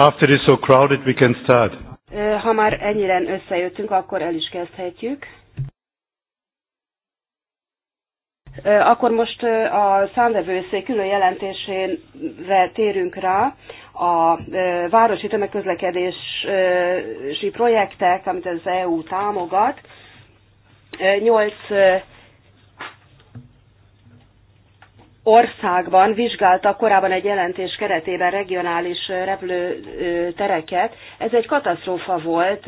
After it's so crowded, we can start. Ha már ennyire összejöttünk, akkor el is kezdhetjük. Akkor most a számvevőszék külön jelentésére térünk rá a városi tömegközlekedési projektek, amit az EU támogat. Nyolc országban vizsgálta korábban egy jelentés keretében regionális repülőtereket. Ez egy katasztrófa volt,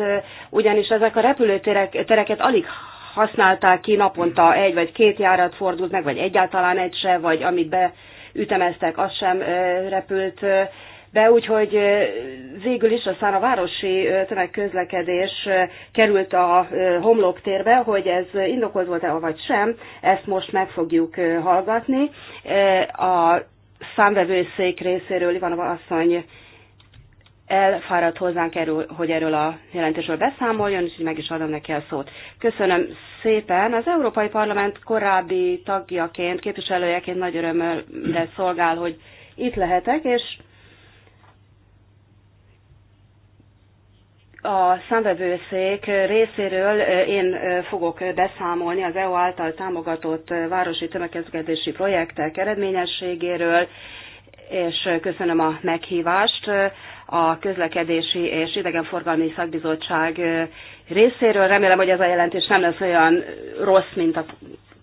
ugyanis ezek a repülőtereket alig használták ki, naponta egy vagy két járat fordult meg, vagy egyáltalán egy se, vagy amit beütemeztek, az sem repült be, úgyhogy végül is aztán a városi tömegközlekedés került a homloktérbe, hogy ez indokolt volt-e vagy sem, ezt most meg fogjuk hallgatni. A számvevőszék részéről Ivanova asszony elfáradt hozzánk, erről, hogy erről a jelentésről beszámoljon, úgyhogy meg is adom neki a szót. Köszönöm szépen. Az Európai Parlament korábbi tagjaként, képviselőjeként nagy örömmel szolgál, hogy itt lehetek, és a számvevőszék részéről én fogok beszámolni az EU által támogatott városi tömegközlekedési projektek eredményességéről, és köszönöm a meghívást a közlekedési és idegenforgalmi szakbizottság részéről. Remélem, hogy ez a jelentés nem lesz olyan rossz, mint a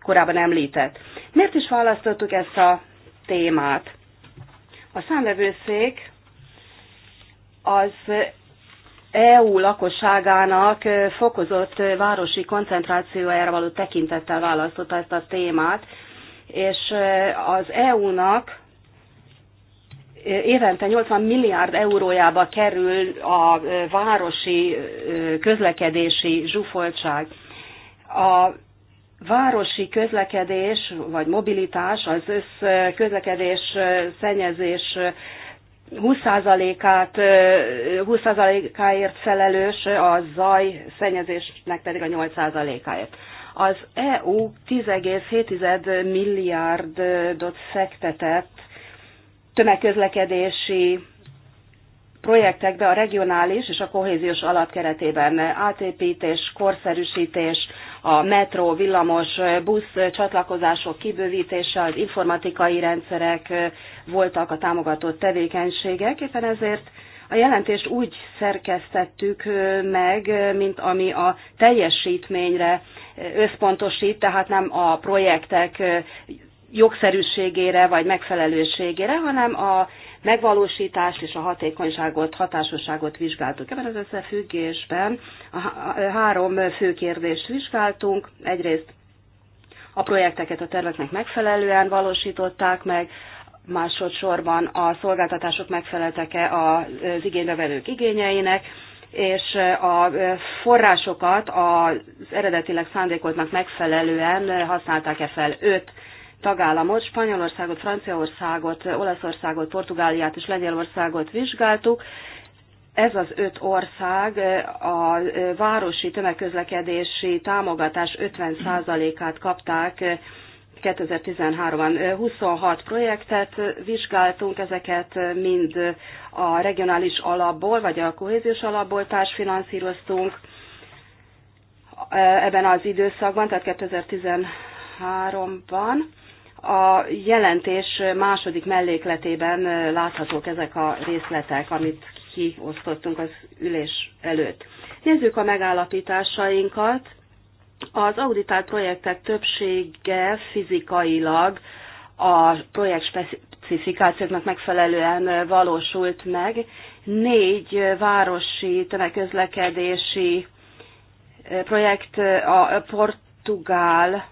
korábban említett. Miért is választottuk ezt a témát? A számvevőszék az EU lakosságának fokozott városi koncentrációjára való tekintettel választotta ezt a témát, és az EU-nak évente 80 milliárd eurójába kerül a városi közlekedési zsúfoltság. A városi közlekedés vagy mobilitás az összközlekedés szennyezés 20%-át, 20%-áért felelős, a zaj szennyezésnek pedig a 8%-áért. Az EU 10,7 milliárdot fektetett tömegközlekedési projektekbe a regionális és a kohéziós alapkeretében keretében átépítés, korszerűsítés, a metró, villamos, busz csatlakozások kibővítése, az informatikai rendszerek voltak a támogatott tevékenységek, éppen ezért a jelentést úgy szerkesztettük meg, mint ami a teljesítményre összpontosít, tehát nem a projektek jogszerűségére vagy megfelelőségére, hanem a megvalósítást és a hatékonyságot, hatásosságot vizsgáltuk. Ebben az összefüggésben a három fő kérdést vizsgáltunk. Egyrészt a projekteket a terveknek megfelelően valósították meg, másodszorban a szolgáltatások megfeleltek-e az igénybevelők igényeinek, és a forrásokat az eredetileg szándékoltnak megfelelően használták-e fel öt tagállamot, Spanyolországot, Franciaországot, Olaszországot, Portugáliát és Lengyelországot vizsgáltuk. Ez az öt ország a városi tömegközlekedési támogatás 50%-át kapták 2013-ban 26 projektet vizsgáltunk, ezeket mind a regionális alapból, vagy a kohéziós alapból társfinanszíroztunk ebben az időszakban, tehát 2013-ban. A jelentés második mellékletében láthatók ezek a részletek, amit kiosztottunk az ülés előtt. Nézzük a megállapításainkat. Az auditált projektek többsége fizikailag a projekt specifikációknak megfelelően valósult meg. Négy városi tömegközlekedési projekt a portugál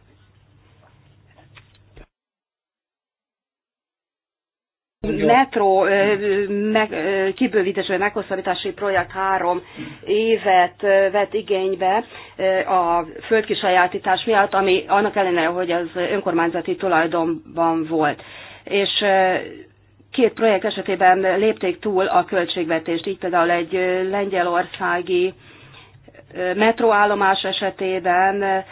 metró meg, vagy meghosszabbítási projekt három évet vett igénybe a földkisajátítás miatt, ami annak ellenére, hogy az önkormányzati tulajdonban volt. És két projekt esetében lépték túl a költségvetést, így például egy lengyelországi metróállomás esetében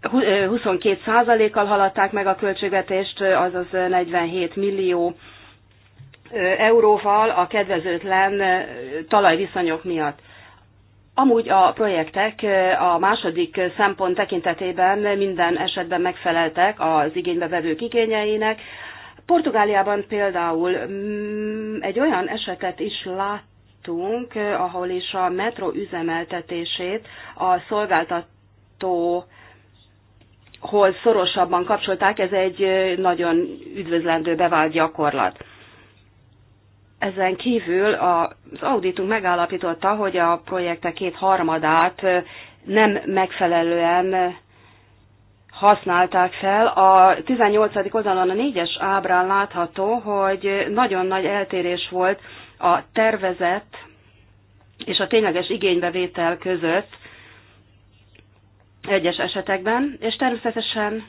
22 százalékkal haladták meg a költségvetést, azaz 47 millió euróval a kedvezőtlen talajviszonyok miatt. Amúgy a projektek a második szempont tekintetében minden esetben megfeleltek az igénybevevők igényeinek. Portugáliában például mm, egy olyan esetet is láttunk, ahol is a metro üzemeltetését a szolgáltató hoz szorosabban kapcsolták, ez egy nagyon üdvözlendő bevált gyakorlat. Ezen kívül az auditunk megállapította, hogy a projektek két harmadát nem megfelelően használták fel. A 18. oldalon a négyes ábrán látható, hogy nagyon nagy eltérés volt a tervezett és a tényleges igénybevétel között egyes esetekben, és természetesen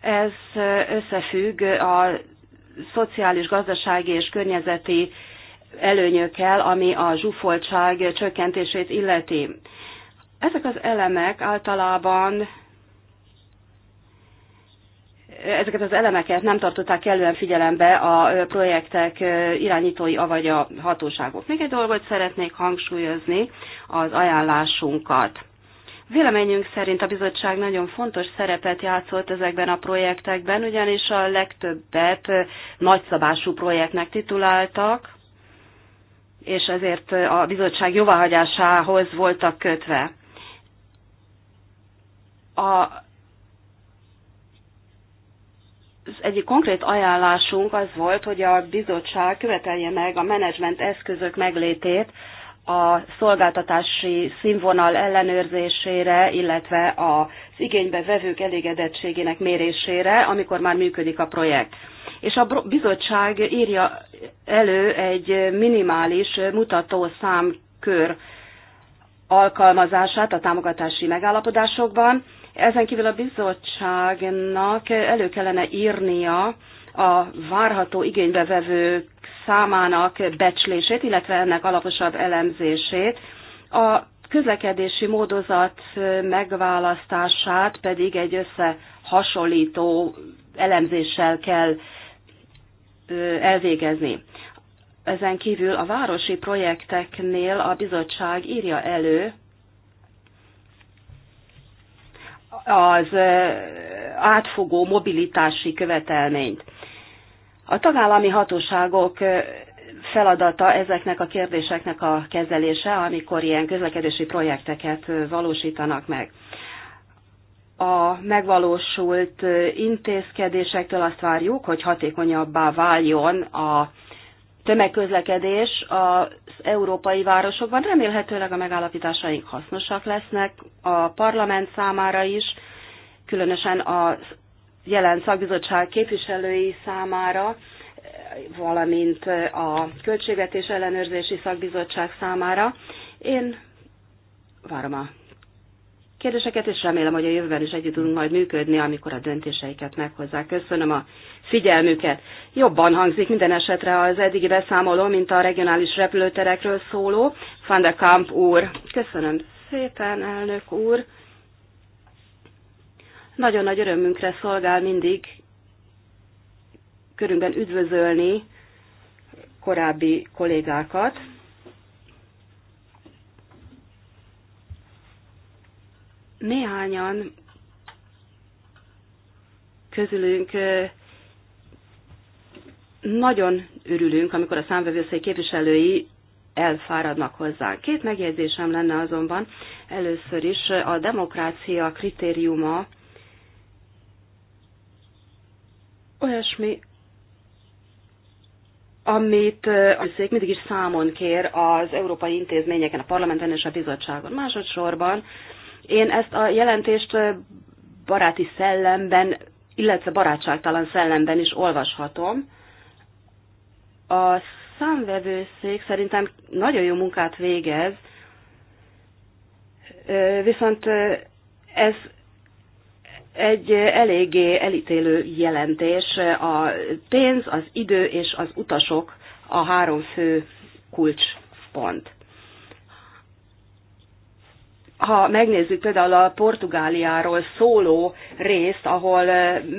ez összefügg a szociális, gazdasági és környezeti előnyökkel, ami a zsúfoltság csökkentését illeti. Ezek az elemek általában ezeket az elemeket nem tartották kellően figyelembe a projektek irányítói, avagy a hatóságok. Még egy dolgot szeretnék hangsúlyozni, az ajánlásunkat. Véleményünk szerint a bizottság nagyon fontos szerepet játszott ezekben a projektekben, ugyanis a legtöbbet nagyszabású projektnek tituláltak, és ezért a bizottság jóváhagyásához voltak kötve. A az egyik konkrét ajánlásunk az volt, hogy a bizottság követelje meg a menedzsment eszközök meglétét a szolgáltatási színvonal ellenőrzésére, illetve az igénybe vevők elégedettségének mérésére, amikor már működik a projekt. És a bizottság írja elő egy minimális mutató számkör alkalmazását a támogatási megállapodásokban. Ezen kívül a bizottságnak elő kellene írnia a várható igénybevevők számának becslését, illetve ennek alaposabb elemzését. A közlekedési módozat megválasztását pedig egy összehasonlító elemzéssel kell elvégezni. Ezen kívül a városi projekteknél a bizottság írja elő az átfogó mobilitási követelményt. A tagállami hatóságok feladata ezeknek a kérdéseknek a kezelése, amikor ilyen közlekedési projekteket valósítanak meg. A megvalósult intézkedésektől azt várjuk, hogy hatékonyabbá váljon a tömegközlekedés az európai városokban. Remélhetőleg a megállapításaink hasznosak lesznek a parlament számára is, különösen az jelen szakbizottság képviselői számára, valamint a Költségvetés Ellenőrzési Szakbizottság számára. Én várom a kérdéseket, és remélem, hogy a jövőben is együtt tudunk majd működni, amikor a döntéseiket meghozzák. Köszönöm a figyelmüket. Jobban hangzik minden esetre az eddigi beszámoló, mint a regionális repülőterekről szóló. Van de Kamp úr. Köszönöm szépen, elnök úr. Nagyon nagy örömünkre szolgál mindig körünkben üdvözölni korábbi kollégákat. Néhányan közülünk nagyon örülünk, amikor a számvevőszai képviselői elfáradnak hozzánk. Két megjegyzésem lenne azonban. Először is a demokrácia kritériuma olyasmi, amit a szék mindig is számon kér az európai intézményeken, a parlamenten és a bizottságon. Másodszorban én ezt a jelentést baráti szellemben, illetve barátságtalan szellemben is olvashatom. A számvevőszék szerintem nagyon jó munkát végez, viszont ez egy eléggé elítélő jelentés. A pénz, az idő és az utasok a három fő kulcspont. Ha megnézzük például a Portugáliáról szóló részt, ahol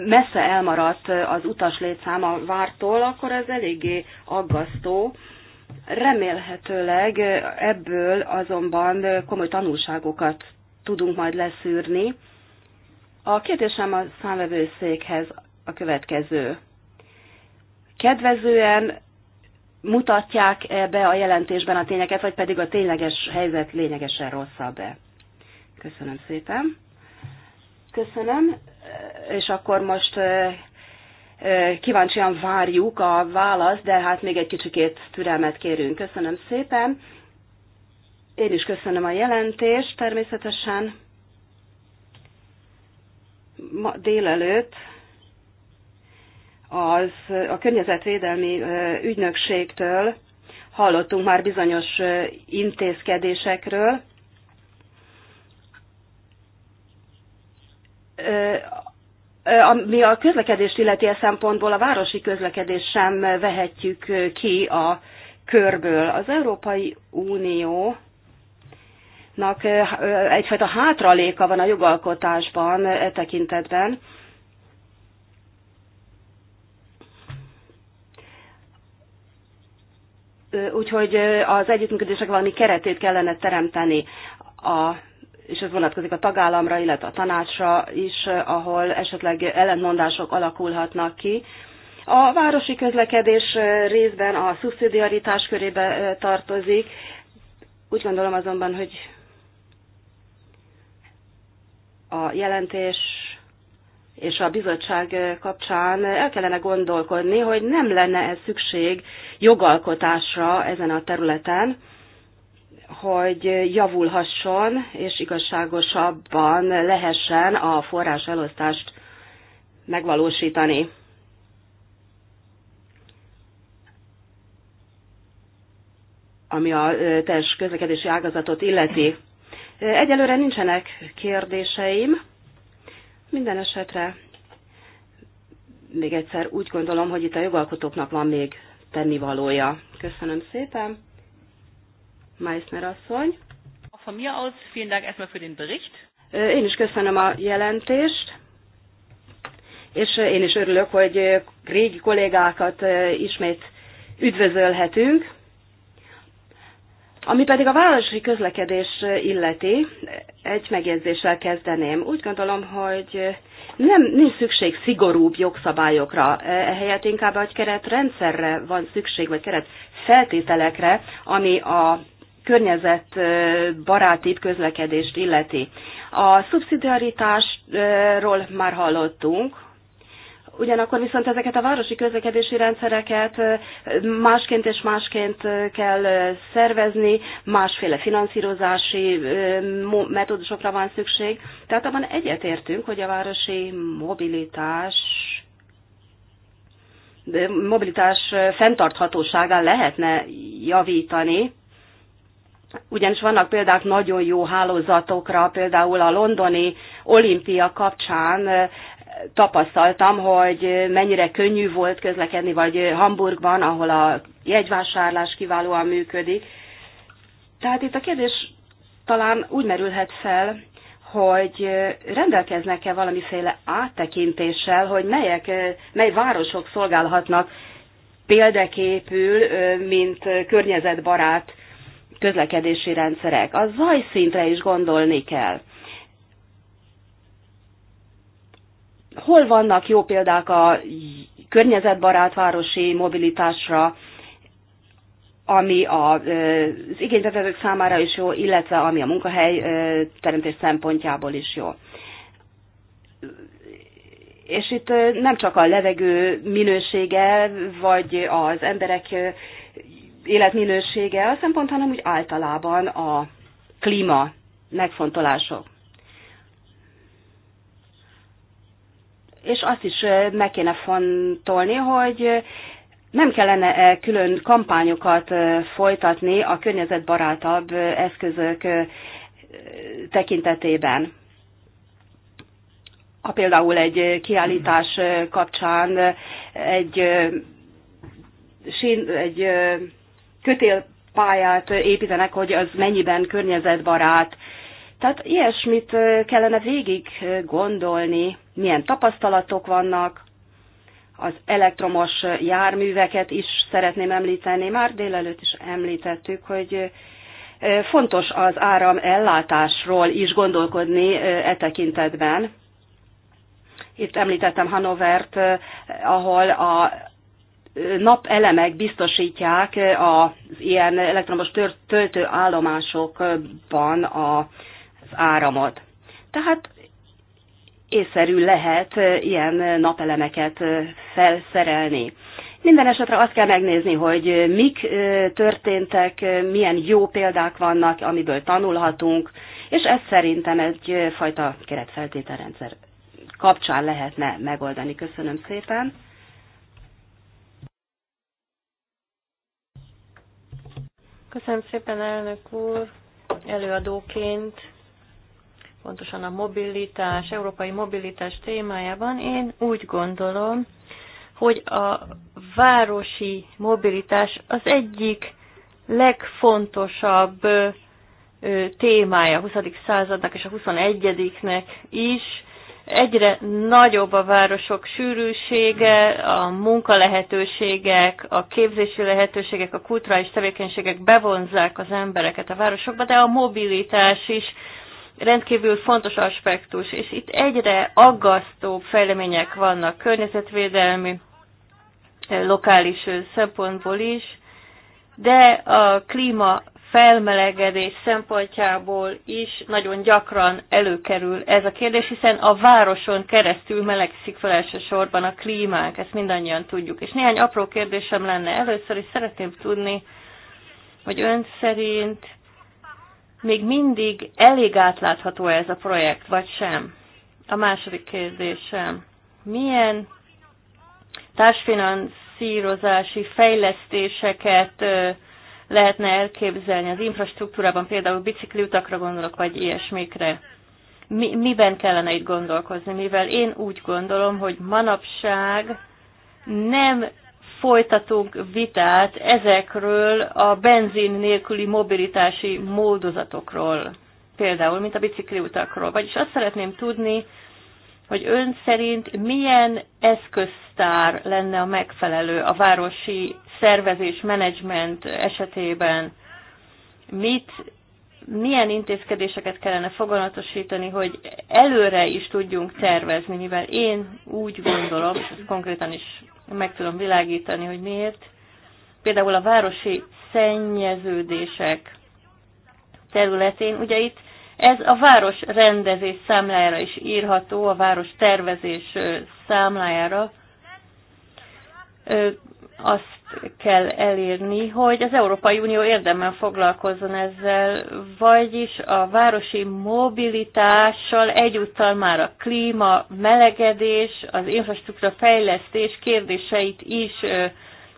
messze elmaradt az utas létszáma vártól, akkor ez eléggé aggasztó. Remélhetőleg ebből azonban komoly tanulságokat tudunk majd leszűrni a kérdésem a számvevőszékhez a következő. Kedvezően mutatják -e be a jelentésben a tényeket, vagy pedig a tényleges helyzet lényegesen rosszabb-e? Köszönöm szépen. Köszönöm, és akkor most kíváncsian várjuk a választ, de hát még egy kicsikét türelmet kérünk. Köszönöm szépen. Én is köszönöm a jelentést természetesen ma délelőtt az a környezetvédelmi ügynökségtől hallottunk már bizonyos intézkedésekről. Ami a közlekedést illeti a e szempontból, a városi közlekedést sem vehetjük ki a körből. Az Európai Unió nak egyfajta hátraléka van a jogalkotásban e tekintetben. Úgyhogy az együttműködések valami keretét kellene teremteni, a, és ez vonatkozik a tagállamra, illetve a tanácsra is, ahol esetleg ellentmondások alakulhatnak ki. A városi közlekedés részben a szubszidiaritás körébe tartozik, úgy gondolom azonban, hogy a jelentés és a bizottság kapcsán el kellene gondolkodni, hogy nem lenne ez szükség jogalkotásra ezen a területen, hogy javulhasson és igazságosabban lehessen a forrás elosztást megvalósítani. Ami a teljes közlekedési ágazatot illeti. Egyelőre nincsenek kérdéseim. Minden esetre még egyszer úgy gondolom, hogy itt a jogalkotóknak van még tennivalója. Köszönöm szépen. Meissner asszony. Von mir aus, vielen Dank erstmal für den Bericht. Én is köszönöm a jelentést, és én is örülök, hogy régi kollégákat ismét üdvözölhetünk. Ami pedig a városi közlekedés illeti, egy megjegyzéssel kezdeném. Úgy gondolom, hogy nem, nincs szükség szigorúbb jogszabályokra, ehelyett inkább egy keretrendszerre van szükség, vagy keret feltételekre, ami a környezet baráti közlekedést illeti. A szubszidiaritásról már hallottunk, Ugyanakkor viszont ezeket a városi közlekedési rendszereket másként és másként kell szervezni, másféle finanszírozási metódusokra van szükség. Tehát abban egyetértünk, hogy a városi mobilitás mobilitás fenntarthatóságán lehetne javítani, ugyanis vannak példák nagyon jó hálózatokra, például a londoni olimpia kapcsán tapasztaltam, hogy mennyire könnyű volt közlekedni, vagy Hamburgban, ahol a jegyvásárlás kiválóan működik. Tehát itt a kérdés talán úgy merülhet fel, hogy rendelkeznek-e valamiféle áttekintéssel, hogy melyek, mely városok szolgálhatnak példaképül, mint környezetbarát közlekedési rendszerek. A zajszintre is gondolni kell. hol vannak jó példák a környezetbarát városi mobilitásra, ami az igénybevevők számára is jó, illetve ami a munkahely teremtés szempontjából is jó. És itt nem csak a levegő minősége, vagy az emberek életminősége a szempont, hanem úgy általában a klíma megfontolások. és azt is meg kéne fontolni, hogy nem kellene -e külön kampányokat folytatni a környezetbarátabb eszközök tekintetében. a például egy kiállítás kapcsán egy, sín, egy kötélpályát építenek, hogy az mennyiben környezetbarát, tehát ilyesmit kellene végig gondolni, milyen tapasztalatok vannak, az elektromos járműveket is szeretném említeni, már délelőtt is említettük, hogy fontos az áram ellátásról is gondolkodni e tekintetben. Itt említettem Hanovert, ahol a napelemek biztosítják az ilyen elektromos töltőállomásokban a áramot. Tehát észszerű lehet ilyen napelemeket felszerelni. Minden esetre azt kell megnézni, hogy mik történtek, milyen jó példák vannak, amiből tanulhatunk, és ez szerintem egyfajta keretfeltételrendszer kapcsán lehetne megoldani. Köszönöm szépen. Köszönöm szépen, elnök úr, előadóként pontosan a mobilitás, európai mobilitás témájában, én úgy gondolom, hogy a városi mobilitás az egyik legfontosabb témája a 20. századnak és a 21-nek is. Egyre nagyobb a városok sűrűsége, a munkalehetőségek, a képzési lehetőségek, a kulturális tevékenységek bevonzák az embereket a városokba, de a mobilitás is rendkívül fontos aspektus, és itt egyre aggasztóbb fejlemények vannak környezetvédelmi, lokális szempontból is, de a klíma felmelegedés szempontjából is nagyon gyakran előkerül ez a kérdés, hiszen a városon keresztül melegszik fel elsősorban a klímánk, ezt mindannyian tudjuk. És néhány apró kérdésem lenne először, is szeretném tudni, hogy ön szerint még mindig elég átlátható ez a projekt, vagy sem? A második kérdésem. Milyen társfinanszírozási fejlesztéseket lehetne elképzelni az infrastruktúrában, például bicikliutakra gondolok, vagy ilyesmikre? Mi, miben kellene itt gondolkozni? Mivel én úgy gondolom, hogy manapság nem folytatunk vitát ezekről a benzin nélküli mobilitási módozatokról, például, mint a bicikliutakról. Vagyis azt szeretném tudni, hogy ön szerint milyen eszköztár lenne a megfelelő a városi szervezés, menedzsment esetében, mit, milyen intézkedéseket kellene foganatosítani, hogy előre is tudjunk tervezni, mivel én úgy gondolom, és ezt konkrétan is meg tudom világítani, hogy miért. Például a városi szennyeződések területén, ugye itt ez a város rendezés számlájára is írható, a város tervezés számlájára. Azt kell elérni, hogy az Európai Unió érdemben foglalkozzon ezzel, vagyis a városi mobilitással egyúttal már a klíma, melegedés, az infrastruktúra fejlesztés kérdéseit is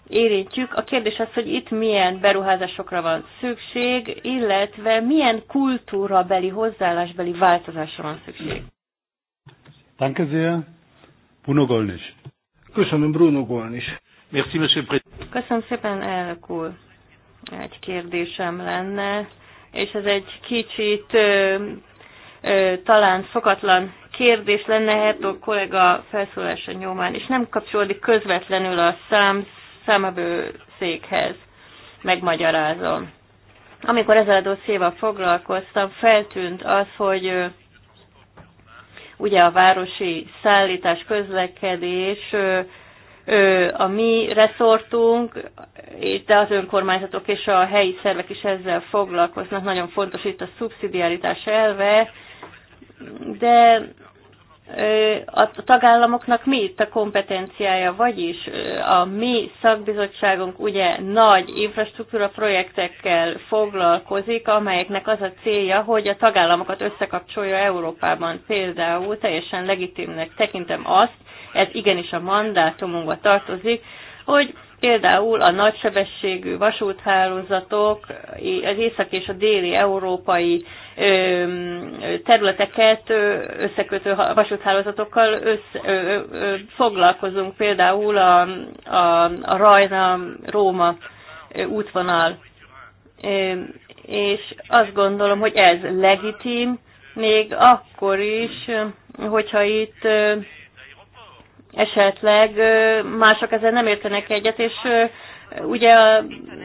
érintjük. A kérdés az, hogy itt milyen beruházásokra van szükség, illetve milyen kultúrabeli, hozzáállásbeli változásra van szükség. Danke sehr. Bruno Gollnisch. Köszönöm Bruno Gollnisch. Merci, monsieur Président. Köszönöm szépen, elnök úr. Egy kérdésem lenne, és ez egy kicsit ö, ö, talán szokatlan kérdés lenne a kollega felszólása nyomán, és nem kapcsolódik közvetlenül a szám, székhez. Megmagyarázom. Amikor ezzel a dossziéval foglalkoztam, feltűnt az, hogy ö, ugye a városi szállítás közlekedés ö, a mi reszortunk, de az önkormányzatok és a helyi szervek is ezzel foglalkoznak. Nagyon fontos itt a szubszidiaritás elve, de a tagállamoknak mi itt a kompetenciája, vagyis a mi szakbizottságunk ugye nagy infrastruktúra projektekkel foglalkozik, amelyeknek az a célja, hogy a tagállamokat összekapcsolja Európában. Például teljesen legitimnek tekintem azt, ez igenis a mandátumunkba tartozik, hogy például a nagysebességű vasúthálózatok, az észak és a déli európai területeket összekötő vasúthálózatokkal össze, ö, ö, foglalkozunk, például a, a, a Rajna-Róma útvonal. És azt gondolom, hogy ez legitim, még akkor is, hogyha itt esetleg mások ezzel nem értenek egyet, és ugye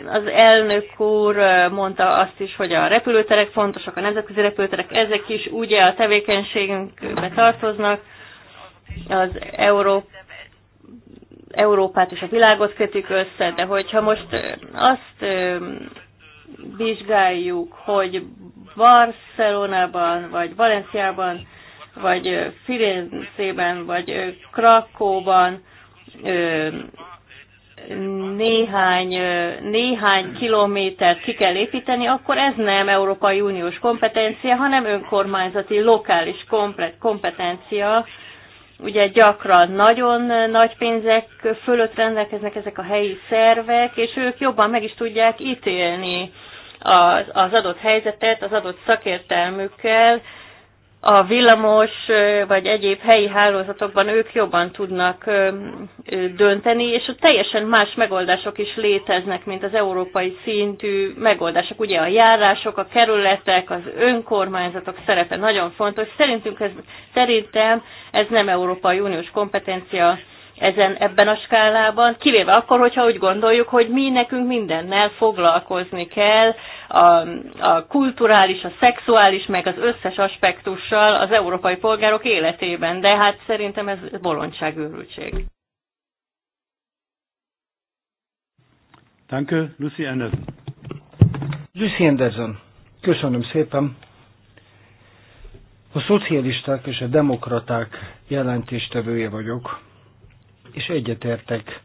az elnök úr mondta azt is, hogy a repülőterek fontosak, a nemzetközi repülőterek, ezek is ugye a tevékenységünkbe tartoznak, az Európa Európát és a világot kötik össze, de hogyha most azt vizsgáljuk, hogy Barcelonában vagy Valenciában vagy Firenzében, vagy Krakóban néhány, néhány kilométert ki kell építeni, akkor ez nem Európai Uniós kompetencia, hanem önkormányzati, lokális kompetencia. Ugye gyakran nagyon nagy pénzek fölött rendelkeznek ezek a helyi szervek, és ők jobban meg is tudják ítélni az, az adott helyzetet az adott szakértelmükkel, a villamos vagy egyéb helyi hálózatokban ők jobban tudnak dönteni, és ott teljesen más megoldások is léteznek, mint az európai szintű megoldások. Ugye a járások, a kerületek, az önkormányzatok szerepe nagyon fontos. Szerintünk ez, szerintem ez nem Európai Uniós kompetencia, ezen, ebben a skálában, kivéve akkor, hogyha úgy gondoljuk, hogy mi nekünk mindennel foglalkozni kell, a, a kulturális, a szexuális, meg az összes aspektussal az európai polgárok életében, de hát szerintem ez bolondság őrültség. Danke, Lucy Anderson. Lucy Anderson, köszönöm szépen. A szocialisták és a demokraták jelentéstevője vagyok és egyetértek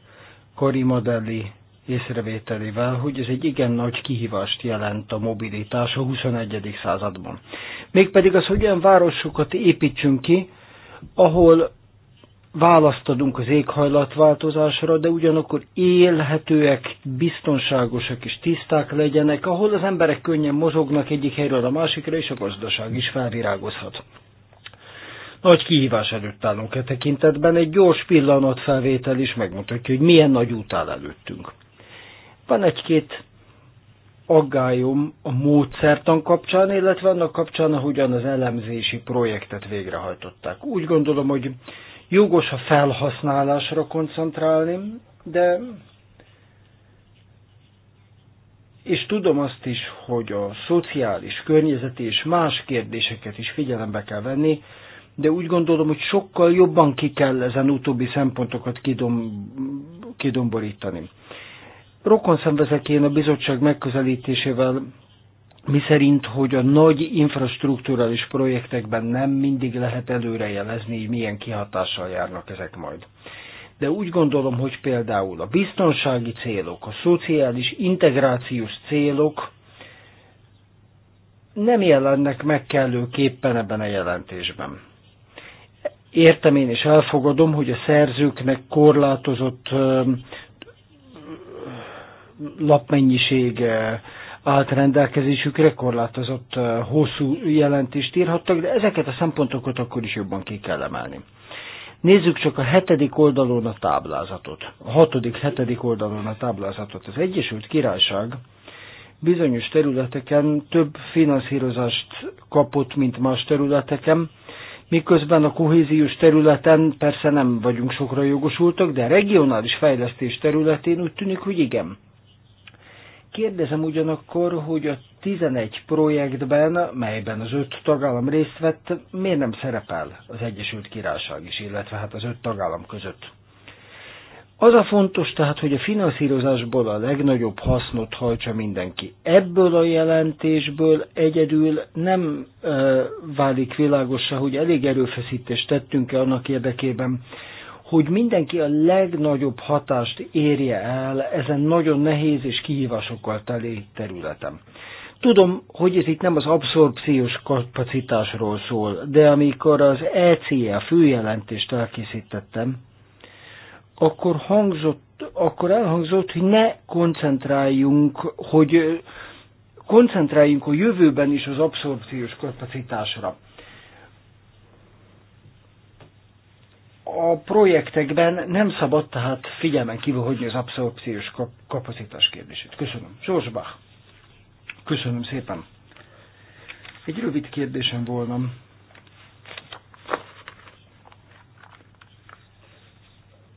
Kori Modelli észrevételével, hogy ez egy igen nagy kihívást jelent a mobilitás a 21. században. Mégpedig az, hogy olyan városokat építsünk ki, ahol választ adunk az éghajlatváltozásra, de ugyanakkor élhetőek, biztonságosak és tiszták legyenek, ahol az emberek könnyen mozognak egyik helyről a másikra, és a gazdaság is felvirágozhat. Nagy kihívás előtt állunk e tekintetben, egy gyors pillanatfelvétel is megmutatja, hogy milyen nagy út áll előttünk. Van egy-két aggályom a módszertan kapcsán, illetve annak kapcsán, ahogyan az elemzési projektet végrehajtották. Úgy gondolom, hogy jogos a felhasználásra koncentrálni, de és tudom azt is, hogy a szociális, környezeti és más kérdéseket is figyelembe kell venni, de úgy gondolom, hogy sokkal jobban ki kell ezen utóbbi szempontokat kidom, kidomborítani. Rokon szemvezek én a bizottság megközelítésével, szerint, hogy a nagy infrastruktúrális projektekben nem mindig lehet előrejelezni, hogy milyen kihatással járnak ezek majd. De úgy gondolom, hogy például a biztonsági célok, a szociális integrációs célok nem jelennek meg kellőképpen ebben a jelentésben. Értem én és elfogadom, hogy a szerzőknek korlátozott lapmennyisége, állt rendelkezésükre, korlátozott hosszú jelentést írhattak, de ezeket a szempontokat akkor is jobban ki kell emelni. Nézzük csak a hetedik oldalon a táblázatot. A hatodik, hetedik oldalon a táblázatot. Az Egyesült Királyság bizonyos területeken több finanszírozást kapott, mint más területeken, miközben a kohéziós területen persze nem vagyunk sokra jogosultak, de a regionális fejlesztés területén úgy tűnik, hogy igen. Kérdezem ugyanakkor, hogy a 11 projektben, melyben az öt tagállam részt vett, miért nem szerepel az Egyesült Királyság is, illetve hát az öt tagállam között? Az a fontos tehát, hogy a finanszírozásból a legnagyobb hasznot hajtsa mindenki. Ebből a jelentésből egyedül nem e, válik világosra, hogy elég erőfeszítést tettünk-e annak érdekében, hogy mindenki a legnagyobb hatást érje el ezen nagyon nehéz és kihívásokkal teli területen. Tudom, hogy ez itt nem az abszorpciós kapacitásról szól, de amikor az ECE főjelentést elkészítettem, akkor hangzott, akkor elhangzott, hogy ne koncentráljunk, hogy koncentráljunk a jövőben is az abszorpciós kapacitásra. A projektekben nem szabad tehát figyelmen kívül hogy az abszorpciós kapacitás kérdését. Köszönöm. George Bach. Köszönöm szépen. Egy rövid kérdésem volna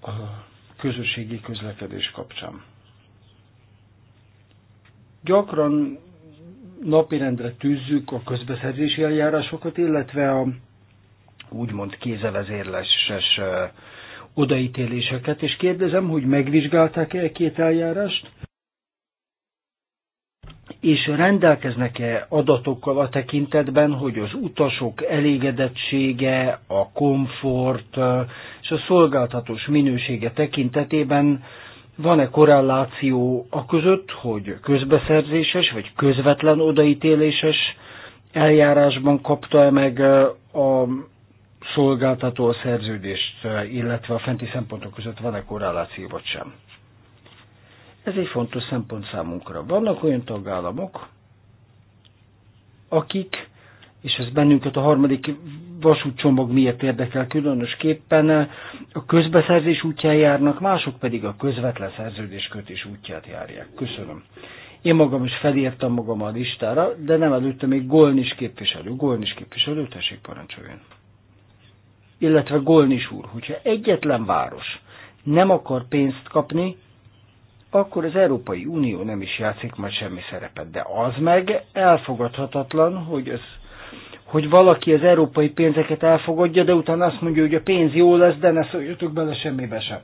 a közösségi közlekedés kapcsán. Gyakran napirendre tűzzük a közbeszerzési eljárásokat, illetve a úgymond kézevezérleses odaítéléseket, és kérdezem, hogy megvizsgálták-e két eljárást, és rendelkeznek-e adatokkal a tekintetben, hogy az utasok elégedettsége, a komfort és a szolgáltatós minősége tekintetében van-e korreláció a között, hogy közbeszerzéses vagy közvetlen odaítéléses eljárásban kapta-e meg a szolgáltató a szerződést, illetve a fenti szempontok között van-e korreláció vagy sem? Ez egy fontos szempont számunkra. Vannak olyan tagállamok, akik, és ez bennünket a harmadik vasútcsomag miért érdekel különösképpen, a közbeszerzés útján járnak, mások pedig a közvetlen szerződéskötés útját járják. Köszönöm. Én magam is felírtam magam a listára, de nem előtte még Golnis képviselő. Golnis képviselő, tessék parancsoljon. Illetve Golnis úr, hogyha egyetlen város nem akar pénzt kapni, akkor az Európai Unió nem is játszik majd semmi szerepet. De az meg elfogadhatatlan, hogy, az, hogy valaki az európai pénzeket elfogadja, de utána azt mondja, hogy a pénz jó lesz, de ne szóljatok bele semmibe sem.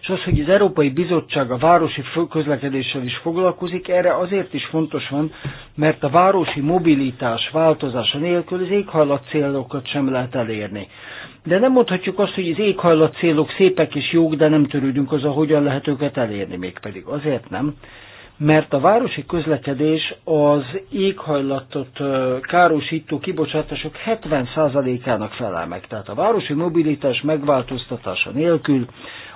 És az, hogy az Európai Bizottság a városi közlekedéssel is foglalkozik, erre azért is fontos van, mert a városi mobilitás változása nélkül az éghajlat célokat sem lehet elérni. De nem mondhatjuk azt, hogy az éghajlat célok szépek és jók, de nem törődünk az, hogyan lehet őket elérni, mégpedig azért nem, mert a városi közlekedés az éghajlatot károsító kibocsátások 70%-ának felel meg. Tehát a városi mobilitás megváltoztatása nélkül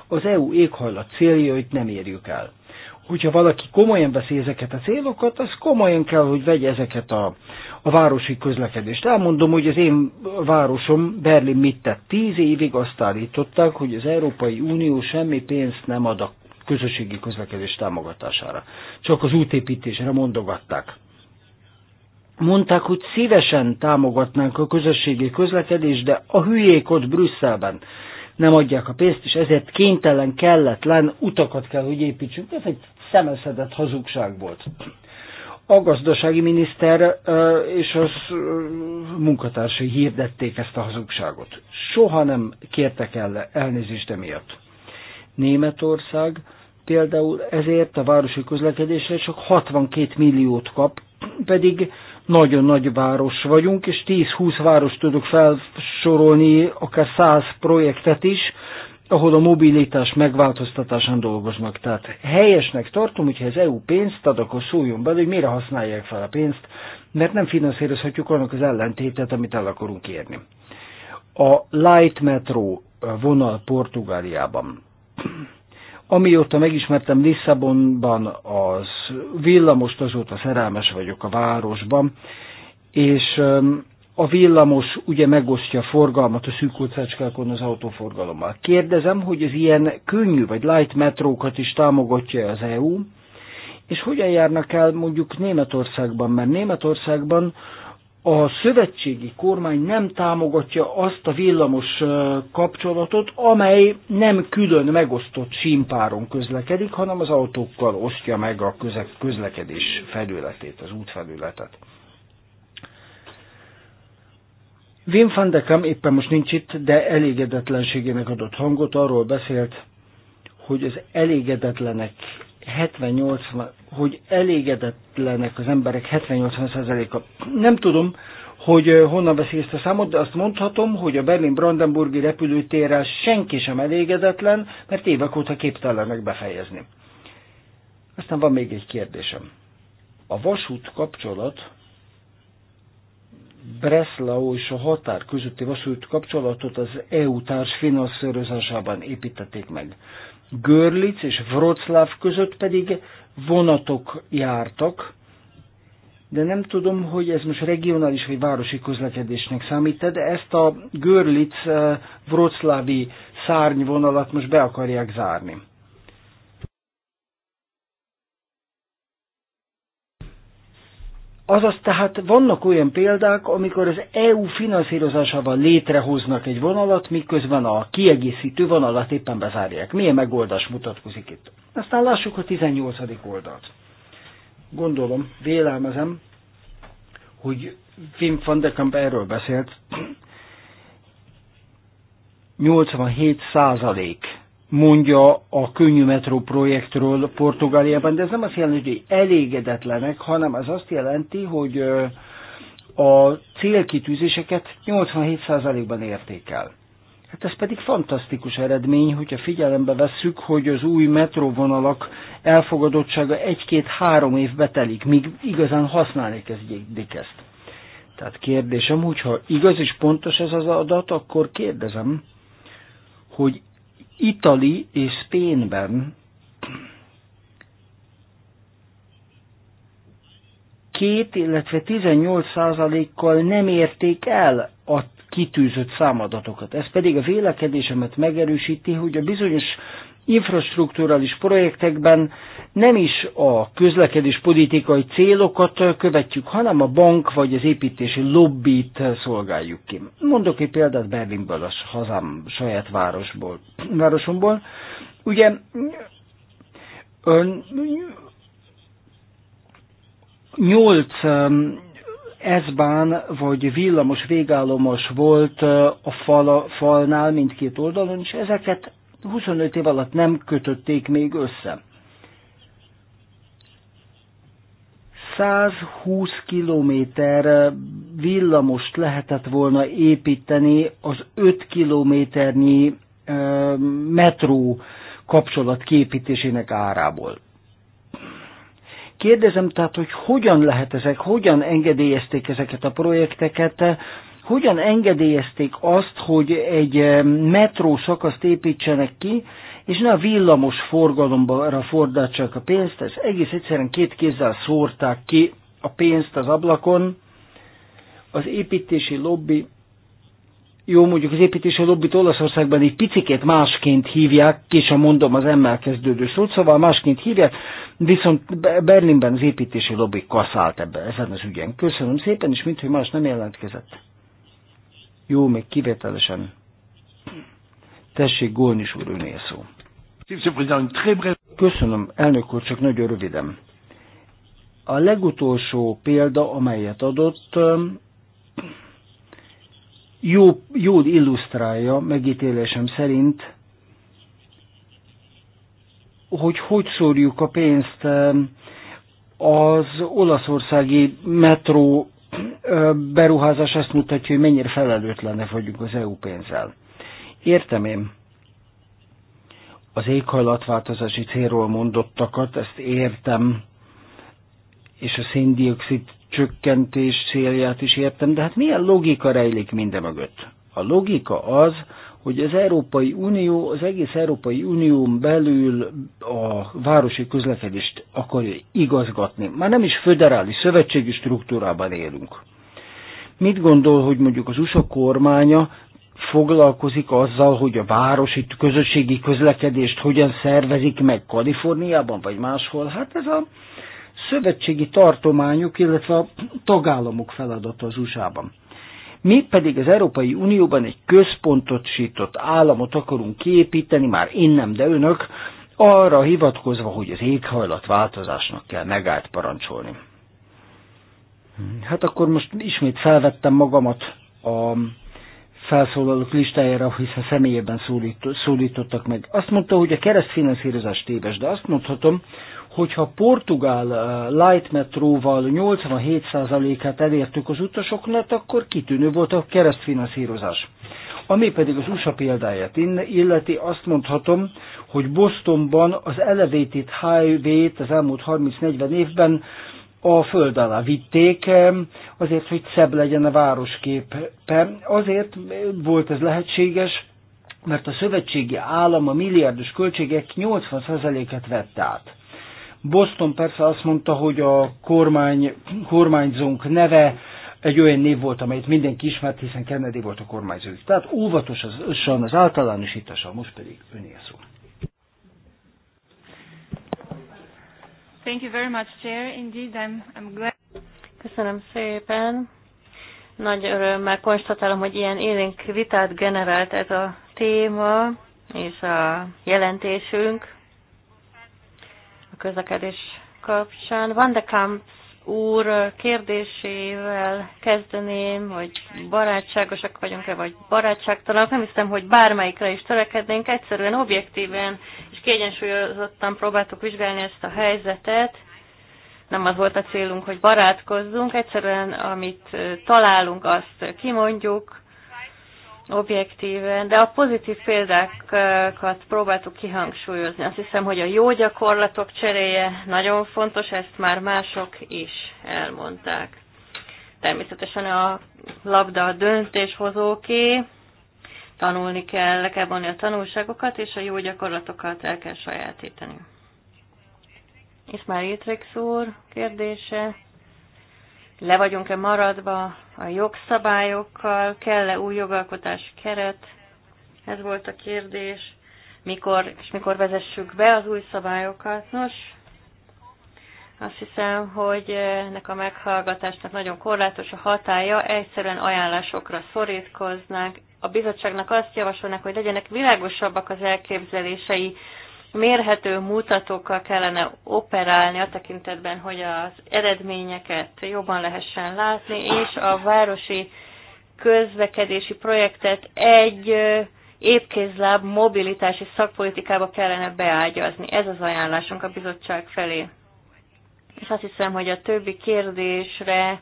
az EU éghajlat céljait nem érjük el. Hogyha valaki komolyan veszi ezeket a célokat, az komolyan kell, hogy vegye ezeket a a városi közlekedést. Elmondom, hogy az én városom Berlin mit tett. Tíz évig azt állították, hogy az Európai Unió semmi pénzt nem ad a közösségi közlekedés támogatására. Csak az útépítésre mondogatták. Mondták, hogy szívesen támogatnánk a közösségi közlekedést, de a hülyék ott Brüsszelben nem adják a pénzt, és ezért kénytelen, kelletlen utakat kell, hogy építsünk. Ez egy szemeszedett hazugság volt a gazdasági miniszter és az munkatársai hirdették ezt a hazugságot. Soha nem kértek el elnézést emiatt. Németország például ezért a városi közlekedésre csak 62 milliót kap, pedig nagyon nagy város vagyunk, és 10-20 város tudok felsorolni, akár 100 projektet is, ahol a mobilitás megváltoztatásán dolgoznak. Tehát helyesnek tartom, hogyha az EU pénzt ad, akkor szóljon bele, hogy mire használják fel a pénzt, mert nem finanszírozhatjuk annak az ellentétet, amit el akarunk érni. A Light Metro vonal Portugáliában. Amióta megismertem Lisszabonban az villamost, azóta szerelmes vagyok a városban, és a villamos ugye megosztja a forgalmat a szűk utcácskákon az autóforgalommal. Kérdezem, hogy az ilyen könnyű vagy light metrókat is támogatja az EU, és hogyan járnak el mondjuk Németországban, mert Németországban a szövetségi kormány nem támogatja azt a villamos kapcsolatot, amely nem külön megosztott simpáron közlekedik, hanem az autókkal osztja meg a közlekedés felületét, az útfelületet. Wim van de Kam éppen most nincs itt, de elégedetlenségének adott hangot, arról beszélt, hogy az elégedetlenek 78, hogy elégedetlenek az emberek 70-80%-a. Nem tudom, hogy honnan veszi ezt a számot, de azt mondhatom, hogy a Berlin-Brandenburgi repülőtérrel senki sem elégedetlen, mert évek óta képtelenek befejezni. Aztán van még egy kérdésem. A vasút kapcsolat Breslau és a határ közötti vasúti kapcsolatot az EU társ finanszírozásában építették meg. Görlitz és Wroclaw között pedig vonatok jártak, de nem tudom, hogy ez most regionális vagy városi közlekedésnek számít, de ezt a Görlitz-Wroclawi eh, szárnyvonalat most be akarják zárni. Azaz tehát vannak olyan példák, amikor az EU finanszírozásával létrehoznak egy vonalat, miközben a kiegészítő vonalat éppen bezárják. Milyen megoldás mutatkozik itt? Aztán lássuk a 18. oldalt. Gondolom, vélelmezem, hogy Wim van de Kamp erről beszélt. 87 százalék mondja a könnyű metró projektről Portugáliában, de ez nem azt jelenti, hogy elégedetlenek, hanem ez azt jelenti, hogy a célkitűzéseket 87%-ban érték el. Hát ez pedig fantasztikus eredmény, hogyha figyelembe vesszük, hogy az új metróvonalak elfogadottsága egy-két-három év betelik, míg igazán használni kezdjék ezt. Tehát kérdésem, hogyha igaz és pontos ez az adat, akkor kérdezem, hogy Itali és Spénben két, illetve 18 százalékkal nem érték el a kitűzött számadatokat. Ez pedig a vélekedésemet megerősíti, hogy a bizonyos infrastruktúrális projektekben nem is a közlekedés politikai célokat követjük, hanem a bank vagy az építési lobbit szolgáljuk ki. Mondok egy példát Berlinből, a hazám saját városból, városomból. Ugye nyolc ezbán um, vagy villamos végállomos volt uh, a fal, falnál mindkét oldalon, és ezeket 25 év alatt nem kötötték még össze. 120 kilométer villamost lehetett volna építeni az 5 kilométernyi metró kapcsolat képítésének árából. Kérdezem tehát, hogy hogyan lehet ezek, hogyan engedélyezték ezeket a projekteket, hogyan engedélyezték azt, hogy egy metró szakaszt építsenek ki, és ne a villamos forgalomra fordítsák a pénzt, ez egész egyszerűen két kézzel szórták ki a pénzt az ablakon. Az építési lobby, jó mondjuk az építési lobbyt Olaszországban egy picikét másként hívják, később mondom az emmel kezdődő szót, szóval másként hívják, viszont Berlinben az építési lobby kaszált ebben ezen az ügyen. Köszönöm szépen, és mintha más nem jelentkezett. Jó, még kivételesen. Tessék, Gólnis úr, önél szó. Köszönöm, elnök úr, csak nagyon röviden. A legutolsó példa, amelyet adott, jó, jól illusztrálja megítélésem szerint, hogy hogy szórjuk a pénzt az olaszországi metró beruházás azt mutatja, hogy mennyire felelőtlenek vagyunk az EU pénzzel. Értem én az éghajlatváltozási célról mondottakat, ezt értem, és a széndiokszid csökkentés célját is értem, de hát milyen logika rejlik minden mögött? A logika az, hogy az Európai Unió, az egész Európai Unión belül a városi közlekedést akarja igazgatni. Már nem is föderális szövetségi struktúrában élünk. Mit gondol, hogy mondjuk az USA kormánya foglalkozik azzal, hogy a városi közösségi közlekedést hogyan szervezik meg Kaliforniában vagy máshol? Hát ez a szövetségi tartományok, illetve a tagállamok feladata az USA-ban. Mi pedig az Európai Unióban egy központosított államot akarunk kiépíteni, már én nem, de önök, arra hivatkozva, hogy az változásnak kell megállt parancsolni. Hát akkor most ismét felvettem magamat a felszólalók listájára, hiszen személyében szólítottak meg. Azt mondta, hogy a keresztfinanszírozás téves, de azt mondhatom, hogyha portugál eh, light metróval 87%-át elértük az utasoknak, akkor kitűnő volt a keresztfinanszírozás. Ami pedig az USA példáját illeti, azt mondhatom, hogy Bostonban az Elevated Highway-t az elmúlt 30-40 évben a föld alá vitték, eh, azért, hogy szebb legyen a városkép. Azért volt ez lehetséges, mert a szövetségi állam a milliárdos költségek 80%-et vette át. Boston persze azt mondta, hogy a kormány, kormányzónk neve egy olyan név volt, amelyet mindenki ismert, hiszen Kennedy volt a kormányzó. Tehát óvatos az általánosítással, most pedig öné szó. Thank you very much, Chair. Indeed, I'm, I'm glad. Köszönöm szépen. Nagy örömmel konstatálom, hogy ilyen élénk vitát generált ez a téma és a jelentésünk közlekedés kapcsán. Van de Kamp úr kérdésével kezdeném, hogy barátságosak vagyunk-e, vagy barátságtalanok. Nem hiszem, hogy bármelyikre is törekednénk. Egyszerűen objektíven és kiegyensúlyozottan próbáltuk vizsgálni ezt a helyzetet. Nem az volt a célunk, hogy barátkozzunk. Egyszerűen, amit találunk, azt kimondjuk objektíven, de a pozitív példákat próbáltuk kihangsúlyozni. Azt hiszem, hogy a jó gyakorlatok cseréje nagyon fontos, ezt már mások is elmondták. Természetesen a labda a döntéshozóké, tanulni kell, le kell vonni a tanulságokat, és a jó gyakorlatokat el kell sajátítani. És már Étrix úr kérdése, le vagyunk-e maradva a jogszabályokkal, kell-e új jogalkotási keret? Ez volt a kérdés. Mikor, és mikor vezessük be az új szabályokat? Nos, azt hiszem, hogy ennek a meghallgatásnak nagyon korlátos a hatája, egyszerűen ajánlásokra szorítkoznak. A bizottságnak azt javasolnak, hogy legyenek világosabbak az elképzelései mérhető mutatókkal kellene operálni a tekintetben, hogy az eredményeket jobban lehessen látni, és a városi közlekedési projektet egy épkézláb mobilitási szakpolitikába kellene beágyazni. Ez az ajánlásunk a bizottság felé. És azt hiszem, hogy a többi kérdésre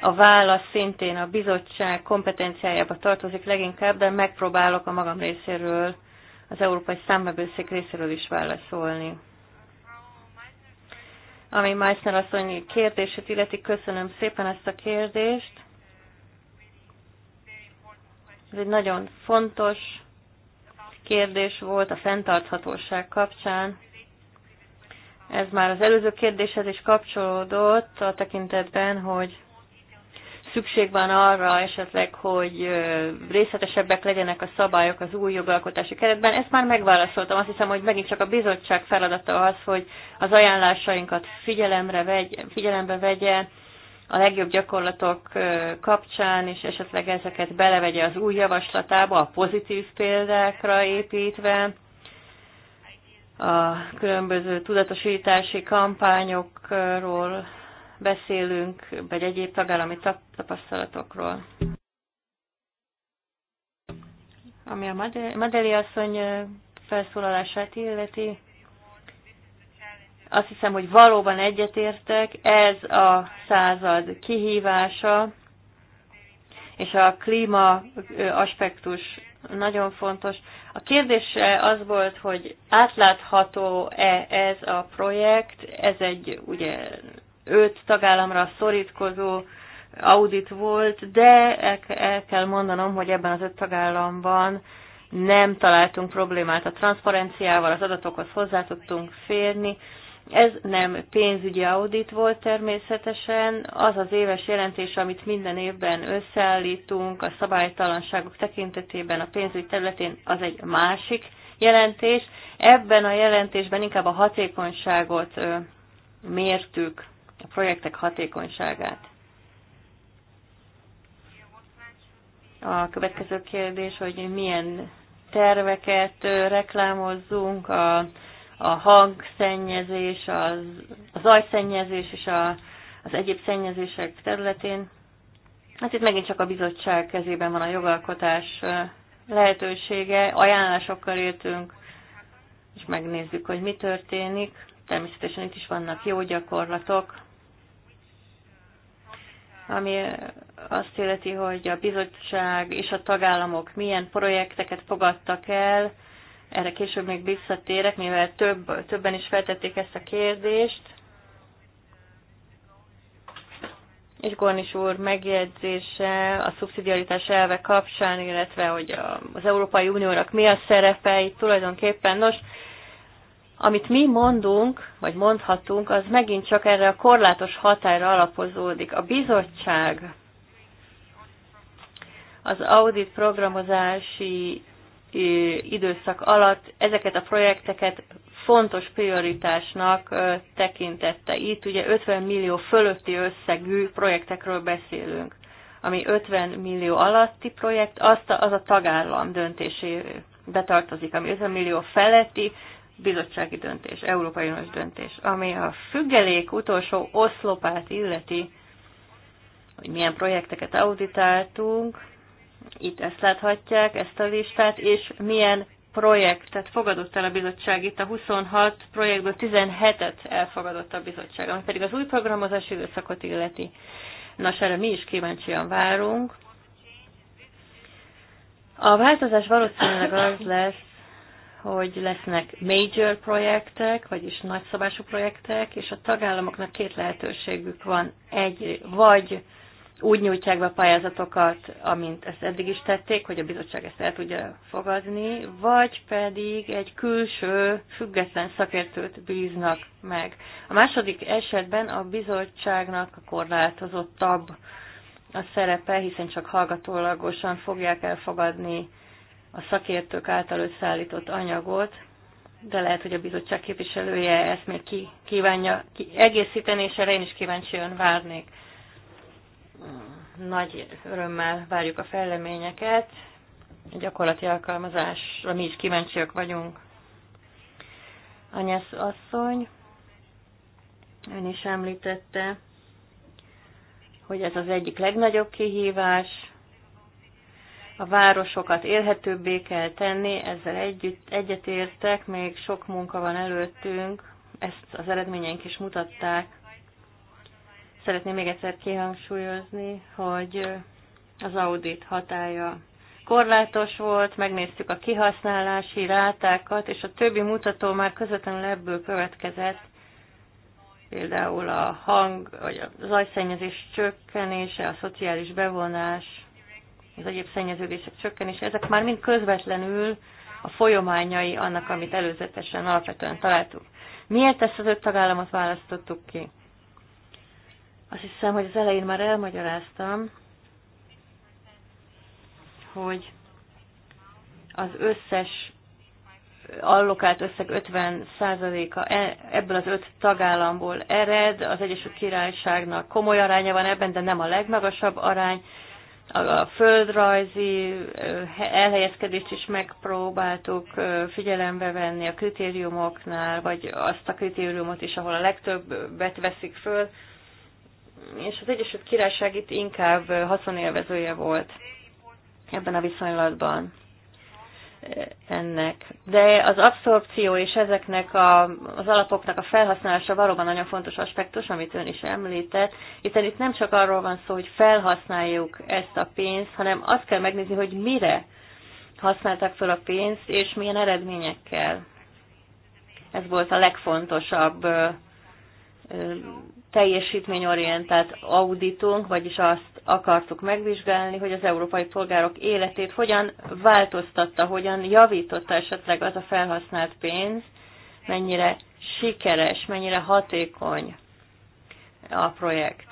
a válasz szintén a bizottság kompetenciájába tartozik leginkább, de megpróbálok a magam részéről az Európai Számbevőszék részéről is válaszolni. Ami Meissner asszony kérdését illeti, köszönöm szépen ezt a kérdést. Ez egy nagyon fontos kérdés volt a fenntarthatóság kapcsán. Ez már az előző kérdéshez is kapcsolódott a tekintetben, hogy szükség van arra esetleg, hogy részletesebbek legyenek a szabályok az új jogalkotási keretben. Ezt már megválaszoltam. Azt hiszem, hogy megint csak a bizottság feladata az, hogy az ajánlásainkat figyelemre vegy, figyelembe vegye a legjobb gyakorlatok kapcsán, és esetleg ezeket belevegye az új javaslatába, a pozitív példákra építve a különböző tudatosítási kampányokról beszélünk, vagy egyéb tagállami tapasztalatokról. Ami a Madeli asszony felszólalását illeti, azt hiszem, hogy valóban egyetértek, ez a század kihívása, és a klíma aspektus nagyon fontos. A kérdés az volt, hogy átlátható-e ez a projekt, ez egy ugye öt tagállamra szorítkozó audit volt, de el kell mondanom, hogy ebben az öt tagállamban nem találtunk problémát a transzparenciával, az adatokhoz hozzá tudtunk férni. Ez nem pénzügyi audit volt természetesen, az az éves jelentés, amit minden évben összeállítunk a szabálytalanságok tekintetében a pénzügy területén, az egy másik jelentés. Ebben a jelentésben inkább a hatékonyságot mértük a projektek hatékonyságát. A következő kérdés, hogy milyen terveket reklámozzunk, a, a hangszennyezés, az, a zajszennyezés és a, az egyéb szennyezések területén. Hát itt megint csak a bizottság kezében van a jogalkotás lehetősége, ajánlásokkal értünk, és megnézzük, hogy mi történik. Természetesen itt is vannak jó gyakorlatok, ami azt illeti, hogy a bizottság és a tagállamok milyen projekteket fogadtak el, erre később még visszatérek, mivel több, többen is feltették ezt a kérdést. És Gornis úr megjegyzése a szubszidiaritás elve kapcsán, illetve hogy az Európai Uniónak mi a szerepe itt tulajdonképpen. Nos, amit mi mondunk, vagy mondhatunk, az megint csak erre a korlátos határa alapozódik. A bizottság az audit programozási időszak alatt ezeket a projekteket fontos prioritásnak tekintette. Itt ugye 50 millió fölötti összegű projektekről beszélünk, ami 50 millió alatti projekt, azt a, az a tagállam döntésébe tartozik, ami 50 millió feletti bizottsági döntés, Európai Uniós döntés, ami a függelék utolsó oszlopát illeti, hogy milyen projekteket auditáltunk, itt ezt láthatják, ezt a listát, és milyen projektet fogadott el a bizottság. Itt a 26 projektből 17-et elfogadott a bizottság, ami pedig az új programozási időszakot illeti. Nos, erre mi is kíváncsian várunk. A változás valószínűleg az lesz, hogy lesznek major projektek, vagyis nagyszabású projektek, és a tagállamoknak két lehetőségük van. Egy, vagy úgy nyújtják be a pályázatokat, amint ezt eddig is tették, hogy a bizottság ezt el tudja fogadni, vagy pedig egy külső, független szakértőt bíznak meg. A második esetben a bizottságnak a korlátozottabb a szerepe, hiszen csak hallgatólagosan fogják elfogadni a szakértők által összeállított anyagot, de lehet, hogy a bizottság képviselője ezt még ki kívánja ki egészíteni, és erre én is ön várnék. Nagy örömmel várjuk a fejleményeket, a gyakorlati alkalmazásra mi is kíváncsiak vagyunk. Anyász asszony, ön is említette, hogy ez az egyik legnagyobb kihívás, a városokat élhetőbbé kell tenni, ezzel együtt egyetértek, még sok munka van előttünk, ezt az eredményeink is mutatták. Szeretném még egyszer kihangsúlyozni, hogy az audit hatája korlátos volt, megnéztük a kihasználási rátákat, és a többi mutató már közvetlenül ebből következett, például a hang, vagy a zajszennyezés csökkenése, a szociális bevonás, az egyéb szennyeződések csökkenése, ezek már mind közvetlenül a folyamányai annak, amit előzetesen alapvetően találtuk. Miért ezt az öt tagállamot választottuk ki? Azt hiszem, hogy az elején már elmagyaráztam, hogy az összes allokált összeg 50%-a e, ebből az öt tagállamból ered, az Egyesült Királyságnak komoly aránya van ebben, de nem a legmagasabb arány, a földrajzi elhelyezkedést is megpróbáltuk figyelembe venni a kritériumoknál, vagy azt a kritériumot is, ahol a legtöbbet veszik föl, és az Egyesült Királyság itt inkább haszonélvezője volt ebben a viszonylatban ennek. De az abszorpció és ezeknek a, az alapoknak a felhasználása valóban nagyon fontos aspektus, amit ön is említett, hiszen itt nem csak arról van szó, hogy felhasználjuk ezt a pénzt, hanem azt kell megnézni, hogy mire használtak fel a pénzt, és milyen eredményekkel. Ez volt a legfontosabb teljesítményorientált auditunk, vagyis azt akartuk megvizsgálni, hogy az európai polgárok életét hogyan változtatta, hogyan javította esetleg az a felhasznált pénz, mennyire sikeres, mennyire hatékony a projekt.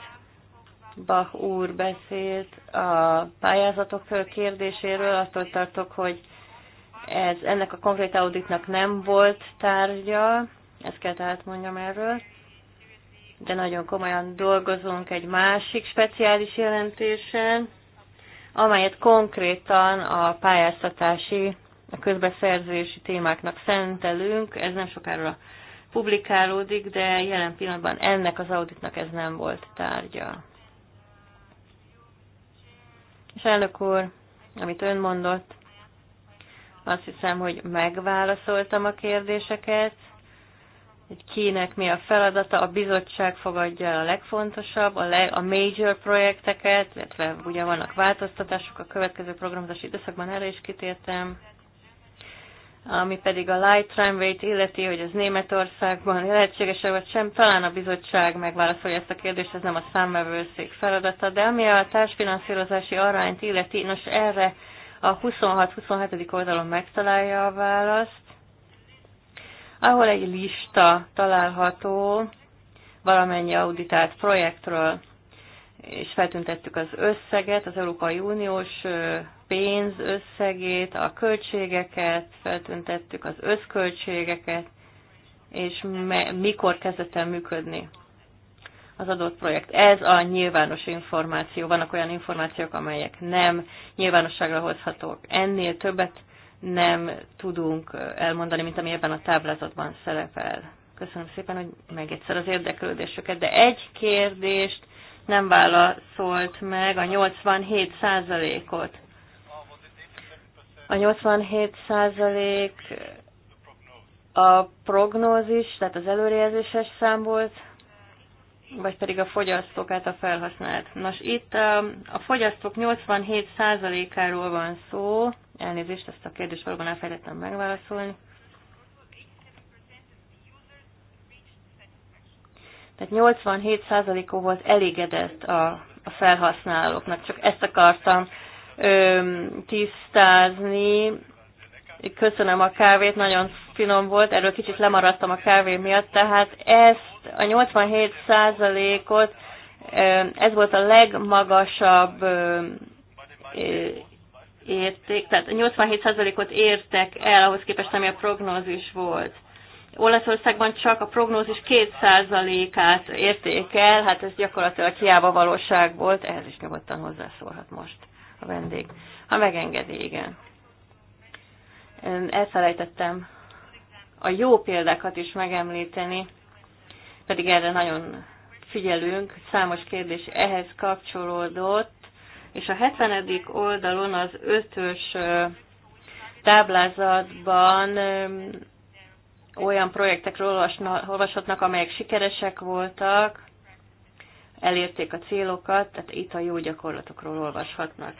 Bach úr beszélt a pályázatok kérdéséről, attól tartok, hogy ez ennek a konkrét auditnak nem volt tárgya, ezt kell tehát mondjam erről de nagyon komolyan dolgozunk egy másik speciális jelentésen, amelyet konkrétan a pályáztatási, a közbeszerzési témáknak szentelünk. Ez nem sokára publikálódik, de jelen pillanatban ennek az auditnak ez nem volt tárgya. És elnök úr, amit ön mondott, azt hiszem, hogy megválaszoltam a kérdéseket, hogy kinek mi a feladata, a bizottság fogadja el a legfontosabb, a, leg, a major projekteket, illetve ugye vannak változtatások a következő programozási időszakban, erre is kitértem, ami pedig a light tramway-t illeti, hogy az Németországban lehetséges vagy sem, talán a bizottság megválaszolja ezt a kérdést, ez nem a számvevőszék feladata, de ami a társfinanszírozási arányt illeti, nos erre a 26-27. oldalon megtalálja a választ, ahol egy lista található valamennyi auditált projektről, és feltüntettük az összeget, az Európai Uniós pénz összegét, a költségeket, feltüntettük az összköltségeket, és mikor kezdett el működni az adott projekt. Ez a nyilvános információ. Vannak olyan információk, amelyek nem nyilvánosságra hozhatók. Ennél többet nem tudunk elmondani, mint ami ebben a táblázatban szerepel. Köszönöm szépen, hogy meg egyszer az érdeklődésüket, de egy kérdést nem válaszolt meg, a 87 százalékot. A 87 százalék a prognózis, tehát az előrejelzéses szám volt, vagy pedig a fogyasztók által felhasznált. Nos, itt a, um, a fogyasztók 87 százalékáról van szó, Elnézést, ezt a kérdést valóban elfelejtettem megválaszolni. Tehát 87%-a volt elégedett a, a felhasználóknak, csak ezt akartam ö, tisztázni. Köszönöm a kávét, nagyon finom volt, erről kicsit lemaradtam a kávé miatt, tehát ezt a 87%-ot, ez volt a legmagasabb érték, tehát 87%-ot értek el ahhoz képest, ami a prognózis volt. Olaszországban csak a prognózis 2%-át érték el, hát ez gyakorlatilag hiába valóság volt, ehhez is nyugodtan hozzászólhat most a vendég. Ha megengedi, igen. Elfelejtettem a jó példákat is megemlíteni, pedig erre nagyon figyelünk, számos kérdés ehhez kapcsolódott, és a 70. oldalon az ötös táblázatban olyan projektekről olvashatnak, amelyek sikeresek voltak, elérték a célokat, tehát itt a jó gyakorlatokról olvashatnak.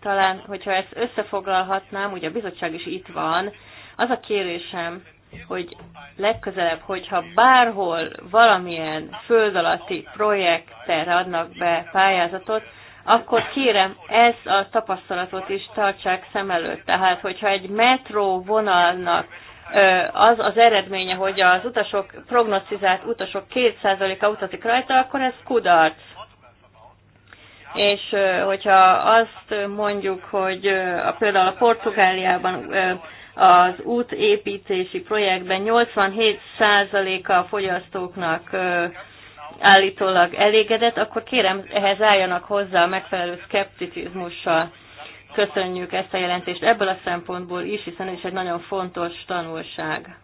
Talán, hogyha ezt összefoglalhatnám, ugye a bizottság is itt van, az a kérésem, hogy legközelebb, hogyha bárhol valamilyen föld alatti projektre adnak be pályázatot, akkor kérem, ezt a tapasztalatot is tartsák szem előtt. Tehát, hogyha egy metró vonalnak az az eredménye, hogy az utasok, prognosztizált utasok 2%-a utazik rajta, akkor ez kudarc. És hogyha azt mondjuk, hogy a, például a Portugáliában az útépítési projektben 87%-a a fogyasztóknak állítólag elégedett, akkor kérem, ehhez álljanak hozzá a megfelelő szkepticizmussal. Köszönjük ezt a jelentést ebből a szempontból is, hiszen ez is egy nagyon fontos tanulság.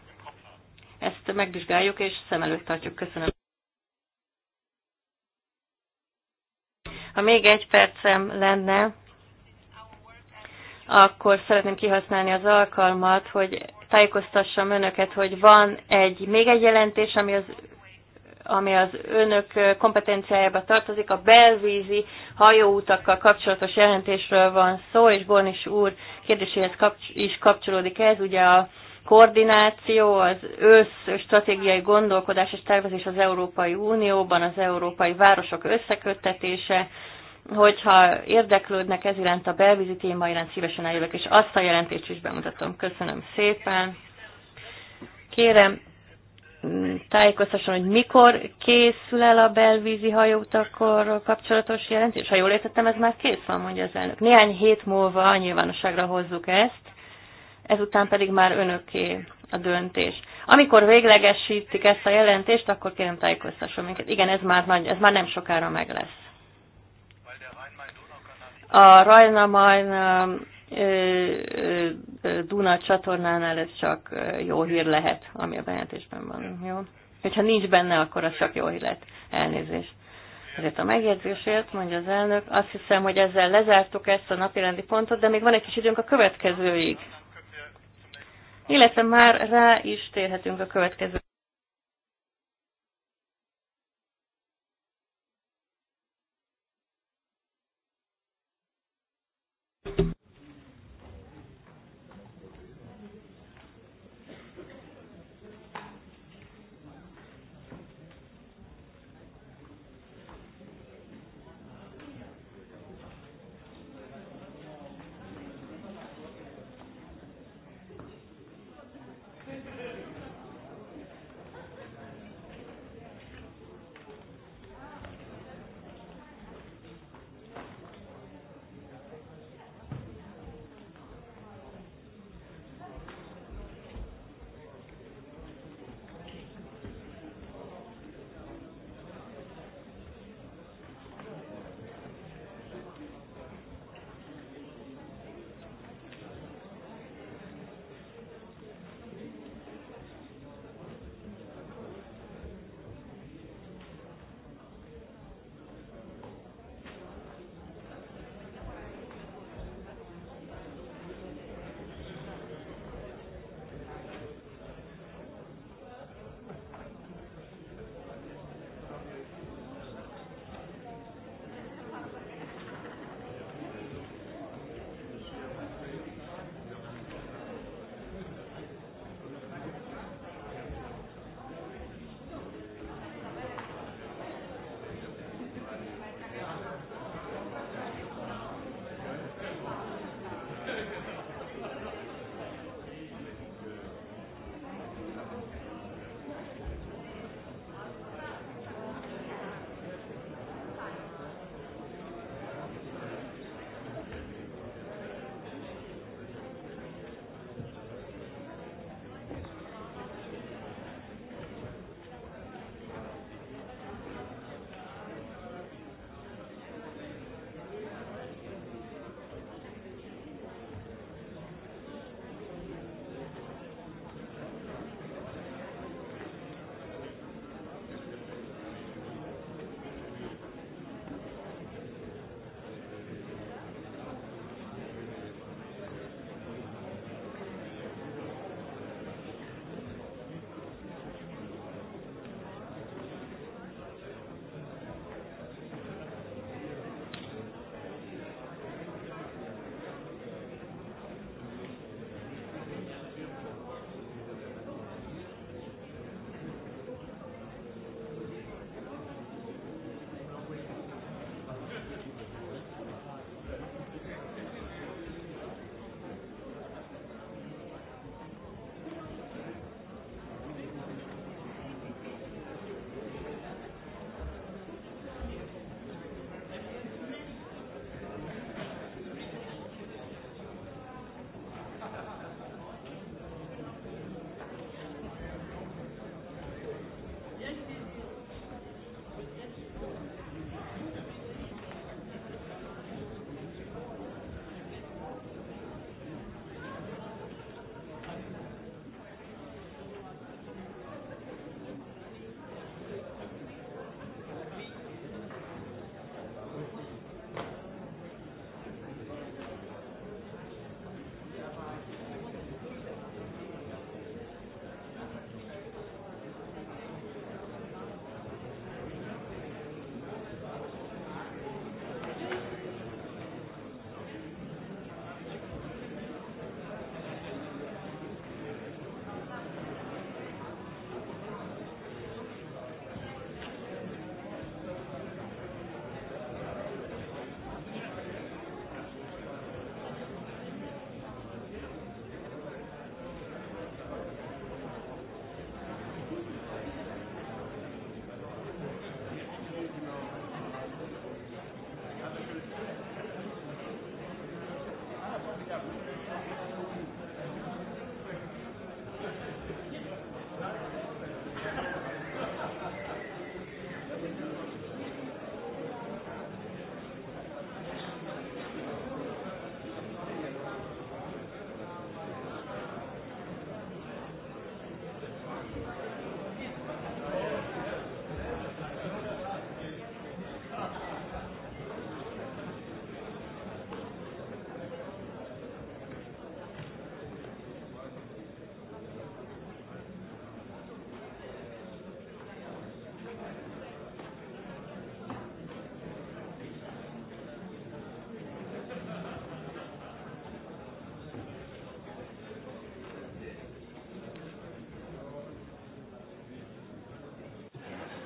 Ezt megvizsgáljuk és szem előtt tartjuk. Köszönöm. Ha még egy percem lenne, akkor szeretném kihasználni az alkalmat, hogy tájékoztassam önöket, hogy van egy, még egy jelentés, ami az ami az önök kompetenciájába tartozik, a belvízi hajóutakkal kapcsolatos jelentésről van szó, és Gornis úr kérdéséhez is kapcsolódik ez, ugye a koordináció, az össz stratégiai gondolkodás és tervezés az Európai Unióban, az európai városok összeköttetése, hogyha érdeklődnek ez iránt a belvízi téma iránt, szívesen eljövök, és azt a jelentést is bemutatom. Köszönöm szépen. Kérem, tájékoztasson, hogy mikor készül el a belvízi hajóutakorról kapcsolatos jelentés. Ha jól értettem, ez már kész van, mondja az elnök. Néhány hét múlva nyilvánosságra hozzuk ezt, ezután pedig már önöké a döntés. Amikor véglegesítik ezt a jelentést, akkor kérem tájékoztasson minket. Igen, ez már, nagy, ez már nem sokára meg lesz. A Rajna majd Duna csatornánál ez csak jó hír lehet, ami a bejelentésben van. Jó? Hogyha nincs benne, akkor az csak jó hír lett. Elnézést. Ezért a megjegyzésért, mondja az elnök, azt hiszem, hogy ezzel lezártuk ezt a napirendi pontot, de még van egy kis időnk a következőig. Illetve már rá is térhetünk a következő.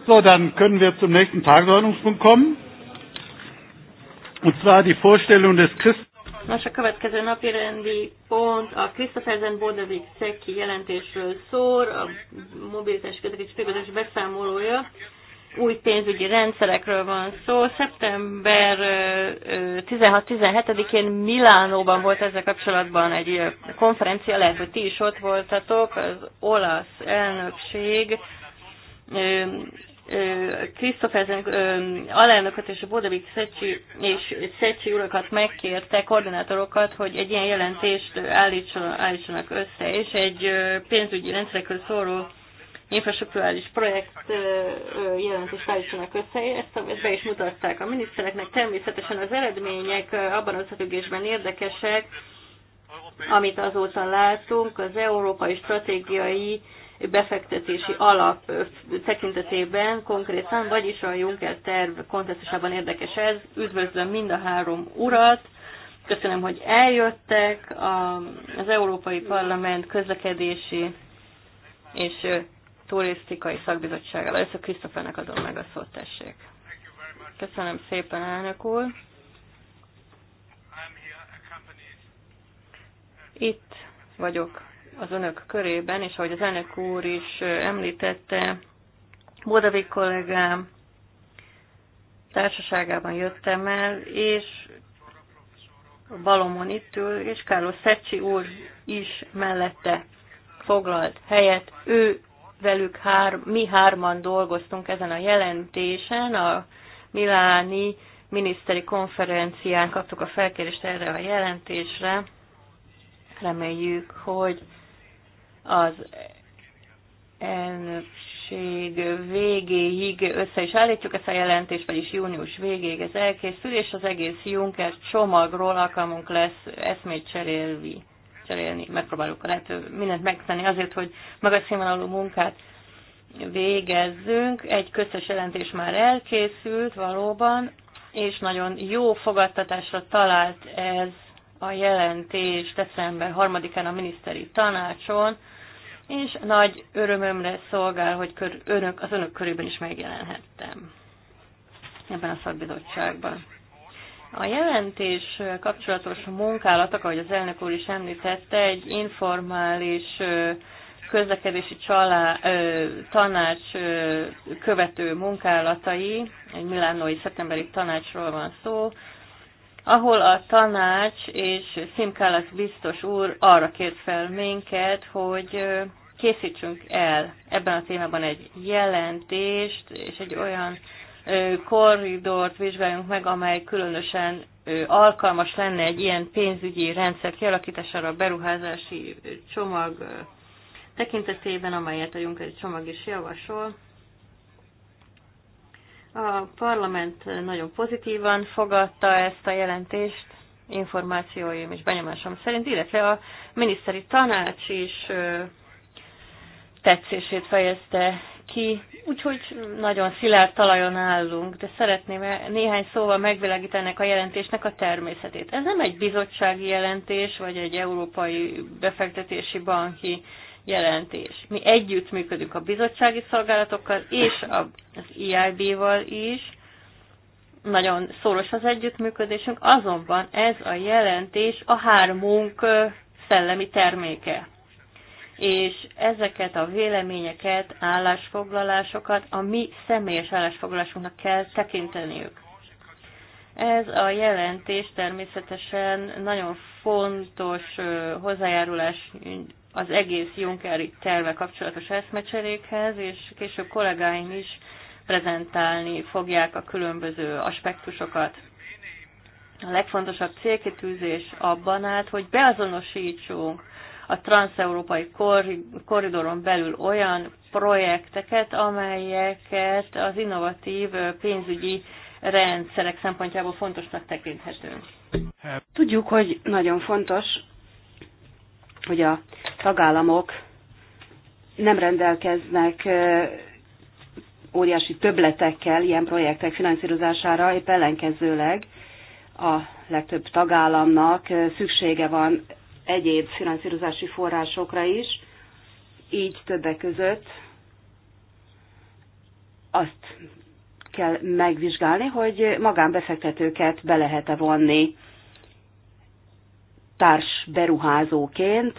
So, dann können wir zum nächsten Tagesordnungspunkt kommen. Und zwar die Vorstellung des Christ Nos, a következő napi rendi pont a Christopherzen Bodevik Szeki jelentésről szól, a mobilitás közlekedés főgazdas beszámolója. Új pénzügyi rendszerekről van szó. Szeptember 16-17-én Milánóban volt ezzel kapcsolatban egy konferencia, lehet, hogy ti is ott voltatok, az olasz elnökség Krisztoferzen alelnököt és a Bodevik Szecsi, és Szecsi urakat megkérte, koordinátorokat, hogy egy ilyen jelentést állítsanak, állítsanak össze, és egy pénzügyi rendszerekről szóló infrastruktúrális projekt jelentést állítsanak össze, ezt, ezt be is mutatták a minisztereknek. Természetesen az eredmények abban az összefüggésben érdekesek, amit azóta látunk, az európai stratégiai befektetési alap tekintetében konkrétan, vagyis a Juncker terv kontextusában érdekes ez. Üdvözlöm mind a három urat, köszönöm, hogy eljöttek az Európai Parlament közlekedési és turisztikai szakbizottsággal. Először Krisztofának adom meg a szót, tessék. Köszönöm szépen, elnök úr. Itt vagyok az önök körében, és ahogy az elnök úr is említette, Bodavik kollégám társaságában jöttem el, és Balomon itt ül, és Carlos Szecsi úr is mellette foglalt helyet. Ő velük hár, mi hárman dolgoztunk ezen a jelentésen, a Miláni miniszteri konferencián kaptuk a felkérést erre a jelentésre. Reméljük, hogy az elnökség végéig össze is állítjuk ezt a jelentést, vagyis június végéig ez elkészül, és az egész Juncker csomagról alkalmunk lesz eszmét cserélni, cserélni. megpróbáljuk a lehető mindent megtenni azért, hogy magas színvonalú munkát végezzünk. Egy közös jelentés már elkészült valóban, és nagyon jó fogadtatásra talált ez a jelentés december 3-án a miniszteri tanácson, és nagy örömömre szolgál, hogy kör, önök, az önök körében is megjelenhettem ebben a szakbizottságban. A jelentés kapcsolatos munkálatok, ahogy az elnök úr is említette, egy informális közlekedési csalá, tanács követő munkálatai, egy milánói szeptemberi tanácsról van szó, ahol a tanács és Szimkálasz biztos úr arra kért fel minket, hogy készítsünk el ebben a témában egy jelentést, és egy olyan korridort vizsgáljunk meg, amely különösen alkalmas lenne egy ilyen pénzügyi rendszer kialakítására a beruházási csomag tekintetében, amelyet a Juncker csomag is javasol. A parlament nagyon pozitívan fogadta ezt a jelentést, információim és benyomásom szerint, illetve a miniszteri tanács is tetszését fejezte ki, úgyhogy nagyon szilárd talajon állunk, de szeretném e- néhány szóval megvilágítani ennek a jelentésnek a természetét. Ez nem egy bizottsági jelentés, vagy egy európai befektetési banki jelentés. Mi együtt működünk a bizottsági szolgálatokkal és az EIB-val is, nagyon szoros az együttműködésünk, azonban ez a jelentés a hármunk szellemi terméke és ezeket a véleményeket, állásfoglalásokat a mi személyes állásfoglalásunknak kell tekinteniük. Ez a jelentés természetesen nagyon fontos hozzájárulás az egész Junckeri terve kapcsolatos eszmecserékhez, és később kollégáim is prezentálni fogják a különböző aspektusokat. A legfontosabb célkitűzés abban állt, hogy beazonosítsunk a transeurópai korridoron belül olyan projekteket, amelyeket az innovatív pénzügyi rendszerek szempontjából fontosnak tekinthetünk. Tudjuk, hogy nagyon fontos, hogy a tagállamok nem rendelkeznek óriási töbletekkel ilyen projektek finanszírozására, épp ellenkezőleg a legtöbb tagállamnak szüksége van egyéb finanszírozási forrásokra is, így többek között azt kell megvizsgálni, hogy magánbefektetőket be lehet-e vonni társ beruházóként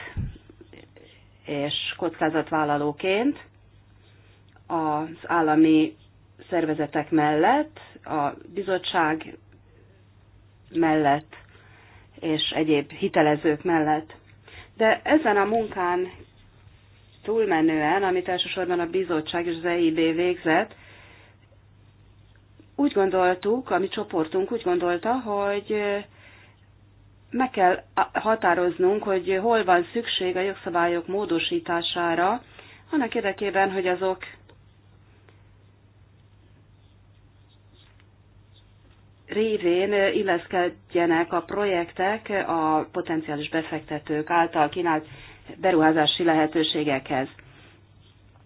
és kockázatvállalóként az állami szervezetek mellett, a bizottság mellett és egyéb hitelezők mellett. De ezen a munkán túlmenően, amit elsősorban a bizottság és az EIB végzett, úgy gondoltuk, a mi csoportunk úgy gondolta, hogy meg kell határoznunk, hogy hol van szükség a jogszabályok módosítására, annak érdekében, hogy azok révén illeszkedjenek a projektek a potenciális befektetők által kínált beruházási lehetőségekhez.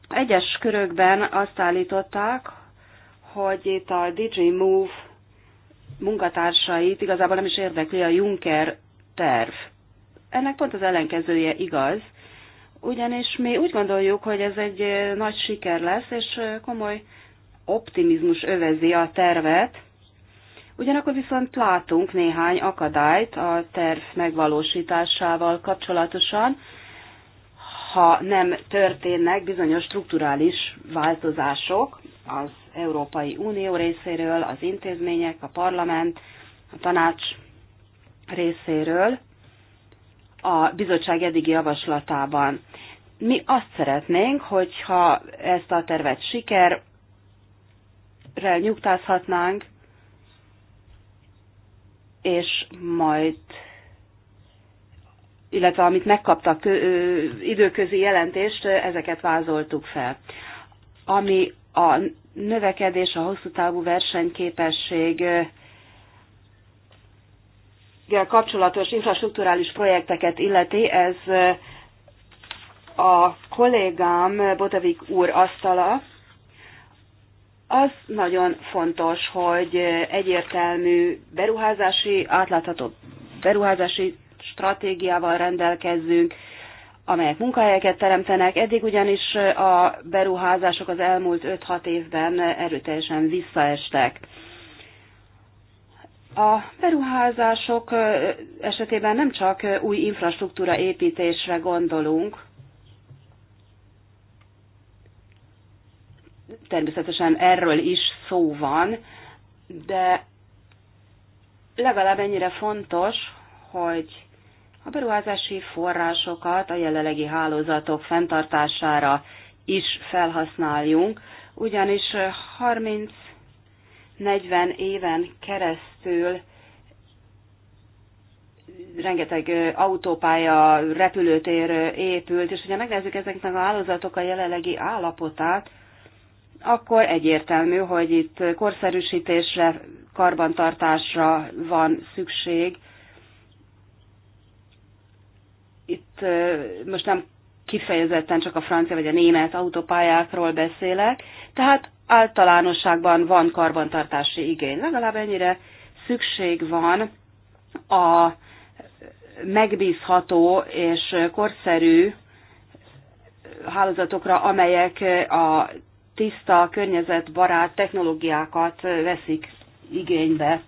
Egyes körökben azt állították, hogy itt a DJ Move munkatársait igazából nem is érdekli a Juncker terv. Ennek pont az ellenkezője igaz, ugyanis mi úgy gondoljuk, hogy ez egy nagy siker lesz, és komoly optimizmus övezi a tervet, Ugyanakkor viszont látunk néhány akadályt a terv megvalósításával kapcsolatosan, ha nem történnek bizonyos strukturális változások az Európai Unió részéről, az intézmények, a parlament, a tanács részéről a bizottság eddigi javaslatában. Mi azt szeretnénk, hogyha ezt a tervet sikerrel nyugtázhatnánk, és majd illetve amit megkaptak időközi jelentést, ezeket vázoltuk fel. Ami a növekedés, a hosszú távú versenyképesség kapcsolatos infrastruktúrális projekteket illeti, ez a kollégám Botevik úr asztala, az nagyon fontos, hogy egyértelmű beruházási, átlátható beruházási stratégiával rendelkezzünk, amelyek munkahelyeket teremtenek. Eddig ugyanis a beruházások az elmúlt 5-6 évben erőteljesen visszaestek. A beruházások esetében nem csak új infrastruktúra építésre gondolunk, természetesen erről is szó van, de legalább ennyire fontos, hogy a beruházási forrásokat a jelenlegi hálózatok fenntartására is felhasználjunk, ugyanis 30-40 éven keresztül rengeteg autópálya, repülőtér épült, és ugye megnézzük ezeknek a hálózatok a jelenlegi állapotát, akkor egyértelmű, hogy itt korszerűsítésre, karbantartásra van szükség. Itt most nem kifejezetten csak a francia vagy a német autópályákról beszélek, tehát általánosságban van karbantartási igény. Legalább ennyire szükség van a megbízható és korszerű hálózatokra, amelyek a tiszta, környezetbarát technológiákat veszik igénybe.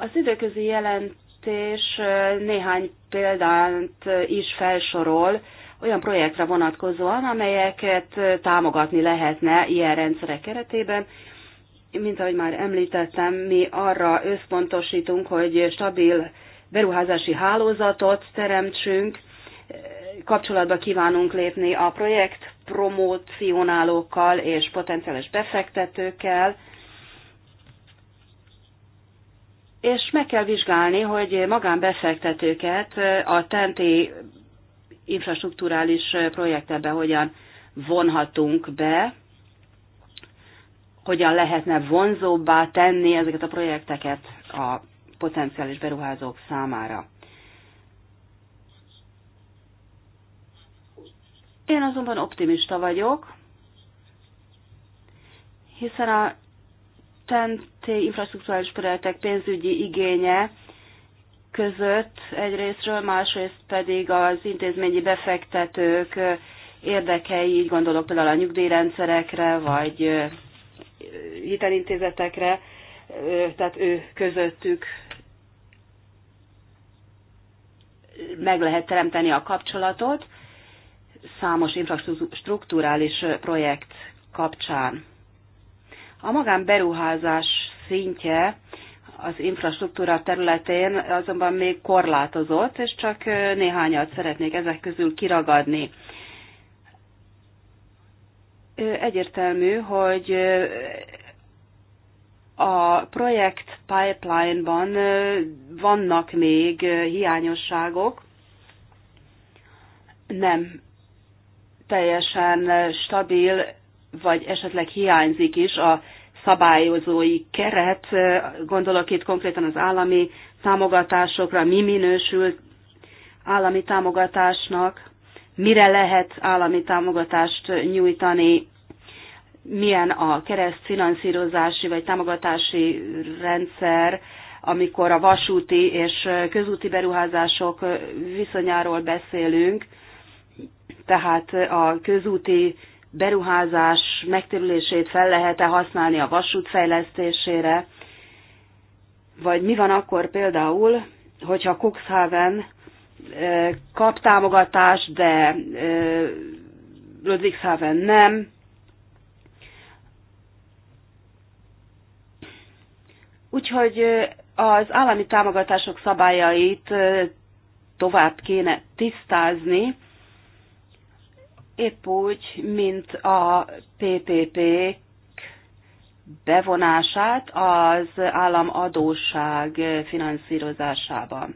Az időközi jelentés néhány példát is felsorol olyan projektre vonatkozóan, amelyeket támogatni lehetne ilyen rendszerek keretében. Mint ahogy már említettem, mi arra összpontosítunk, hogy stabil beruházási hálózatot teremtsünk, kapcsolatba kívánunk lépni a projekt promócionálókkal és potenciális befektetőkkel, és meg kell vizsgálni, hogy magánbefektetőket a tenti infrastruktúrális projektebe hogyan vonhatunk be, hogyan lehetne vonzóbbá tenni ezeket a projekteket a potenciális beruházók számára. Én azonban optimista vagyok, hiszen a TNT infrastruktúrális projektek pénzügyi igénye között egyrésztről, másrészt pedig az intézményi befektetők érdekei, így gondolok például a nyugdíjrendszerekre, vagy hitelintézetekre, tehát ő közöttük meg lehet teremteni a kapcsolatot, számos infrastruktúrális projekt kapcsán. A magánberuházás szintje az infrastruktúra területén azonban még korlátozott, és csak néhányat szeretnék ezek közül kiragadni. Egyértelmű, hogy a projekt pipeline-ban vannak még hiányosságok, nem teljesen stabil, vagy esetleg hiányzik is a szabályozói keret, gondolok itt konkrétan az állami támogatásokra, mi minősül állami támogatásnak, mire lehet állami támogatást nyújtani, milyen a keresztfinanszírozási vagy támogatási rendszer, amikor a vasúti és közúti beruházások viszonyáról beszélünk, tehát a közúti beruházás megtérülését fel lehet-e használni a vasút fejlesztésére, vagy mi van akkor például, hogyha Cuxhaven eh, kap támogatást, de eh, Ludwigshaven nem. Úgyhogy eh, az állami támogatások szabályait tovább kéne tisztázni, épp úgy, mint a PPP bevonását az államadóság finanszírozásába.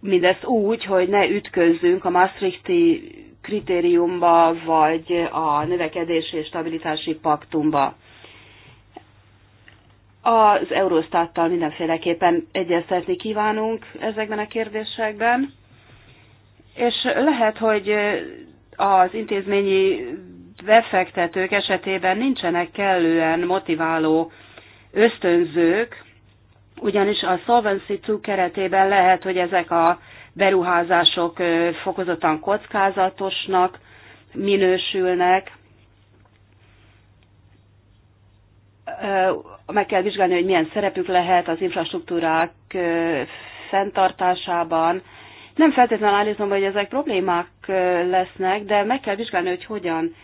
Mindezt úgy, hogy ne ütközzünk a Maastrichti kritériumba, vagy a növekedési és stabilitási paktumba. Az Eurostattal mindenféleképpen egyeztetni kívánunk ezekben a kérdésekben, és lehet, hogy az intézményi befektetők esetében nincsenek kellően motiváló ösztönzők, ugyanis a Solvency II keretében lehet, hogy ezek a beruházások fokozottan kockázatosnak minősülnek, meg kell vizsgálni, hogy milyen szerepük lehet az infrastruktúrák fenntartásában. Nem feltétlenül állítom, hogy ezek problémák lesznek, de meg kell vizsgálni, hogy hogyan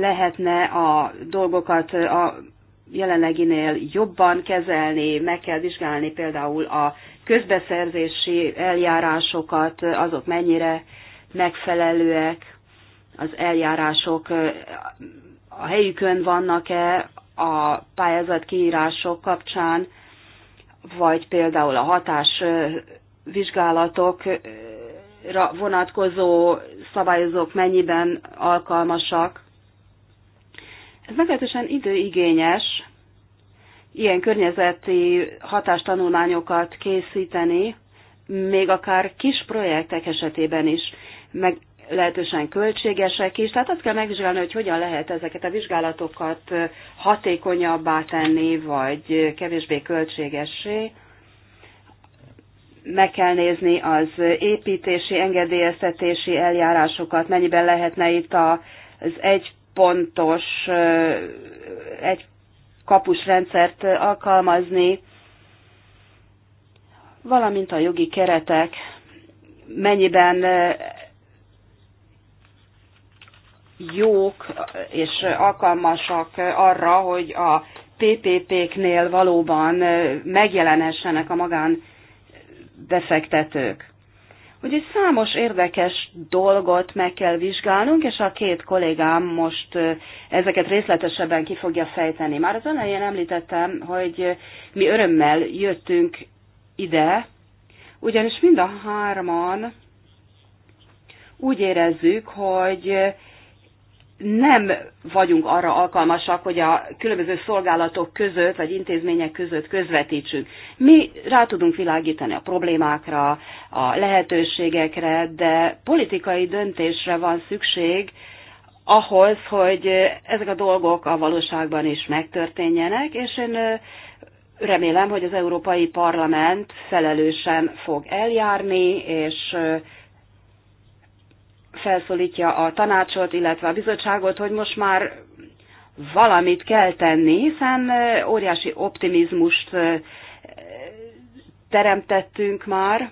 lehetne a dolgokat a jelenleginél jobban kezelni, meg kell vizsgálni például a közbeszerzési eljárásokat, azok mennyire megfelelőek, az eljárások a helyükön vannak-e, a pályázat kiírások kapcsán, vagy például a hatás vizsgálatokra vonatkozó szabályozók mennyiben alkalmasak. Ez meglehetősen időigényes, ilyen környezeti hatástanulmányokat készíteni, még akár kis projektek esetében is, meg lehetősen költségesek is, tehát azt kell megvizsgálni, hogy hogyan lehet ezeket a vizsgálatokat hatékonyabbá tenni, vagy kevésbé költségessé. Meg kell nézni az építési, engedélyeztetési eljárásokat, mennyiben lehetne itt az egy pontos, egy kapus rendszert alkalmazni, valamint a jogi keretek mennyiben jók és alkalmasak arra, hogy a PPP-knél valóban megjelenhessenek a magán befektetők. Úgyhogy számos érdekes dolgot meg kell vizsgálnunk, és a két kollégám most ezeket részletesebben ki fogja fejteni. Már az elején említettem, hogy mi örömmel jöttünk ide, ugyanis mind a hárman úgy érezzük, hogy nem vagyunk arra alkalmasak, hogy a különböző szolgálatok között, vagy intézmények között közvetítsünk. Mi rá tudunk világítani a problémákra, a lehetőségekre, de politikai döntésre van szükség ahhoz, hogy ezek a dolgok a valóságban is megtörténjenek, és én remélem, hogy az Európai Parlament felelősen fog eljárni, és felszólítja a tanácsot, illetve a bizottságot, hogy most már valamit kell tenni, hiszen óriási optimizmust teremtettünk már,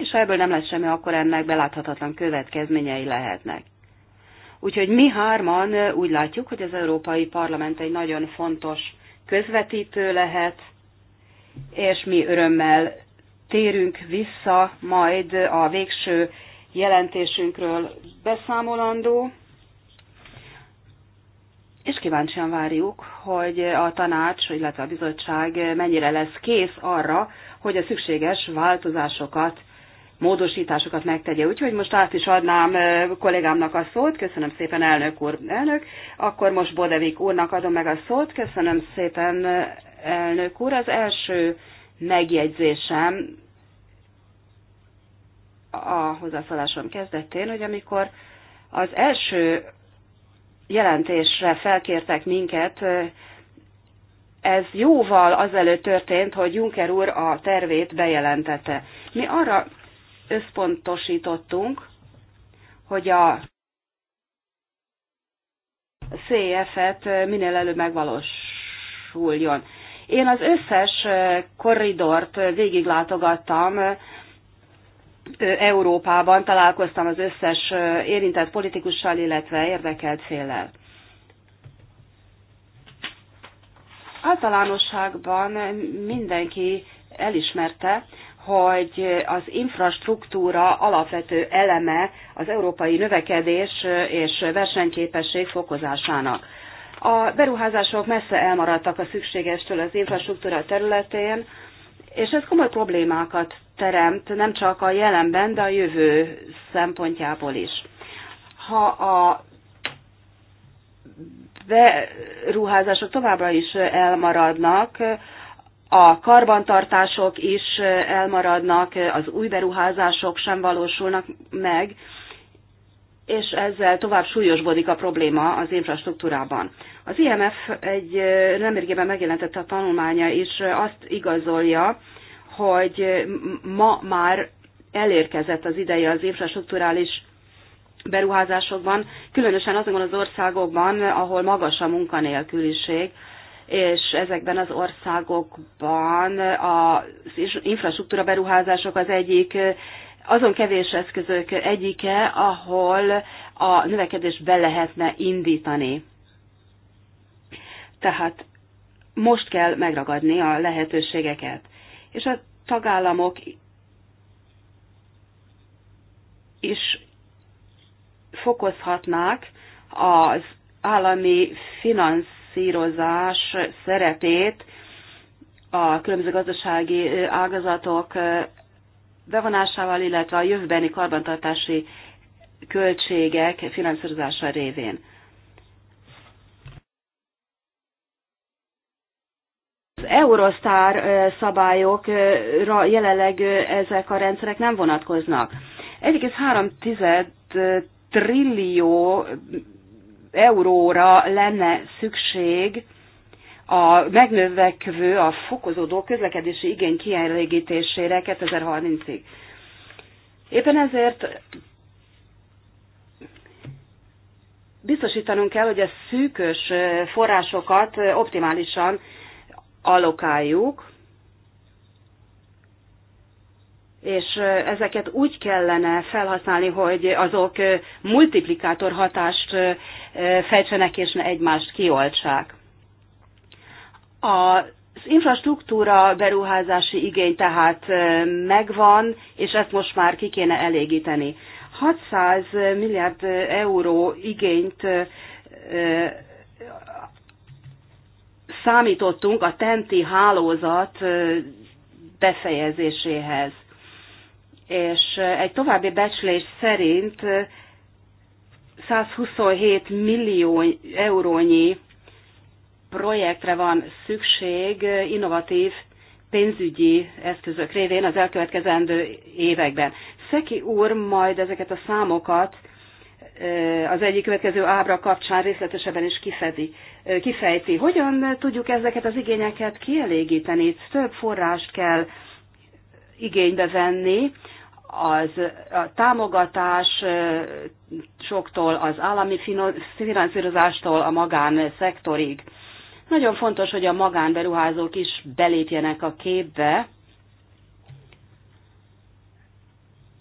és ha ebből nem lesz semmi, akkor ennek beláthatatlan következményei lehetnek. Úgyhogy mi hárman úgy látjuk, hogy az Európai Parlament egy nagyon fontos közvetítő lehet, és mi örömmel térünk vissza majd a végső jelentésünkről beszámolandó, és kíváncsian várjuk, hogy a tanács, illetve a bizottság mennyire lesz kész arra, hogy a szükséges változásokat, módosításokat megtegye. Úgyhogy most át is adnám kollégámnak a szót. Köszönöm szépen, elnök úr. Elnök, akkor most Bodevik úrnak adom meg a szót. Köszönöm szépen, elnök úr. Az első megjegyzésem a hozzászólásom kezdetén, hogy amikor az első jelentésre felkértek minket, ez jóval azelőtt történt, hogy Juncker úr a tervét bejelentette. Mi arra összpontosítottunk, hogy a CF-et minél előbb megvalósuljon. Én az összes korridort végiglátogattam, Európában találkoztam az összes érintett politikussal, illetve érdekelt féllel. Általánosságban mindenki elismerte, hogy az infrastruktúra alapvető eleme az európai növekedés és versenyképesség fokozásának. A beruházások messze elmaradtak a szükségestől az infrastruktúra területén, és ez komoly problémákat teremt nem csak a jelenben, de a jövő szempontjából is. Ha a beruházások továbbra is elmaradnak, a karbantartások is elmaradnak, az új beruházások sem valósulnak meg, és ezzel tovább súlyosbodik a probléma az infrastruktúrában. Az IMF egy nemrégében megjelentette a tanulmánya is azt igazolja, hogy ma már elérkezett az ideje az infrastruktúrális beruházásokban, különösen azokban az országokban, ahol magas a munkanélküliség, és ezekben az országokban az infrastruktúra beruházások az egyik azon kevés eszközök egyike, ahol a növekedést be lehetne indítani. Tehát most kell megragadni a lehetőségeket. És a tagállamok is fokozhatnák az állami finanszírozás szerepét a különböző gazdasági ágazatok bevonásával, illetve a jövőbeni karbantartási költségek finanszírozása révén. Eurostar szabályokra jelenleg ezek a rendszerek nem vonatkoznak. 1,3 trillió euróra lenne szükség a megnövekvő, a fokozódó közlekedési igény kielégítésére 2030-ig. Éppen ezért biztosítanunk kell, hogy a szűkös forrásokat optimálisan alokáljuk, és ezeket úgy kellene felhasználni, hogy azok multiplikátor hatást fejtsenek és ne egymást kioltsák. Az infrastruktúra beruházási igény tehát megvan, és ezt most már ki kéne elégíteni. 600 milliárd euró igényt számítottunk a tenti hálózat befejezéséhez. És egy további becslés szerint 127 millió eurónyi projektre van szükség innovatív pénzügyi eszközök révén az elkövetkezendő években. Szeki úr majd ezeket a számokat Eh, az egyik következő ábra kapcsán részletesebben is kifedi, eh, kifejti. Hogyan tudjuk ezeket az igényeket kielégíteni? Itt több forrást kell igénybe venni, az a támogatás eh, soktól, az állami finanszírozástól a magánszektorig. Nagyon fontos, hogy a magánberuházók is belépjenek a képbe,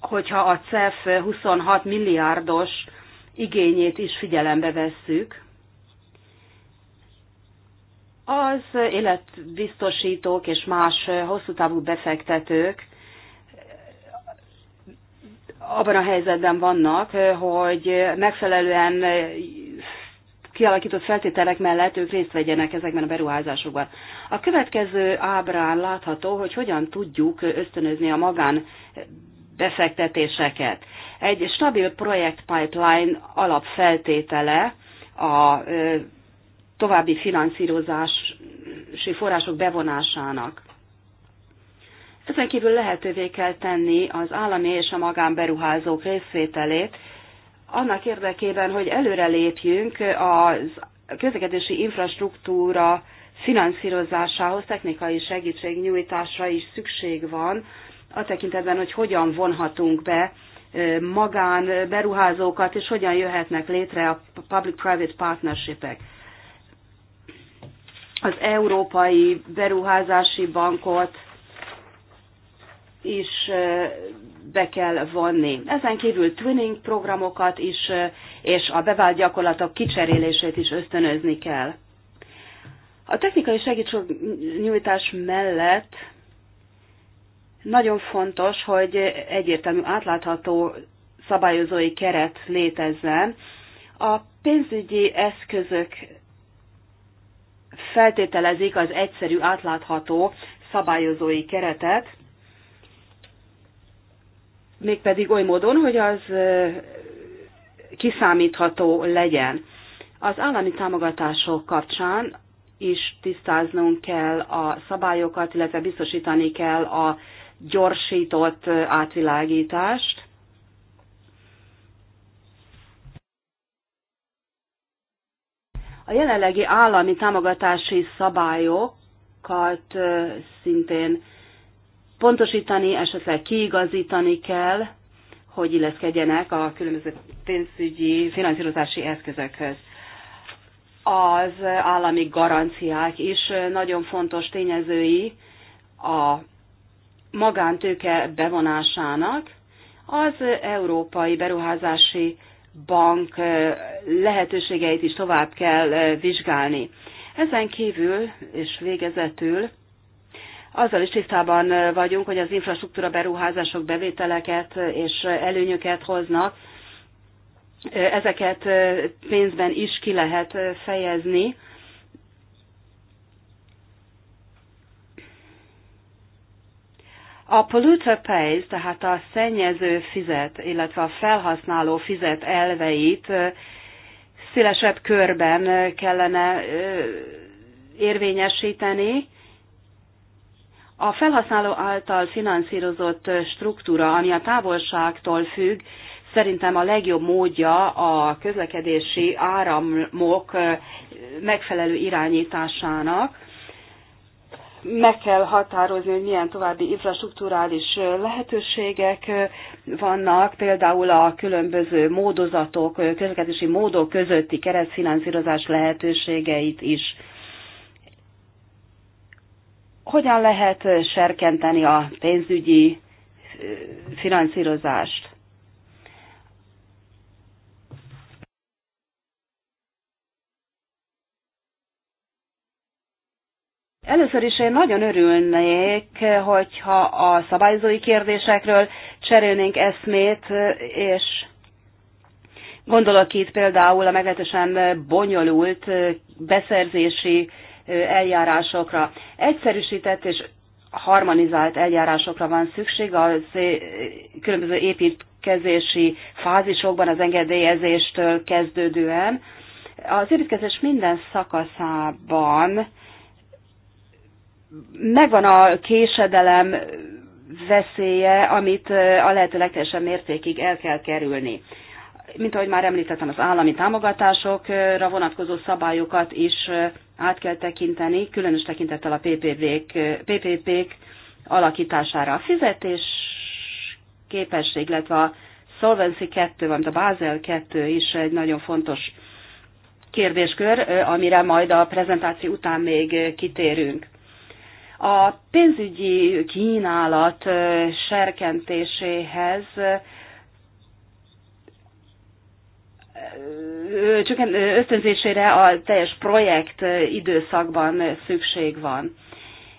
hogyha a CEF 26 milliárdos igényét is figyelembe vesszük. Az életbiztosítók és más hosszú távú befektetők abban a helyzetben vannak, hogy megfelelően kialakított feltételek mellett ők részt vegyenek ezekben a beruházásokban. A következő ábrán látható, hogy hogyan tudjuk ösztönözni a magán befektetéseket. Egy stabil projekt pipeline alapfeltétele a további finanszírozási források bevonásának. Ezen kívül lehetővé kell tenni az állami és a magánberuházók részvételét, annak érdekében, hogy előrelépjünk az közlekedési infrastruktúra finanszírozásához technikai segítségnyújtásra is szükség van, a tekintetben, hogy hogyan vonhatunk be magán beruházókat, és hogyan jöhetnek létre a public-private partnershipek. Az Európai Beruházási Bankot is be kell vonni. Ezen kívül twinning programokat is, és a bevált gyakorlatok kicserélését is ösztönözni kell. A technikai segítségnyújtás mellett nagyon fontos, hogy egyértelmű átlátható szabályozói keret létezzen. A pénzügyi eszközök feltételezik az egyszerű, átlátható szabályozói keretet, mégpedig oly módon, hogy az kiszámítható legyen. Az állami támogatások kapcsán is tisztáznunk kell a szabályokat, illetve biztosítani kell a gyorsított átvilágítást. A jelenlegi állami támogatási szabályokat szintén pontosítani, esetleg kiigazítani kell, hogy illeszkedjenek a különböző pénzügyi, finanszírozási eszközökhöz. Az állami garanciák is nagyon fontos tényezői a magántőke bevonásának, az Európai Beruházási Bank eh, lehetőségeit is tovább kell eh, vizsgálni. Ezen kívül és végezetül azzal is tisztában eh, vagyunk, hogy az infrastruktúra beruházások bevételeket és előnyöket hoznak, ezeket pénzben is ki lehet fejezni, A polluter pays, tehát a szennyező fizet, illetve a felhasználó fizet elveit szélesebb körben kellene érvényesíteni. A felhasználó által finanszírozott struktúra, ami a távolságtól függ, szerintem a legjobb módja a közlekedési áramok megfelelő irányításának meg kell határozni, hogy milyen további infrastruktúrális lehetőségek vannak, például a különböző módozatok, közlekedési módok közötti keresztfinanszírozás lehetőségeit is. Hogyan lehet serkenteni a pénzügyi finanszírozást? Először is én nagyon örülnék, hogyha a szabályozói kérdésekről cserélnénk eszmét, és gondolok itt például a meglehetősen bonyolult beszerzési eljárásokra. Egyszerűsített és harmonizált eljárásokra van szükség az különböző építkezési fázisokban az engedélyezéstől kezdődően. Az építkezés minden szakaszában megvan a késedelem veszélye, amit a lehető legteljesebb mértékig el kell kerülni. Mint ahogy már említettem, az állami támogatásokra vonatkozó szabályokat is át kell tekinteni, különös tekintettel a PPP-k, PPP-k alakítására. A fizetés képesség, illetve a Solvency 2, vagy a Basel 2 is egy nagyon fontos kérdéskör, amire majd a prezentáció után még kitérünk. A pénzügyi kínálat serkentéséhez csak ösztönzésére a teljes projekt időszakban szükség van.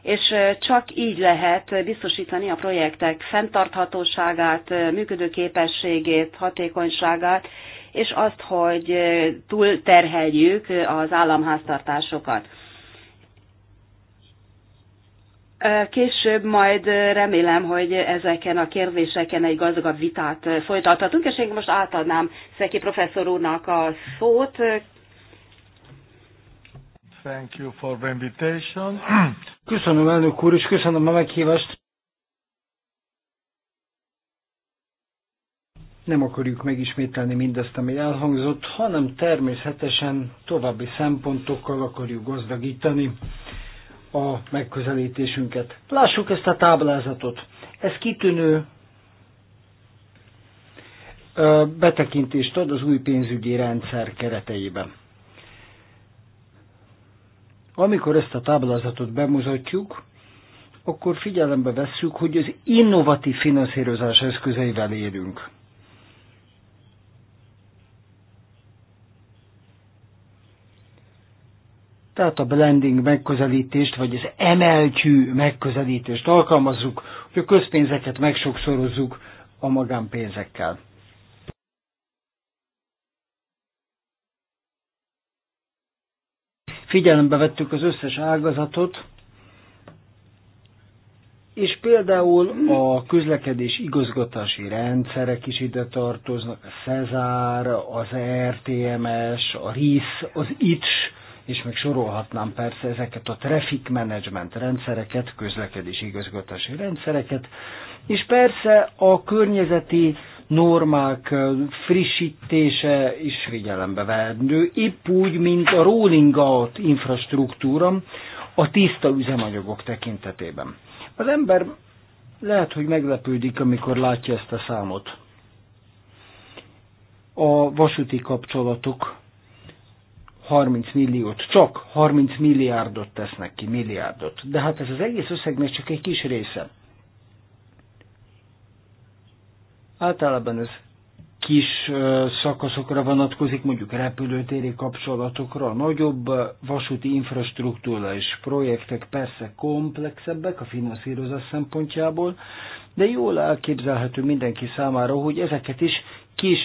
És csak így lehet biztosítani a projektek fenntarthatóságát, működőképességét, hatékonyságát, és azt, hogy túlterheljük az államháztartásokat. Később majd remélem, hogy ezeken a kérdéseken egy gazdagabb vitát folytathatunk, és én most átadnám Szeki professzor úrnak a szót. Thank you for the invitation. Köszönöm, elnök úr, és köszönöm a meghívást. Nem akarjuk megismételni mindazt, ami elhangzott, hanem természetesen további szempontokkal akarjuk gazdagítani a megközelítésünket. Lássuk ezt a táblázatot. Ez kitűnő betekintést ad az új pénzügyi rendszer kereteiben. Amikor ezt a táblázatot bemutatjuk, akkor figyelembe vesszük, hogy az innovatív finanszírozás eszközeivel érünk. Tehát a blending megközelítést, vagy az emeltyű megközelítést alkalmazzuk, hogy a közpénzeket megsokszorozzuk a magánpénzekkel. Figyelembe vettük az összes ágazatot, és például a közlekedés igazgatási rendszerek is ide tartoznak, a Cezár, az RTMS, a RISZ, az ITS, és még sorolhatnám persze ezeket a traffic management rendszereket, közlekedési igazgatási rendszereket, és persze a környezeti normák frissítése is figyelembe vendő, épp úgy, mint a rolling out infrastruktúra a tiszta üzemanyagok tekintetében. Az ember lehet, hogy meglepődik, amikor látja ezt a számot. A vasúti kapcsolatok 30 milliót, csak 30 milliárdot tesznek ki, milliárdot. De hát ez az egész összeg még csak egy kis része. Általában ez kis szakaszokra vonatkozik, mondjuk repülőtéri kapcsolatokra, nagyobb vasúti infrastruktúra és projektek persze komplexebbek a finanszírozás szempontjából, de jól elképzelhető mindenki számára, hogy ezeket is kis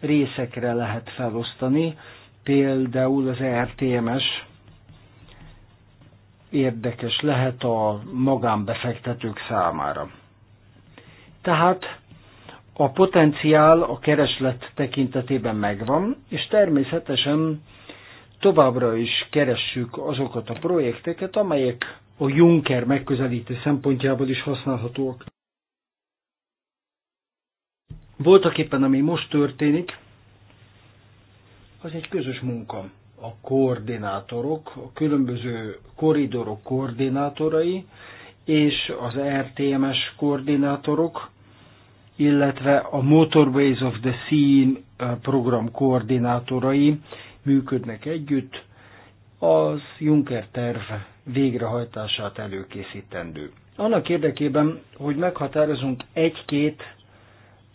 részekre lehet felosztani, például az e RTMS érdekes lehet a magánbefektetők számára. Tehát a potenciál a kereslet tekintetében megvan, és természetesen továbbra is keressük azokat a projekteket, amelyek a Juncker megközelítő szempontjából is használhatóak. Voltak éppen, ami most történik, az egy közös munka. A koordinátorok, a különböző koridorok koordinátorai és az RTMS koordinátorok, illetve a Motorways of the Sea eh, program koordinátorai működnek együtt, az Juncker terv végrehajtását előkészítendő. Annak érdekében, hogy meghatározunk egy-két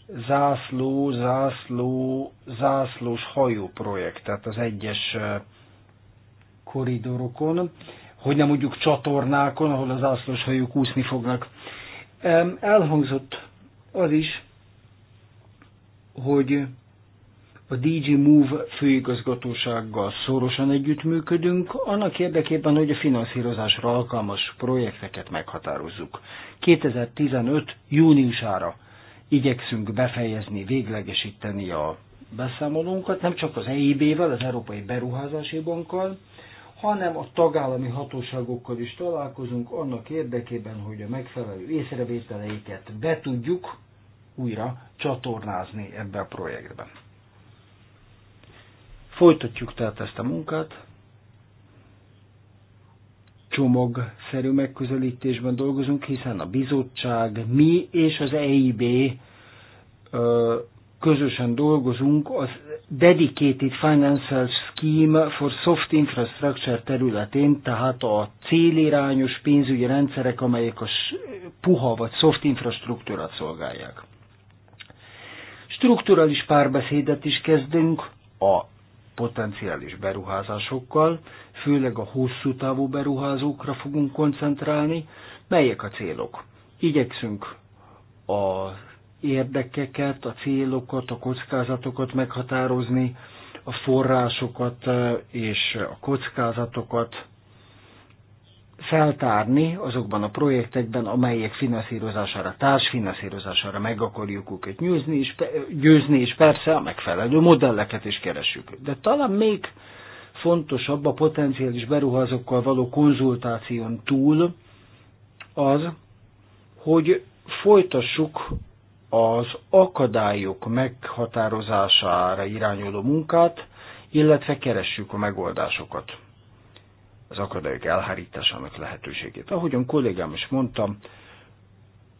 zászló, zászló, zászlós hajó projekt, tehát az egyes koridorokon, hogy nem mondjuk csatornákon, ahol az zászlós hajók úszni fognak. Elhangzott az is, hogy a DG Move főigazgatósággal szorosan együttműködünk, annak érdekében, hogy a finanszírozásra alkalmas projekteket meghatározzuk. 2015. júniusára igyekszünk befejezni, véglegesíteni a beszámolónkat, nem csak az EIB-vel, az Európai Beruházási Bankkal, hanem a tagállami hatóságokkal is találkozunk annak érdekében, hogy a megfelelő észrevételeiket be tudjuk újra csatornázni ebbe a projektben. Folytatjuk tehát ezt a munkát, csomagszerű megközelítésben dolgozunk, hiszen a bizottság, mi és az EIB közösen dolgozunk az Dedicated Financial Scheme for Soft Infrastructure területén, tehát a célirányos pénzügyi rendszerek, amelyek a puha vagy soft infrastruktúrát szolgálják. Strukturális párbeszédet is kezdünk a potenciális beruházásokkal, főleg a hosszú távú beruházókra fogunk koncentrálni, melyek a célok. Igyekszünk a érdekeket, a célokat, a kockázatokat meghatározni, a forrásokat eh, és a kockázatokat feltárni azokban a projektekben, amelyek finanszírozására, társfinanszírozására meg akarjuk őket nyőzni, és, győzni, és persze a megfelelő modelleket is keresünk. De talán még fontosabb a potenciális beruházókkal való konzultáción túl az, hogy folytassuk az akadályok meghatározására irányuló munkát, illetve keressük a megoldásokat az akadályok elhárításának lehetőségét. Ahogyan kollégám is mondtam,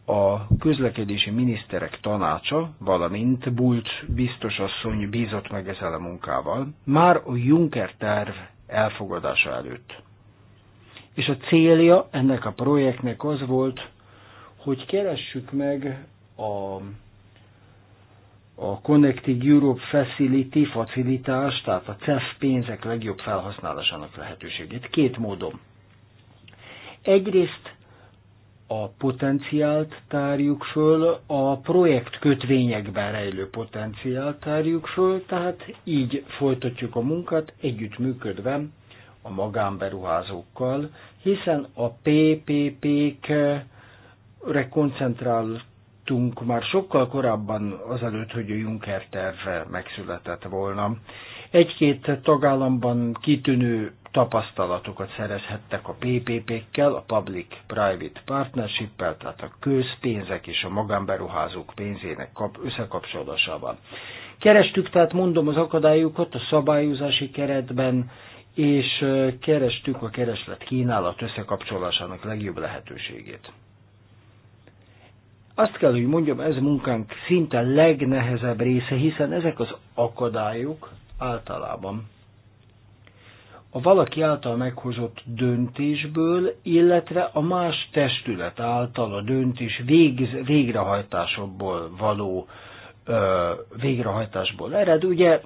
a közlekedési miniszterek tanácsa, valamint Bulcs biztosasszony bízott meg ezzel a munkával, már a Juncker terv elfogadása előtt. És a célja ennek a projektnek az volt, hogy keressük meg a a Connecting Europe Facility facilitás, tehát a CEF pénzek legjobb felhasználásának lehetőségét. Két módon. Egyrészt a potenciált tárjuk föl, a projekt kötvényekben rejlő potenciált tárjuk föl, tehát így folytatjuk a munkát együttműködve a magánberuházókkal, hiszen a PPP-k koncentrál tudtunk már sokkal korábban azelőtt, hogy a Juncker terv megszületett volna. Egy-két tagállamban kitűnő tapasztalatokat szerezhettek a PPP-kkel, a Public-Private partnership el tehát a közpénzek és a magánberuházók pénzének kap, összekapcsolásával. Kerestük tehát, mondom, az akadályokat a szabályozási keretben, és kerestük a kereslet kínálat összekapcsolásának legjobb lehetőségét. Azt kell, hogy mondjam, ez munkánk szinte legnehezebb része, hiszen ezek az akadályok általában a valaki által meghozott döntésből, illetve a más testület által a döntés végz, végrehajtásokból való ö, végrehajtásból ered. Ugye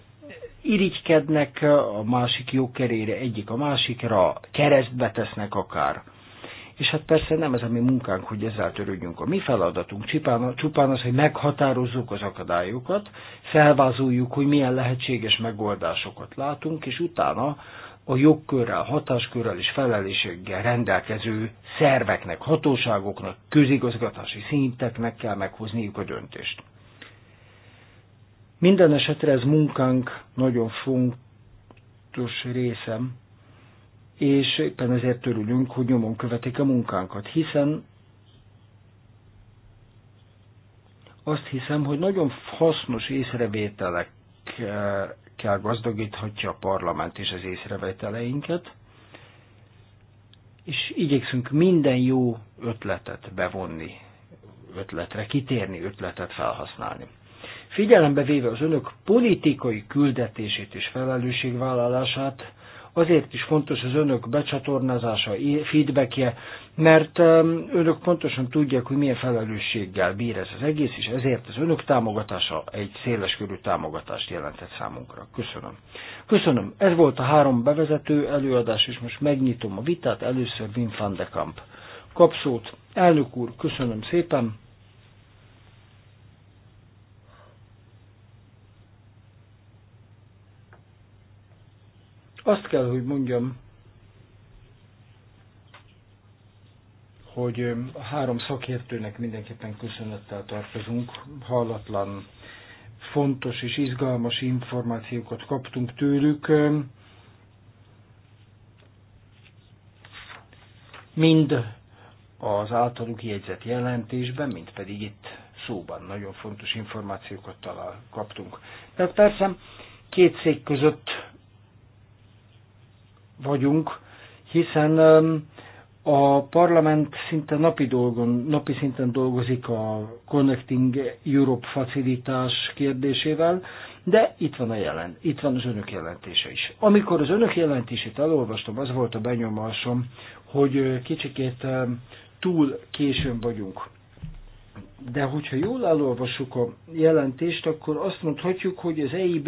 irigykednek a másik jogkerére egyik a másikra, keresztbe tesznek akár. És hát persze nem ez a mi munkánk, hogy ezzel törődjünk. A mi feladatunk csupán, csupán az, hogy meghatározzuk az akadályokat, felvázoljuk, hogy milyen lehetséges megoldásokat látunk, és utána a jogkörrel, hatáskörrel és felelősséggel rendelkező szerveknek, hatóságoknak, közigazgatási szinteknek kell meghozniuk a döntést. Minden esetre ez munkánk nagyon fontos részem, és éppen ezért örülünk, hogy nyomon követik a munkánkat, hiszen azt hiszem, hogy nagyon hasznos észrevételekkel gazdagíthatja a parlament és az észrevételeinket, és igyekszünk minden jó ötletet bevonni, ötletre kitérni, ötletet felhasználni. Figyelembe véve az önök politikai küldetését és felelősségvállalását, azért is fontos az önök becsatornázása, feedbackje, mert önök pontosan tudják, hogy milyen felelősséggel bír ez az egész, és ezért az önök támogatása egy széles körű támogatást jelentett számunkra. Köszönöm. Köszönöm. Ez volt a három bevezető előadás, és most megnyitom a vitát. Először Wim van de Kamp. Kapszót. Elnök úr, köszönöm szépen. Azt kell, hogy mondjam, hogy a három szakértőnek mindenképpen köszönettel tartozunk. Hallatlan fontos és izgalmas információkat kaptunk tőlük. Mind az általuk jegyzett jelentésben, mint pedig itt szóban nagyon fontos információkat talál, kaptunk. Tehát persze két szék között vagyunk, hiszen a parlament szinte napi, dolgon, napi szinten dolgozik a Connecting Europe facilitás kérdésével, de itt van, a jelen, itt van az önök jelentése is. Amikor az önök jelentését elolvastam, az volt a benyomásom, hogy kicsikét túl későn vagyunk. De hogyha jól elolvassuk a jelentést, akkor azt mondhatjuk, hogy az EIB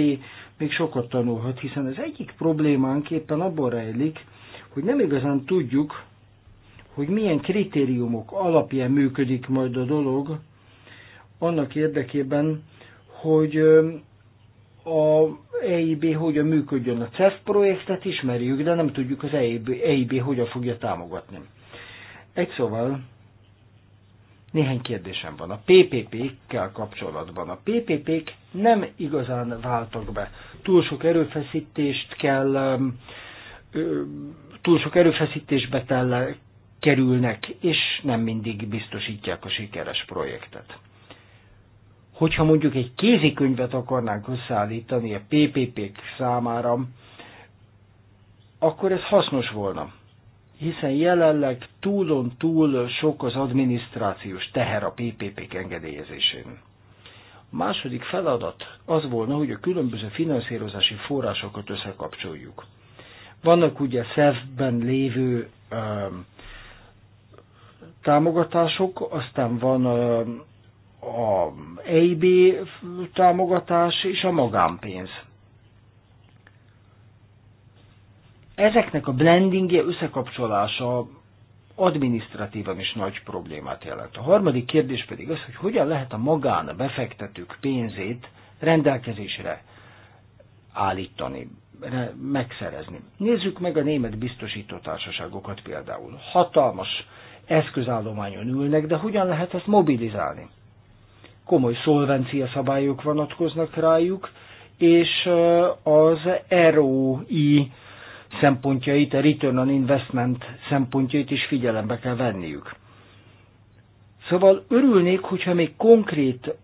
még sokat tanulhat, hiszen az egyik problémánk éppen abban rejlik, hogy nem igazán tudjuk, hogy milyen kritériumok alapján működik majd a dolog, annak érdekében, hogy a EIB hogyan működjön. A CEF projektet ismerjük, de nem tudjuk az EIB, EIB hogyan fogja támogatni. Egy szóval néhány kérdésem van. A PPP-kkel kapcsolatban. A PPP-k nem igazán váltak be. Túl sok erőfeszítést kell, túl sok erőfeszítésbe tele kerülnek, és nem mindig biztosítják a sikeres projektet. Hogyha mondjuk egy kézikönyvet akarnánk összeállítani a PPP-k számára, akkor ez hasznos volna hiszen jelenleg túlon túl sok az adminisztrációs teher a PPP-k engedélyezésén. A második feladat az volna, hogy a különböző finanszírozási forrásokat összekapcsoljuk. Vannak ugye SZEV-ben lévő ö, um, támogatások, aztán van ö, um, a EIB támogatás és a magánpénz. Ezeknek a blendingje, összekapcsolása adminisztratívan is nagy problémát jelent. A harmadik kérdés pedig az, hogy hogyan lehet a magán befektetők pénzét rendelkezésre állítani, megszerezni. Nézzük meg a német biztosítótársaságokat például. Hatalmas eszközállományon ülnek, de hogyan lehet ezt mobilizálni? Komoly szolvencia szabályok vonatkoznak rájuk, és az ROI szempontjait, a return on investment szempontjait is figyelembe kell venniük. Szóval örülnék, hogyha még konkrét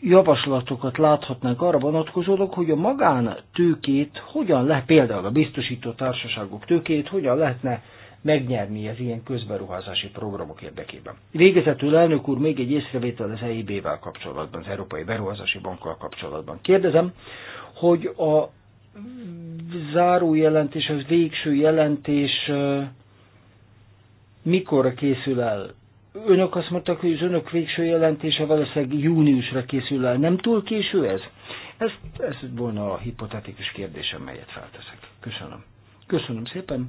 javaslatokat láthatnánk arra vonatkozólag, hogy a magántőkét hogyan lehet, például a biztosító társaságok tőkét hogyan lehetne megnyerni az ilyen közberuházási programok érdekében. Végezetül elnök úr még egy észrevétel az EIB-vel kapcsolatban, az Európai Beruházási Bankkal kapcsolatban. Kérdezem, hogy a Záró jelentés, az végső jelentés mikorra készül el? Önök azt mondták, hogy az önök végső jelentése valószínűleg júniusra készül el. Nem túl késő ez? Ez, ez volna a hipotetikus kérdésem, melyet felteszek. Köszönöm. Köszönöm szépen.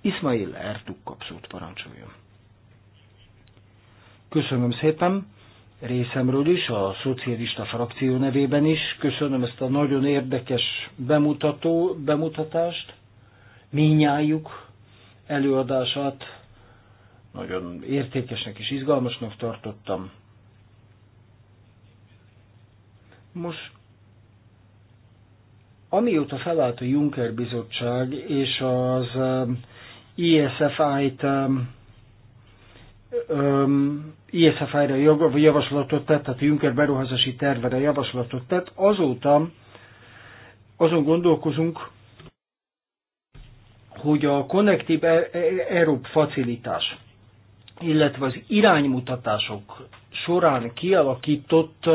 Ismail Ertuk kapszót parancsoljon. Köszönöm szépen részemről is, a szocialista frakció nevében is. Köszönöm ezt a nagyon érdekes bemutató, bemutatást, minnyájuk előadását. Nagyon értékesnek és izgalmasnak tartottam. Most amióta felállt a Juncker Bizottság és az um, ISF-t ISFI-ra javaslatot tett, tehát a Juncker beruházási tervere javaslatot tett, azóta azon gondolkozunk, hogy a Connective e- Europe facilitás, illetve az iránymutatások során kialakított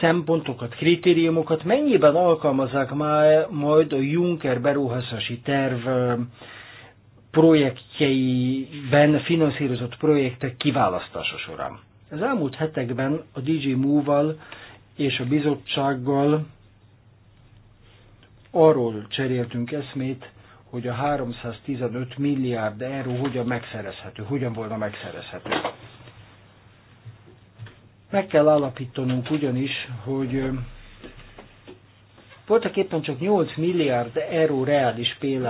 szempontokat, kritériumokat mennyiben alkalmazzák már majd a Juncker beruházási terv projektjeiben finanszírozott projektek kiválasztása során. Az elmúlt hetekben a DJ Move-val és a bizottsággal arról cseréltünk eszmét, hogy a 315 milliárd euró hogyan megszerezhető, hogyan volna megszerezhető. Meg kell állapítanunk ugyanis, hogy voltak éppen csak 8 milliárd euró reális pénz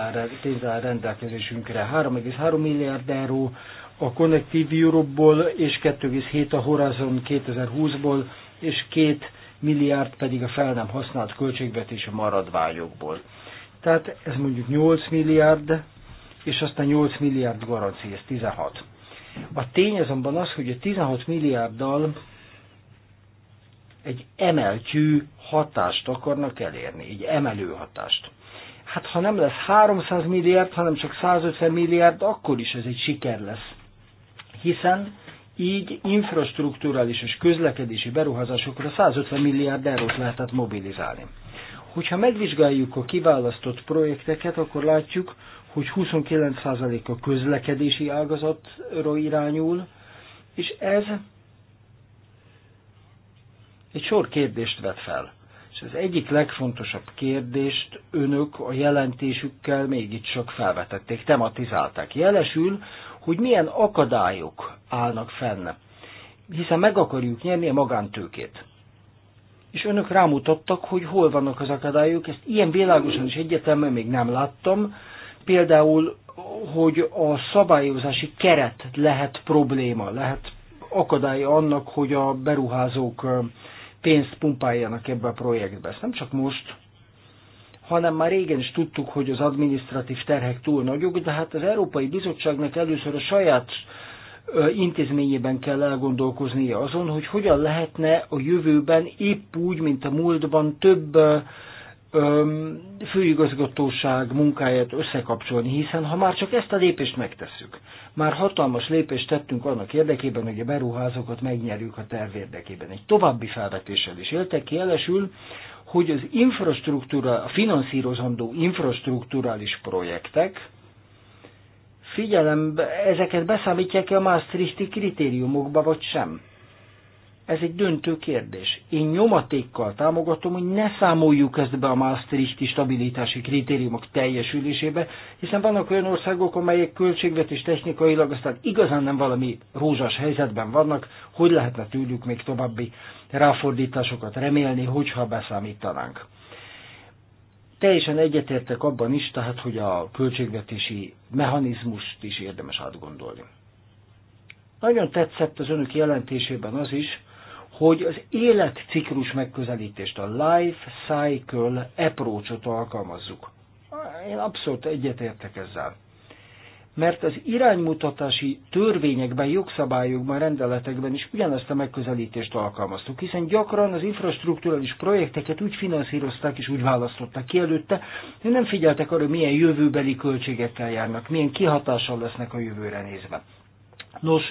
rendelkezésünkre. 3,3 milliárd euró a Connective Europe-ból, és 2,7 a Horizon 2020-ból, és 2 milliárd pedig a fel nem használt költségvetés a maradványokból. Tehát ez mondjuk 8 milliárd, és aztán 8 milliárd garancia, ez 16. A tény azonban az, hogy a 16 milliárddal egy emeltjű hatást akarnak elérni, így emelő hatást. Hát ha nem lesz 300 milliárd, hanem csak 150 milliárd, akkor is ez egy siker lesz. Hiszen így infrastruktúrális és közlekedési beruházásokra 150 milliárd eurót lehetett mobilizálni. Hogyha megvizsgáljuk a kiválasztott projekteket, akkor látjuk, hogy 29% a közlekedési ágazatra irányul, és ez egy sor kérdést vet fel. Az egyik legfontosabb kérdést önök a jelentésükkel még itt sok felvetették, tematizálták. Jelesül, hogy milyen akadályok állnak fenn, hiszen meg akarjuk nyerni a magántőkét. És önök rámutattak, hogy hol vannak az akadályok, ezt ilyen világosan is egyetemben még nem láttam. Például, hogy a szabályozási keret lehet probléma, lehet akadálya annak, hogy a beruházók pénzt pumpáljanak ebbe a projektbe. Ezt nem csak most, hanem már régen is tudtuk, hogy az adminisztratív terhek túl nagyok, de hát az Európai Bizottságnak először a saját intézményében kell elgondolkoznia azon, hogy hogyan lehetne a jövőben épp úgy, mint a múltban több főigazgatóság munkáját összekapcsolni, hiszen ha már csak ezt a lépést megtesszük, már hatalmas lépést tettünk annak érdekében, hogy a beruházókat megnyerjük a terv érdekében. Egy további felvetéssel is éltek ki, jelesül, hogy az infrastruktúra, a finanszírozandó infrastruktúrális projektek, figyelembe, ezeket beszámítják-e a Maastrichti kritériumokba, vagy sem? Ez egy döntő kérdés. Én nyomatékkal támogatom, hogy ne számoljuk ezt be a Maastrichti stabilitási kritériumok teljesülésébe, hiszen vannak olyan országok, amelyek költségvetés technikailag aztán igazán nem valami rózsás helyzetben vannak, hogy lehetne tőlük még további ráfordításokat remélni, hogyha beszámítanánk. Teljesen egyetértek abban is, tehát, hogy a költségvetési mechanizmust is érdemes átgondolni. Nagyon tetszett az önök jelentésében az is, hogy az életciklus megközelítést, a life cycle approachot alkalmazzuk. Én abszolút egyetértek ezzel. Mert az iránymutatási törvényekben, jogszabályokban, rendeletekben is ugyanezt a megközelítést alkalmaztuk, hiszen gyakran az infrastruktúrális projekteket úgy finanszírozták és úgy választották ki előtte, hogy nem figyeltek arra, milyen jövőbeli költségekkel járnak, milyen kihatással lesznek a jövőre nézve. Nos,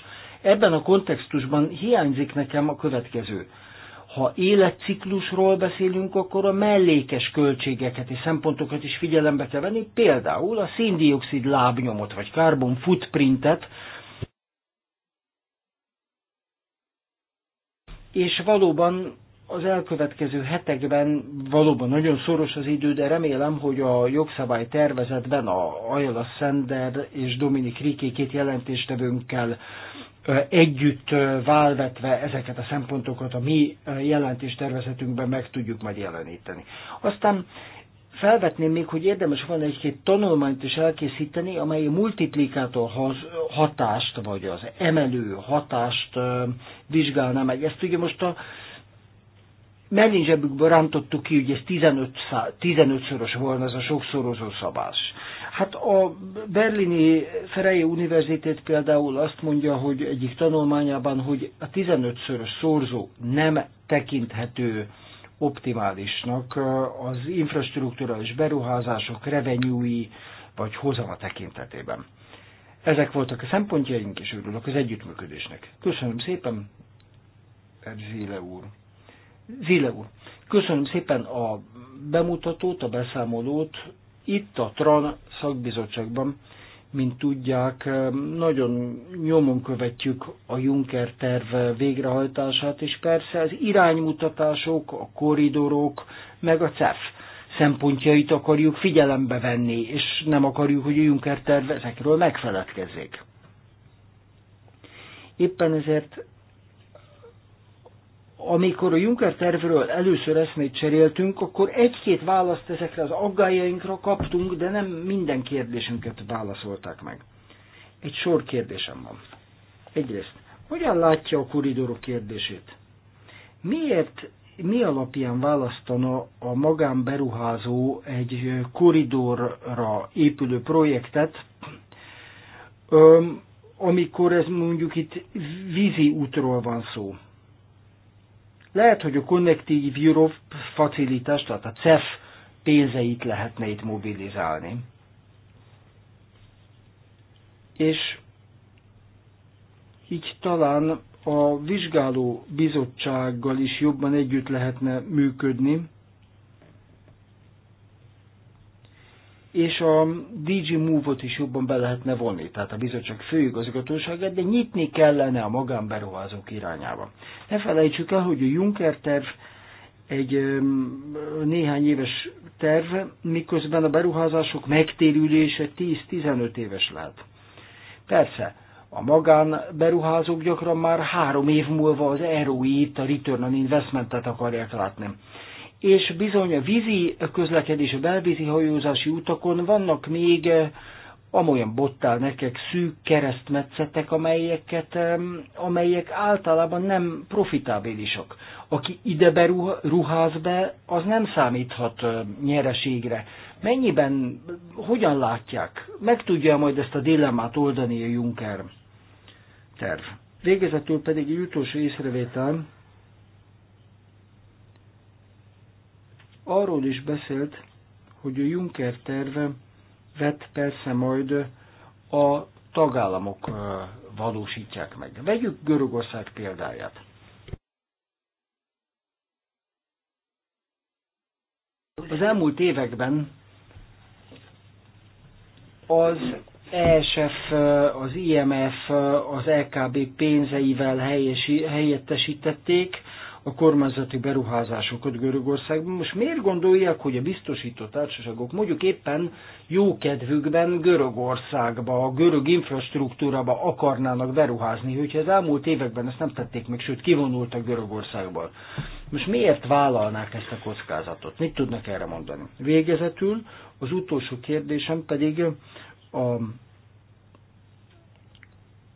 Ebben a kontextusban hiányzik nekem a következő. Ha életciklusról beszélünk, akkor a mellékes költségeket és szempontokat is figyelembe kell venni, például a széndiokszid lábnyomot vagy carbon footprintet, és valóban az elkövetkező hetekben valóban nagyon szoros az idő, de remélem, hogy a jogszabály tervezetben a Ayala Szender és Dominik Rikékét jelentéstevőnkkel együtt válvetve ezeket a szempontokat a mi jelentés tervezetünkben meg tudjuk majd jeleníteni. Aztán felvetném még, hogy érdemes van egy-két tanulmányt is elkészíteni, amely a multiplikátor hatást, vagy az emelő hatást vizsgálná meg. Ezt ugye most a mellényzsebükből rántottuk ki, hogy ez 15, 15-szörös volna ez a sokszorozó szabás. Hát a berlini Freie Univerzitét például azt mondja, hogy egyik tanulmányában, hogy a 15-szörös szorzó nem tekinthető optimálisnak az infrastruktúrális beruházások revenyúi vagy hozama tekintetében. Ezek voltak a szempontjaink, és örülök az együttműködésnek. Köszönöm szépen, Zile úr. Zile úr, köszönöm szépen a bemutatót, a beszámolót, itt a TRAN szakbizottságban, mint tudják, nagyon nyomon követjük a Juncker terv végrehajtását, és persze az iránymutatások, a koridorok, meg a CEF szempontjait akarjuk figyelembe venni, és nem akarjuk, hogy a Juncker terv ezekről megfeledkezzék. Éppen ezért amikor a Juncker tervről először eszmét cseréltünk, akkor egy-két választ ezekre az aggájainkra kaptunk, de nem minden kérdésünket válaszolták meg. Egy sor kérdésem van. Egyrészt, hogyan látja a koridorok kérdését? Miért, mi alapján választana a magánberuházó egy koridorra épülő projektet, amikor ez mondjuk itt vízi útról van szó? Lehet, hogy a Connective Europe facilitást, tehát a CEF pénzeit lehetne itt mobilizálni. És így talán a vizsgáló bizottsággal is jobban együtt lehetne működni, és a DG Move-ot is jobban be lehetne vonni, tehát a bizottság főigazgatóságát, de nyitni kellene a magánberuházók irányába. Ne felejtsük el, hogy a Juncker terv egy néhány éves terv, miközben a beruházások megtérülése 10-15 éves lehet. Persze, a magánberuházók gyakran már három év múlva az ROI-t, a Return on Investment-et akarják látni és bizony a vízi közlekedés, a belvízi hajózási utakon vannak még eh, amolyan bottálnekek, szűk keresztmetszetek, amelyeket, amelyek általában nem profitábilisok. Aki ide beruház be, az nem számíthat eh, nyereségre. Mennyiben, hogyan látják? Meg tudja majd ezt a dilemmát oldani a Juncker terv. Végezetül pedig egy utolsó észrevétel, arról is beszélt, hogy a Juncker terve vett persze majd a tagállamok valósítják meg. Vegyük Görögország példáját. Az elmúlt években az ESF, az IMF, az LKB e pénzeivel helyesi, helyettesítették a kormányzati beruházásokat Görögországban. Most miért gondolják, hogy a biztosító társaságok mondjuk éppen jó kedvükben Görögországba, a görög infrastruktúrába akarnának beruházni, hogyha az elmúlt években ezt nem tették meg, sőt kivonultak Görögországból. Most miért vállalnák ezt a kockázatot? Mit tudnak erre mondani? Végezetül az utolsó kérdésem pedig a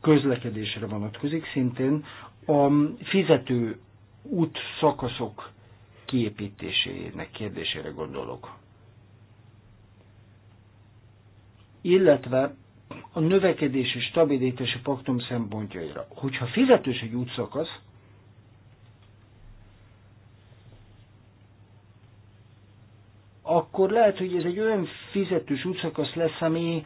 közlekedésre vonatkozik, szintén a fizető útszakaszok kiépítésének kérdésére gondolok. Illetve a növekedés és stabilitási paktum szempontjaira. Hogyha fizetős egy útszakasz, akkor lehet, hogy ez egy olyan fizetős útszakasz lesz, ami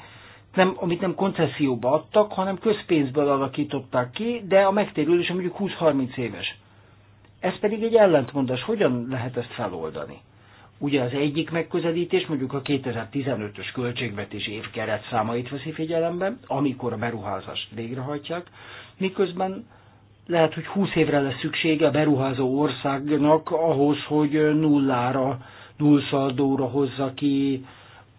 nem, amit nem koncesszióba adtak, hanem közpénzből alakították ki, de a megtérülés mondjuk 20-30 éves. Ez pedig egy ellentmondás. Hogyan lehet ezt feloldani? Ugye az egyik megközelítés mondjuk a 2015-ös költségvetés év számait veszi figyelembe, amikor a beruházást végrehajtják, miközben lehet, hogy 20 évre lesz szüksége a beruházó országnak ahhoz, hogy nullára, nullszaldóra hozza ki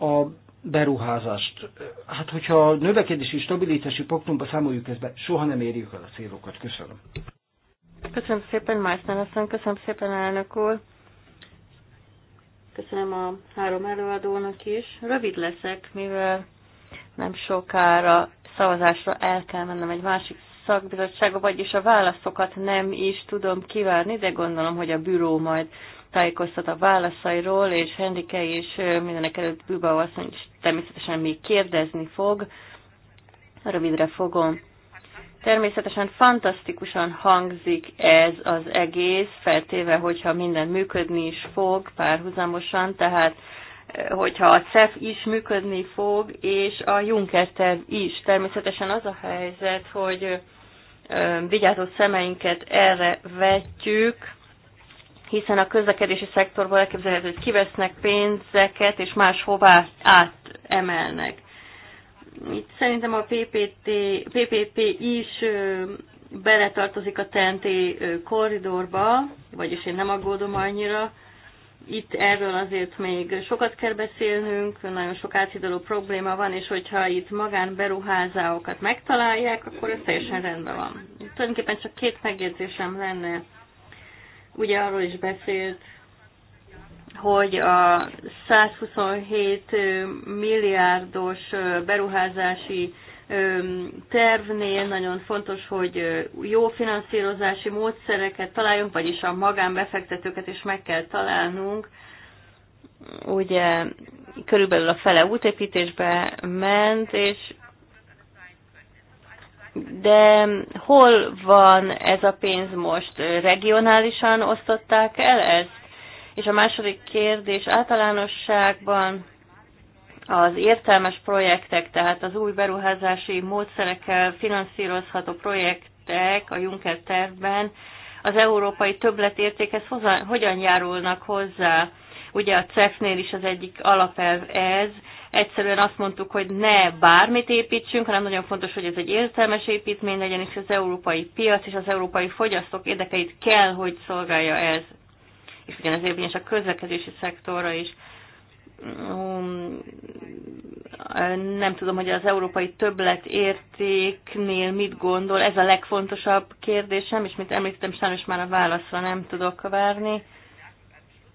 a beruházást. Hát, hogyha a növekedési stabilitási paktumba számoljuk ezt be, soha nem érjük el a célokat. Köszönöm. Köszönöm szépen, Mászner asszony, köszönöm szépen, elnök úr. Köszönöm a három előadónak is. Rövid leszek, mivel nem sokára szavazásra el kell mennem egy másik szakbizottságba, vagyis a válaszokat nem is tudom kivárni. de gondolom, hogy a büró majd tájékoztat a válaszairól, és Henrike is mindenek előtt Büba asszony is természetesen még kérdezni fog. Rövidre fogom. Természetesen fantasztikusan hangzik ez az egész, feltéve, hogyha minden működni is fog párhuzamosan, tehát eh, hogyha a CEF is működni fog, és a Juncker terv is. Természetesen az a helyzet, hogy eh, vigyázó szemeinket erre vetjük, hiszen a közlekedési szektorból elképzelhető, hogy kivesznek pénzeket, és máshová átemelnek. Itt szerintem a PPT, PPP is beletartozik a TNT korridorba, vagyis én nem aggódom annyira. Itt erről azért még sokat kell beszélnünk, nagyon sok áthidaló probléma van, és hogyha itt magán magánberuházókat megtalálják, akkor ez teljesen rendben van. Tulajdonképpen csak két megjegyzésem lenne. Ugye arról is beszélt hogy a 127 milliárdos beruházási tervnél nagyon fontos, hogy jó finanszírozási módszereket találjunk, vagyis a magánbefektetőket is meg kell találnunk. Ugye körülbelül a fele útépítésbe ment, és de hol van ez a pénz most? Regionálisan osztották el ezt? És a második kérdés általánosságban az értelmes projektek, tehát az új beruházási módszerekkel finanszírozható projektek a Juncker tervben az európai többletértékhez hogyan járulnak hozzá. Ugye a CEF-nél is az egyik alapelv ez, egyszerűen azt mondtuk, hogy ne bármit építsünk, hanem nagyon fontos, hogy ez egy értelmes építmény legyen, és az európai piac és az európai fogyasztók érdekeit kell, hogy szolgálja ez és ugyanez érvényes a közlekedési szektorra is. Hm, nem tudom, hogy az európai többletértéknél mit gondol, ez a legfontosabb kérdésem, és mint említettem, sajnos már a válaszra nem tudok várni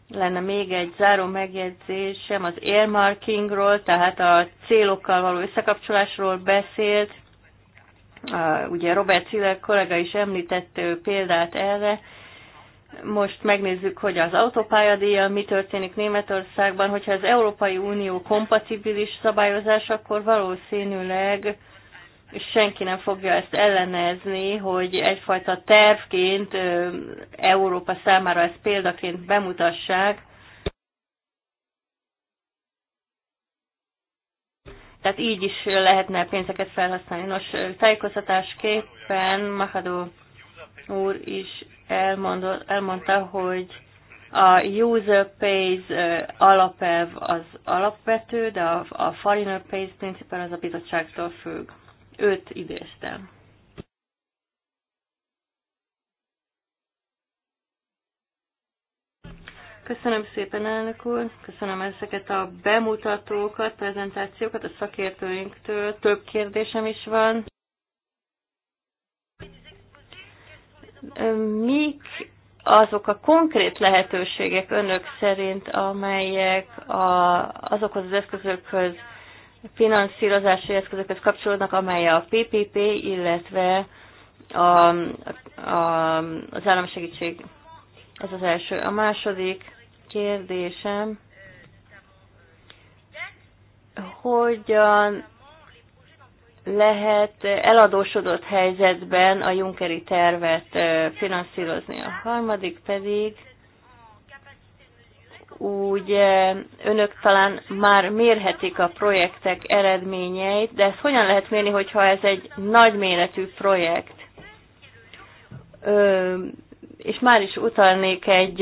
lenne még egy záró megjegyzésem az earmarkingról, tehát a célokkal való összekapcsolásról beszélt. Ugye Robert Ciller kollega is említett példát erre most megnézzük, hogy az autópályadéja mi történik Németországban, hogyha az Európai Unió kompatibilis szabályozás, akkor valószínűleg senki nem fogja ezt ellenezni, hogy egyfajta tervként Európa számára ezt példaként bemutassák. Tehát így is lehetne pénzeket felhasználni. Nos, tájékoztatásképpen Mahadó úr is elmondott, elmondta, hogy a user pays alapelv az alapvető, de a, a foreigner pays principle az a bizottságtól függ. Őt idéztem. Köszönöm szépen, elnök úr. Köszönöm ezeket a bemutatókat, prezentációkat a szakértőinktől. Több kérdésem is van. mik azok a konkrét lehetőségek önök szerint, amelyek a, azokhoz az eszközökhöz, finanszírozási eszközökhöz kapcsolódnak, amely a PPP, illetve a, a, az állami segítség. Ez az első. A második kérdésem, hogyan lehet eladósodott helyzetben a Junkeri tervet finanszírozni. A harmadik pedig úgy önök talán már mérhetik a projektek eredményeit, de ezt hogyan lehet mérni, hogyha ez egy nagyméretű projekt? Ö, és már is utalnék egy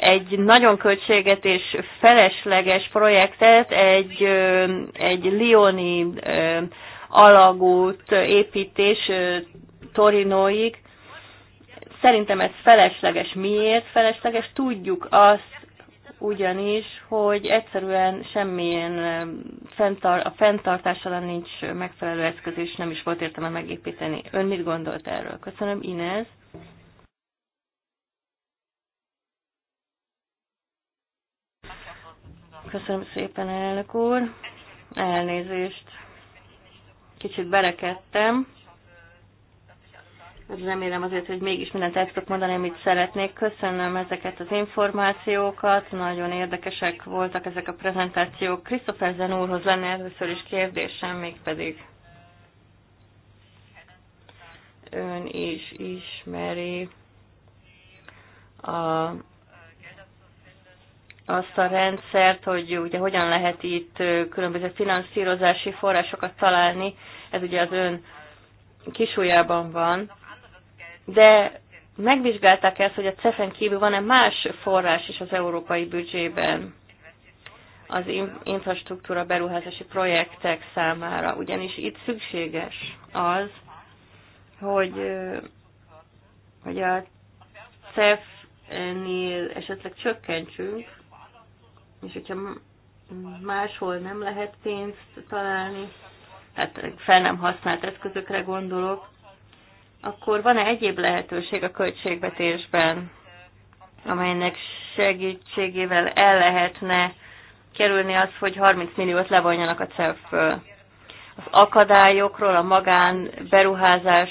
egy nagyon költséget és felesleges projektet, egy, egy Lioni alagút építés torinoig. Szerintem ez felesleges. Miért felesleges? Tudjuk azt ugyanis, hogy egyszerűen semmilyen fenntar, a fenntartására nincs megfelelő eszköz, és nem is volt értelme megépíteni. Ön mit gondolt erről? Köszönöm, Inez. Köszönöm szépen, elnök úr. Elnézést. Kicsit berekedtem. Hát remélem azért, hogy mégis mindent el tudok mondani, amit szeretnék. Köszönöm ezeket az információkat, nagyon érdekesek voltak ezek a prezentációk. Christopher Zen úrhoz lenne először is kérdésem, mégpedig ön is ismeri a azt a rendszert, hogy ugye hogyan lehet itt különböző finanszírozási forrásokat találni, ez ugye az ön kisújában van, de megvizsgálták ezt, hogy a CEFEN kívül van-e más forrás is az európai büdzsében az infrastruktúra beruházási projektek számára, ugyanis itt szükséges az, hogy, hogy a CEF-nél esetleg csökkentsünk, és hogyha máshol nem lehet pénzt találni, hát fel nem használt eszközökre gondolok, akkor van-e egyéb lehetőség a költségvetésben, amelynek segítségével el lehetne kerülni az, hogy 30 milliót levonjanak a CEF-ből? Az akadályokról, a magán beruházás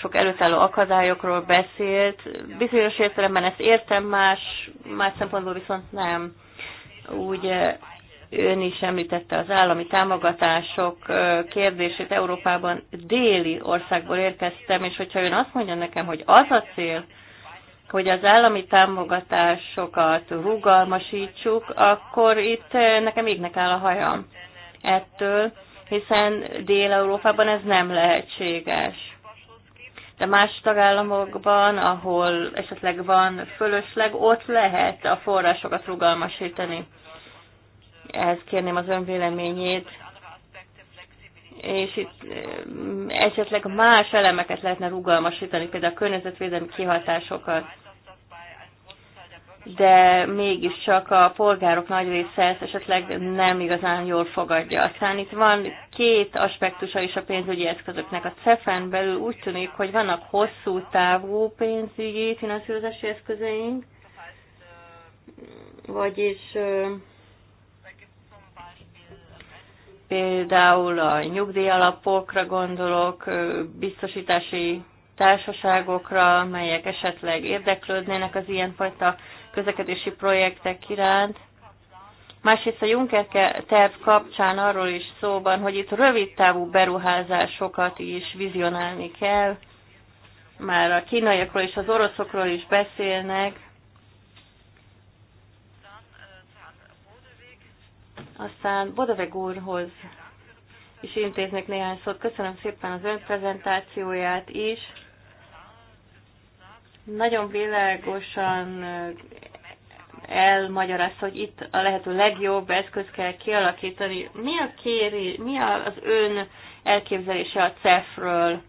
sok előtálló akadályokról beszélt. Bizonyos értelemben ezt értem, más, más szempontból viszont nem Ugye ön is említette az állami támogatások kérdését Európában déli országból érkeztem, és hogyha ön azt mondja nekem, hogy az a cél, hogy az állami támogatásokat rugalmasítsuk, akkor itt nekem égnek áll a hajam ettől, hiszen Dél-Európában ez nem lehetséges de más tagállamokban, ahol esetleg van fölösleg, ott lehet a forrásokat rugalmasítani. Ehhez kérném az önvéleményét, és itt ehm, esetleg más elemeket lehetne rugalmasítani, például a környezetvédelmi kihatásokat de mégiscsak a polgárok nagy része ezt esetleg nem igazán jól fogadja. Aztán itt van két aspektusa is a pénzügyi eszközöknek. A CEFEN belül úgy tűnik, hogy vannak hosszú távú pénzügyi finanszírozási eszközeink, vagyis például a nyugdíjalapokra gondolok, biztosítási társaságokra, melyek esetleg érdeklődnének az ilyenfajta közlekedési projektek iránt. Másrészt a Juncker terv kapcsán arról is szóban, hogy itt rövid távú beruházásokat is vizionálni kell. Már a kínaiakról és az oroszokról is beszélnek. Aztán Bodaveg úrhoz is intéznek néhány szót. Köszönöm szépen az ön prezentációját is nagyon világosan eh, elmagyarázta, hogy itt a lehető legjobb eszköz kell kialakítani. Mi, a kéri, mi az ön elképzelése a CEF-ről?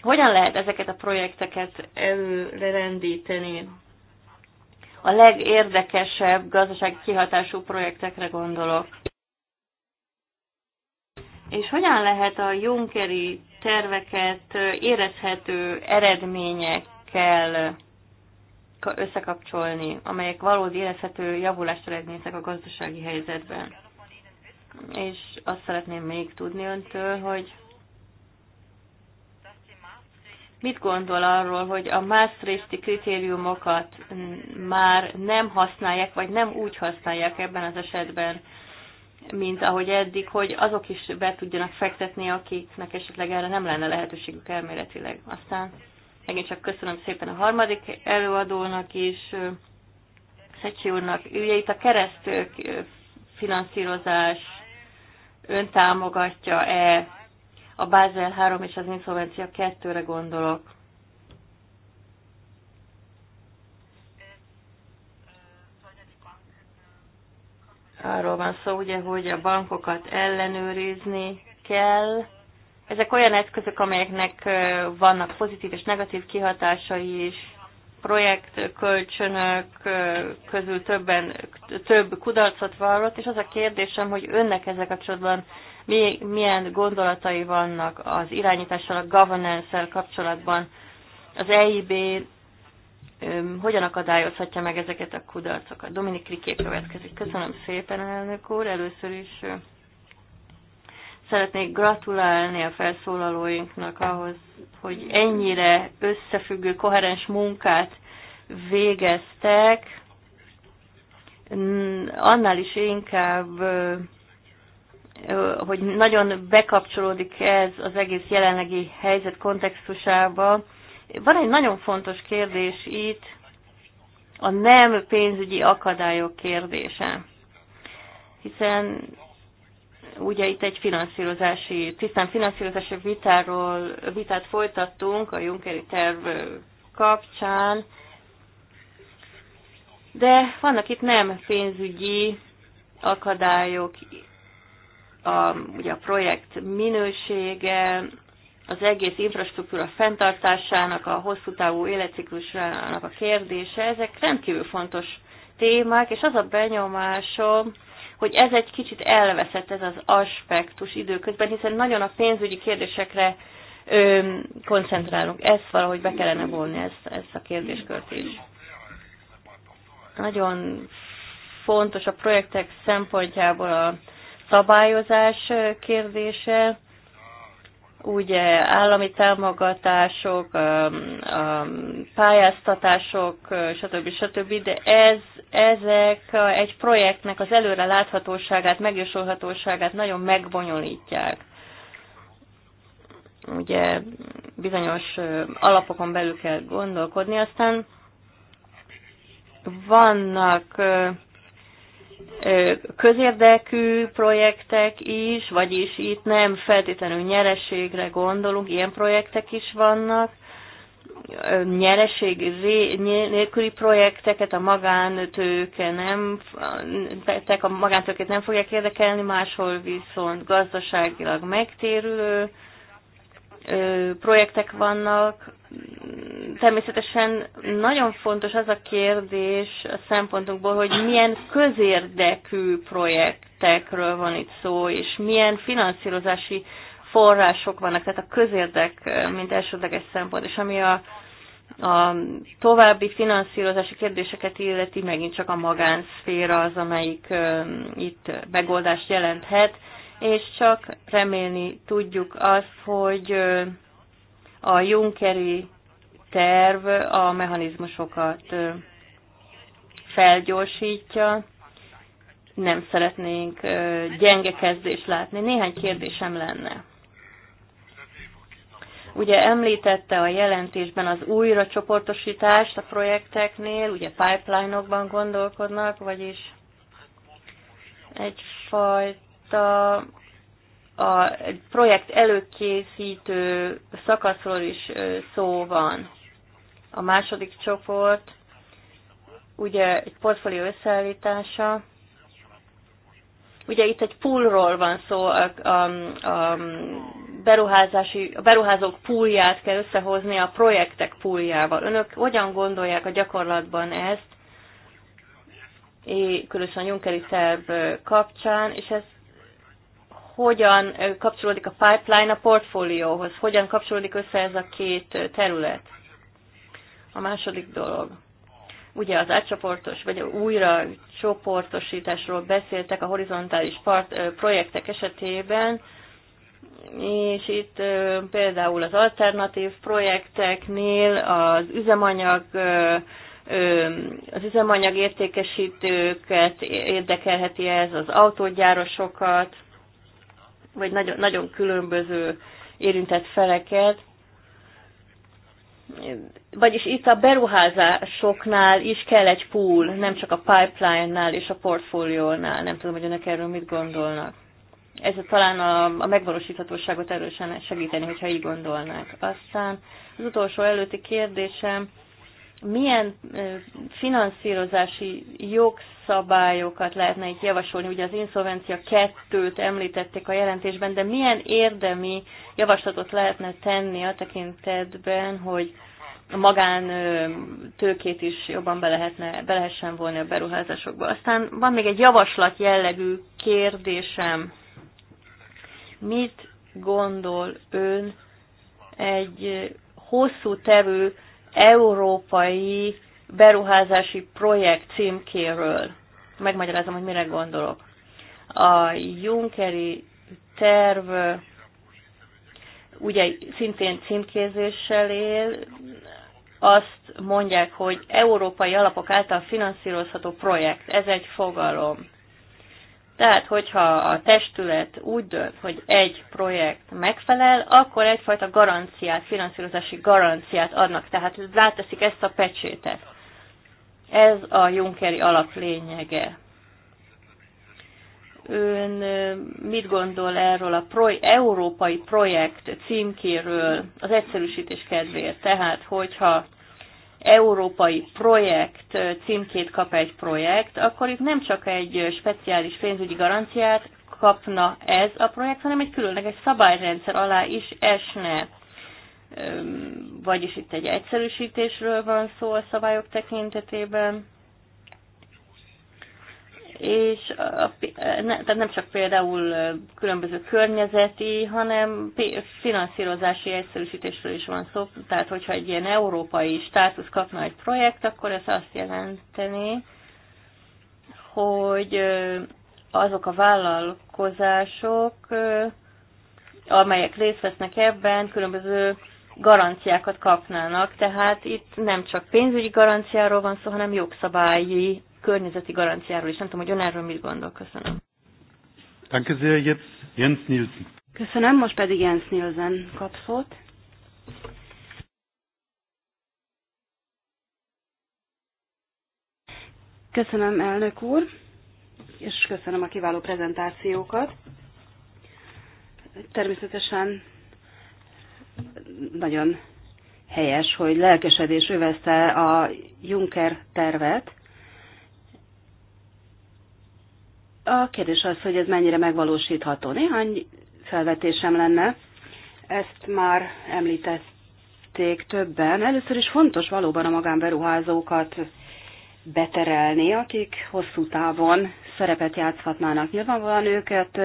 Hogyan lehet ezeket a projekteket előrendíteni? A legérdekesebb gazdasági kihatású projektekre gondolok. És hogyan lehet a Junkeri terveket eh, érezhető eredmények kell összekapcsolni, amelyek valódi érezhető javulást eredményeznek a gazdasági helyzetben. És azt szeretném még tudni öntől, hogy mit gondol arról, hogy a Maastrichti kritériumokat már nem használják, vagy nem úgy használják ebben az esetben, mint ahogy eddig, hogy azok is be tudjanak fektetni, akiknek esetleg erre nem lenne lehetőségük elméletileg. Aztán Megint csak köszönöm szépen a harmadik előadónak is, Szecsi úrnak. Ugye itt a kereszt finanszírozás öntámogatja-e a Bázel 3 és az Insolvencia 2-re gondolok. Arról van szó, ugye, hogy a bankokat ellenőrizni kell, ezek olyan eszközök, amelyeknek vannak pozitív és negatív kihatásai is. Projekt kölcsönök közül többen, több kudarcot vallott, és az a kérdésem, hogy önnek ezek a kapcsolatban milyen gondolatai vannak az irányítással, a governance-el kapcsolatban. Az EIB hogyan akadályozhatja meg ezeket a kudarcokat? Dominik Riké következik. Köszönöm szépen, elnök úr. Először is Szeretnék gratulálni a felszólalóinknak ahhoz, hogy ennyire összefüggő, koherens munkát végeztek, annál is inkább, hogy nagyon bekapcsolódik ez az egész jelenlegi helyzet kontextusába. Van egy nagyon fontos kérdés itt, a nem pénzügyi akadályok kérdése. Hiszen ugye itt egy finanszírozási, tisztán finanszírozási vitáról, vitát folytattunk a Junckeri terv kapcsán, de vannak itt nem pénzügyi akadályok, a, ugye a projekt minősége, az egész infrastruktúra fenntartásának, a hosszú távú életciklusának a kérdése, ezek rendkívül fontos témák, és az a benyomásom, hogy ez egy kicsit elveszett ez az aspektus időközben, hiszen nagyon a pénzügyi kérdésekre ö, koncentrálunk. Ezt valahogy be kellene volni, ezt, ezt a kérdéskört is. Nagyon fontos a projektek szempontjából a szabályozás kérdése, ugye állami támogatások, a pályáztatások, stb. stb., de ez, ezek egy projektnek az előre láthatóságát, megjósolhatóságát nagyon megbonyolítják. Ugye bizonyos alapokon belül kell gondolkodni, aztán vannak közérdekű projektek is, vagyis itt nem feltétlenül nyereségre gondolunk, ilyen projektek is vannak, nyereség nélküli projekteket, a magántőke nem, tehát a magántőket nem fogják érdekelni, máshol viszont gazdaságilag megtérülő projektek vannak. Természetesen nagyon fontos az a kérdés a szempontunkból, hogy milyen közérdekű projektekről van itt szó, és milyen finanszírozási források vannak, tehát a közérdek, mint elsődleges szempont, és ami a, a további finanszírozási kérdéseket illeti, megint csak a magánszféra az, amelyik itt megoldást jelenthet és csak remélni tudjuk azt, hogy a Junckeri terv a mechanizmusokat felgyorsítja, nem szeretnénk gyenge kezdést látni. Néhány kérdésem lenne. Ugye említette a jelentésben az újra csoportosítást a projekteknél, ugye pipeline-okban gondolkodnak, vagyis egyfajta a, a projekt előkészítő szakaszról is szó van. A második csoport, ugye egy portfólió összeállítása, Ugye itt egy poolról van szó, a, a, a, beruházási, a beruházók poolját kell összehozni a projektek pooljával. Önök hogyan gondolják a gyakorlatban ezt, és különösen a Junkeri terv kapcsán, és ez hogyan kapcsolódik a pipeline a portfólióhoz, hogyan kapcsolódik össze ez a két terület. A második dolog. Ugye az átcsoportos, vagy újra csoportosításról beszéltek a horizontális part, projektek esetében, és itt például az alternatív projekteknél az üzemanyag az üzemanyag értékesítőket érdekelheti ez, az autógyárosokat, vagy nagyon, nagyon különböző érintett feleket, vagyis itt a beruházásoknál is kell egy pool, nem csak a pipeline-nál és a portfóliónál. Nem tudom, hogy önök erről mit gondolnak. Ez talán a, a megvalósíthatóságot erősen segíteni, hogyha így gondolnák. Aztán az utolsó előtti kérdésem milyen finanszírozási jogszabályokat lehetne itt javasolni? Ugye az inszolvencia kettőt említették a jelentésben, de milyen érdemi javaslatot lehetne tenni a tekintetben, hogy a magán tőkét is jobban be, lehetne, be lehessen volni a beruházásokba. Aztán van még egy javaslat jellegű kérdésem. Mit gondol ön egy hosszú terű európai beruházási projekt címkéről. Megmagyarázom, hogy mire gondolok. A Junckeri terv ugye szintén címkézéssel él, azt mondják, hogy európai alapok által finanszírozható projekt. Ez egy fogalom. Tehát, hogyha a testület úgy dönt, hogy egy projekt megfelel, akkor egyfajta garanciát, finanszírozási garanciát adnak, tehát ráteszik ezt a pecsétet. Ez a Junkeri alap lényege. Ön mit gondol erről a proj európai projekt címkéről az egyszerűsítés kedvéért? Tehát, hogyha európai projekt címkét kap egy projekt, akkor itt nem csak egy speciális pénzügyi garanciát kapna ez a projekt, hanem egy különleges szabályrendszer alá is esne. Vagyis itt egy egyszerűsítésről van szó a szabályok tekintetében és a, ne, tehát nem csak például különböző környezeti, hanem finanszírozási egyszerűsítésről is van szó, tehát hogyha egy ilyen európai státusz kapna egy projekt, akkor ez azt jelenteni, hogy azok a vállalkozások, amelyek részt vesznek ebben, különböző garanciákat kapnának. Tehát itt nem csak pénzügyi garanciáról van szó, hanem jogszabályi környezeti garanciáról is. Nem tudom, hogy ön erről mit gondol. Köszönöm. Danke sehr, jetzt Jens Nielsen. Köszönöm, most pedig Jens Nielsen kap szót. Köszönöm, elnök úr, és köszönöm a kiváló prezentációkat. Természetesen nagyon helyes, hogy lelkesedés övezte a Juncker tervet, A kérdés az, hogy ez mennyire megvalósítható. Néhány felvetésem lenne, ezt már említették többen. Először is fontos valóban a magánberuházókat beterelni, akik hosszú távon szerepet játszhatnának. Nyilvánvalóan őket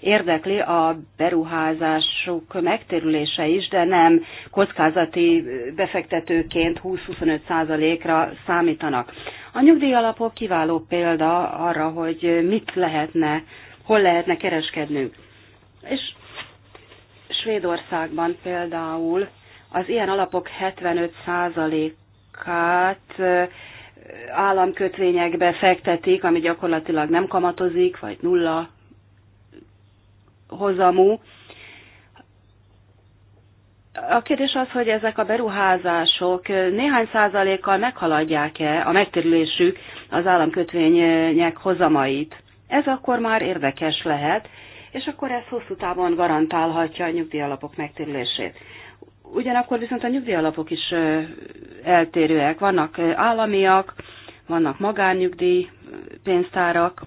érdekli a beruházásuk megtérülése is, de nem kockázati befektetőként 20-25%-ra számítanak. A nyugdíjalapok kiváló példa arra, hogy mit lehetne, hol lehetne kereskednünk. És Svédországban például az ilyen alapok 75%-át államkötvényekbe fektetik, ami gyakorlatilag nem kamatozik, vagy nulla hozamú. A kérdés az, hogy ezek a beruházások néhány százalékkal meghaladják-e a megtérülésük az államkötvények hozamait. Ez akkor már érdekes lehet, és akkor ez hosszú távon garantálhatja a nyugdíjalapok megtérülését. Ugyanakkor viszont a nyugdíjalapok is eltérőek. Vannak államiak, vannak magánnyugdíj pénztárak,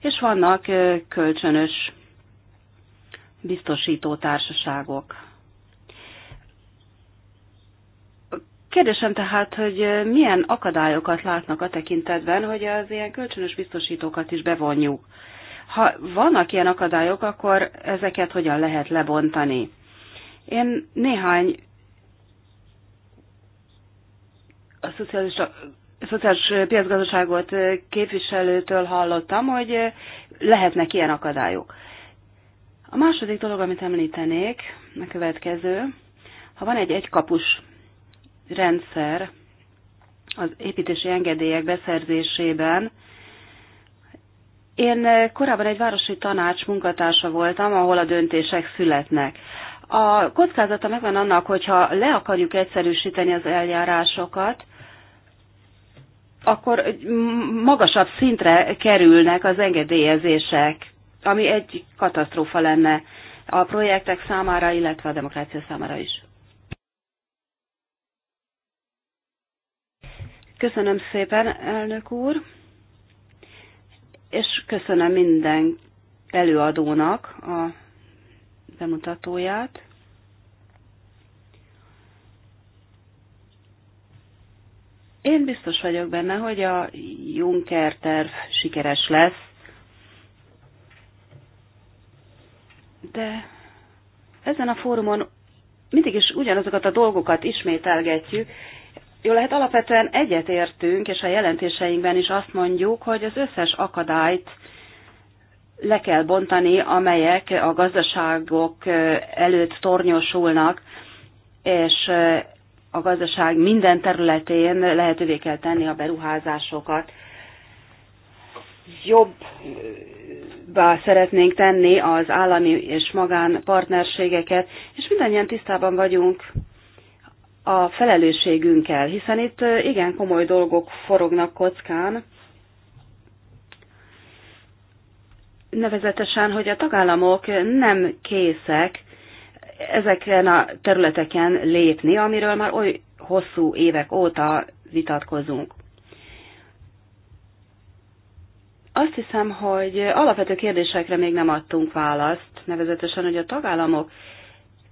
és vannak kölcsönös biztosító társaságok. Kérdésem tehát, hogy milyen akadályokat látnak a tekintetben, hogy az ilyen kölcsönös biztosítókat is bevonjuk. Ha vannak ilyen akadályok, akkor ezeket hogyan lehet lebontani? Én néhány a szociális, a szociális piacgazdaságot képviselőtől hallottam, hogy lehetnek ilyen akadályok. A második dolog, amit említenék, a következő, ha van egy egykapus rendszer az építési engedélyek beszerzésében, én korábban egy városi tanács munkatársa voltam, ahol a döntések születnek. A kockázata megvan annak, hogyha le akarjuk egyszerűsíteni az eljárásokat, akkor magasabb szintre kerülnek az engedélyezések, ami egy katasztrófa lenne a projektek számára, illetve a demokrácia számára is. Köszönöm szépen, elnök úr, és köszönöm minden előadónak a bemutatóját. Én biztos vagyok benne, hogy a Juncker terv sikeres lesz, de ezen a fórumon mindig is ugyanazokat a dolgokat ismételgetjük. Jó lehet, alapvetően egyetértünk, és a jelentéseinkben is azt mondjuk, hogy az összes akadályt le kell bontani, amelyek a gazdaságok előtt tornyosulnak, és a gazdaság minden területén lehetővé kell tenni a beruházásokat. Jobbá szeretnénk tenni az állami és magán partnerségeket, és mindannyian tisztában vagyunk a felelősségünkkel, hiszen itt igen komoly dolgok forognak kockán, nevezetesen, hogy a tagállamok nem készek ezeken a területeken lépni, amiről már oly hosszú évek óta vitatkozunk. Azt hiszem, hogy alapvető kérdésekre még nem adtunk választ, nevezetesen, hogy a tagállamok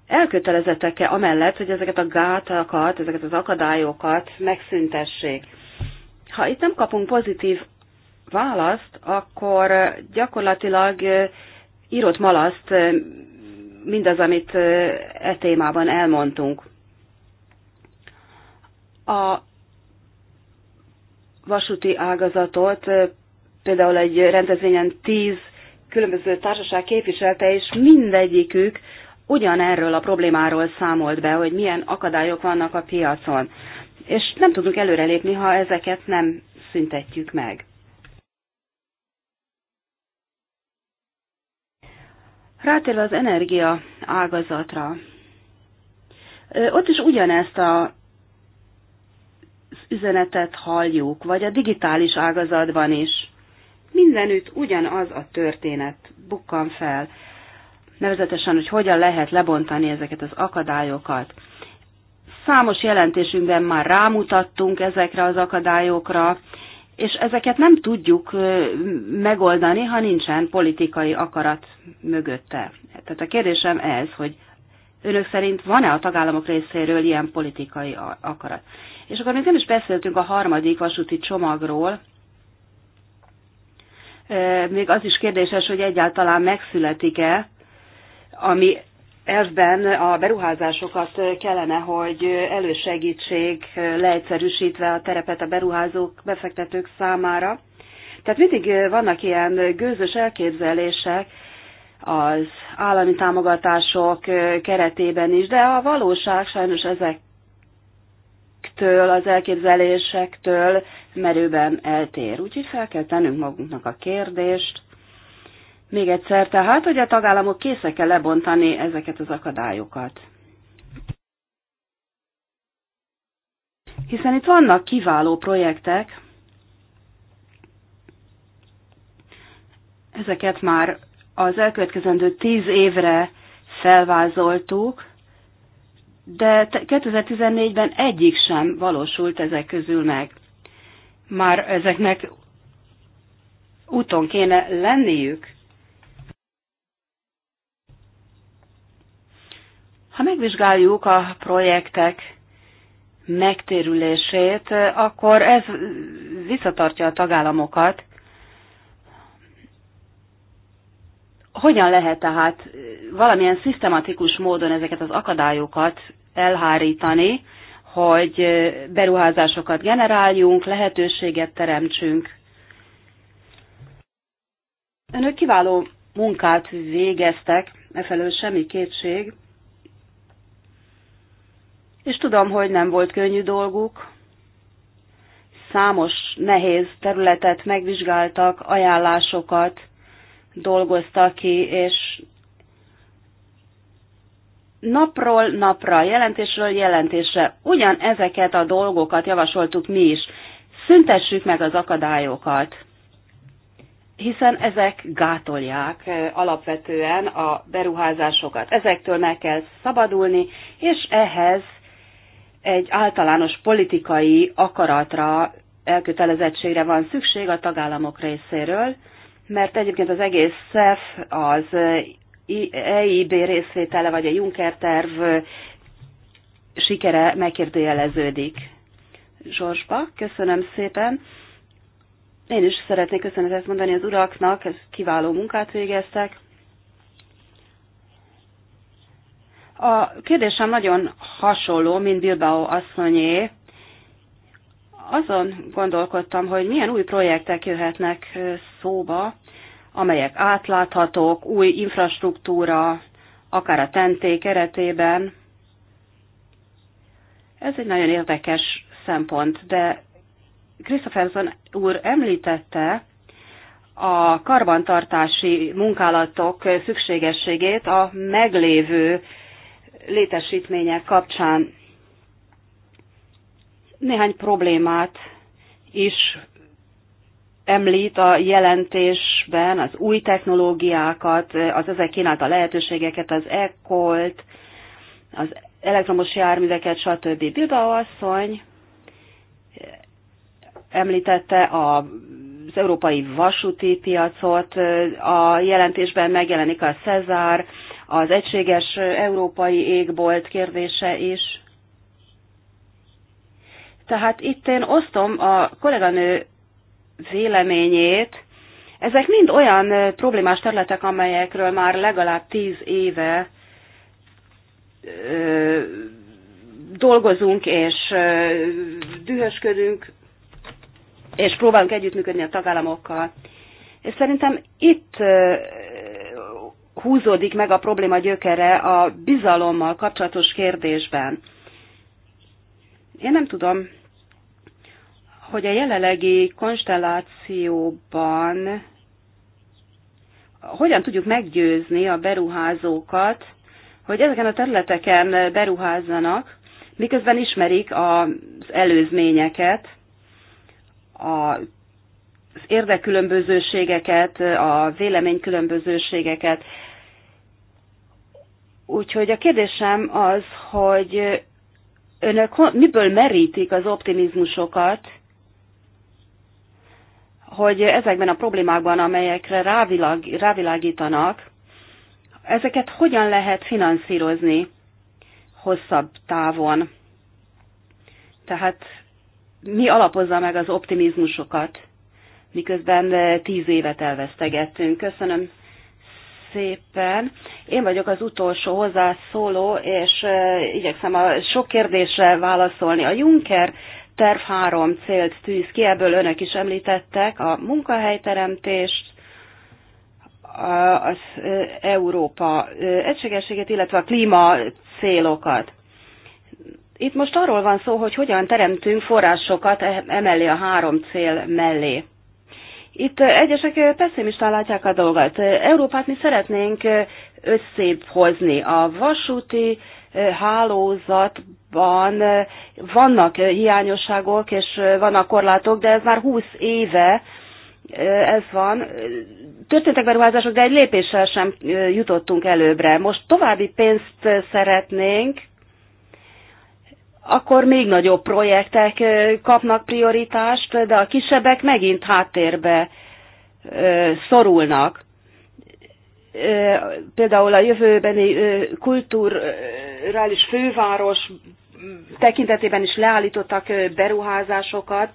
elkötelezettek-e amellett, hogy ezeket a gátakat, ezeket az akadályokat megszüntessék. Ha itt nem kapunk pozitív választ, akkor gyakorlatilag írott malaszt mindaz, amit e témában elmondtunk. A vasúti ágazatot például egy rendezvényen tíz különböző társaság képviselte, és mindegyikük ugyanerről a problémáról számolt be, hogy milyen akadályok vannak a piacon. És nem tudunk előrelépni, ha ezeket nem szüntetjük meg. Rátérve az energia ágazatra. Ott is ugyanezt a üzenetet halljuk, vagy a digitális ágazatban is. Mindenütt ugyanaz a történet bukkan fel, nevezetesen, hogy hogyan lehet lebontani ezeket az akadályokat. Számos jelentésünkben már rámutattunk ezekre az akadályokra, és ezeket nem tudjuk megoldani, ha nincsen politikai akarat mögötte. Tehát a kérdésem ez, hogy önök szerint van-e a tagállamok részéről ilyen politikai akarat? És akkor még nem is beszéltünk a harmadik vasúti csomagról, még az is kérdéses, hogy egyáltalán megszületik-e, ami Ebben a beruházásokat kellene, hogy elősegítsék, leegyszerűsítve a terepet a beruházók, befektetők számára. Tehát mindig vannak ilyen gőzös elképzelések az állami támogatások keretében is, de a valóság sajnos ezektől, az elképzelésektől merőben eltér. Úgyhogy fel kell tennünk magunknak a kérdést, még egyszer, tehát, hogy a tagállamok készek-e lebontani ezeket az akadályokat. Hiszen itt vannak kiváló projektek, ezeket már az elkövetkezendő tíz évre felvázoltuk, de 2014-ben egyik sem valósult ezek közül meg. Már ezeknek úton kéne lenniük. Ha megvizsgáljuk a projektek megtérülését, akkor ez visszatartja a tagállamokat. Hogyan lehet tehát valamilyen szisztematikus módon ezeket az akadályokat elhárítani, hogy beruházásokat generáljunk, lehetőséget teremtsünk? Önök kiváló munkát végeztek, efelől semmi kétség. És tudom, hogy nem volt könnyű dolguk, számos nehéz területet megvizsgáltak, ajánlásokat dolgoztak ki, és napról napra, jelentésről jelentésre ugyan ezeket a dolgokat javasoltuk mi is. Szüntessük meg az akadályokat, hiszen ezek gátolják alapvetően a beruházásokat. Ezektől meg kell szabadulni, és ehhez egy általános politikai akaratra, elkötelezettségre van szükség a tagállamok részéről, mert egyébként az egész SZEF, az EIB részvétele vagy a Juncker terv sikere megkérdőjeleződik. Zsorsba, köszönöm szépen. Én is szeretnék köszönetet mondani az uraknak, kiváló munkát végeztek. A kérdésem nagyon hasonló, mint Bilbao asszonyé. Azon gondolkodtam, hogy milyen új projektek jöhetnek szóba, amelyek átláthatók, új infrastruktúra, akár a TNT keretében. Ez egy nagyon érdekes szempont, de Christopherson úr említette a karbantartási munkálatok szükségességét a meglévő létesítmények kapcsán néhány problémát is említ a jelentésben, az új technológiákat, az ezek kínálta lehetőségeket, az ekkolt, az elektromos járműveket, stb. Bilbao asszony említette a az európai vasúti piacot, a jelentésben megjelenik a Cezár az egységes európai égbolt kérdése is. Tehát itt én osztom a kolléganő véleményét. Ezek mind olyan problémás területek, amelyekről már legalább tíz éve dolgozunk és dühösködünk, és próbálunk együttműködni a tagállamokkal. És szerintem itt húzódik meg a probléma gyökere a bizalommal kapcsolatos kérdésben. Én nem tudom, hogy a jelenlegi konstellációban hogyan tudjuk meggyőzni a beruházókat, hogy ezeken a területeken beruházzanak, miközben ismerik az előzményeket, az érdekkülönbözőségeket, a véleménykülönbözőségeket. Úgyhogy a kérdésem az, hogy önök miből merítik az optimizmusokat, hogy ezekben a problémákban, amelyekre rávilag, rávilágítanak, ezeket hogyan lehet finanszírozni hosszabb távon. Tehát mi alapozza meg az optimizmusokat, miközben eh, tíz évet elvesztegettünk. Köszönöm szépen. Én vagyok az utolsó hozzászóló, és igyekszem a sok kérdésre válaszolni. A Juncker terv három célt tűz ki, ebből önök is említettek, a munkahelyteremtést, az Európa egységességet, illetve a klíma célokat. Itt most arról van szó, hogy hogyan teremtünk forrásokat e, emellé a három cél mellé. Itt egyesek pessimistán látják a dolgot. Európát mi szeretnénk összép hozni. A vasúti eh, hálózatban eh, vannak eh, hiányosságok és vannak korlátok, de ez már 20 éve ez van. Történtek beruházások, de egy lépéssel sem jutottunk előbbre. Most további pénzt szeretnénk, akkor még nagyobb projektek kapnak prioritást, de a kisebbek megint háttérbe szorulnak. Például a jövőbeni kulturális főváros tekintetében is leállítottak beruházásokat.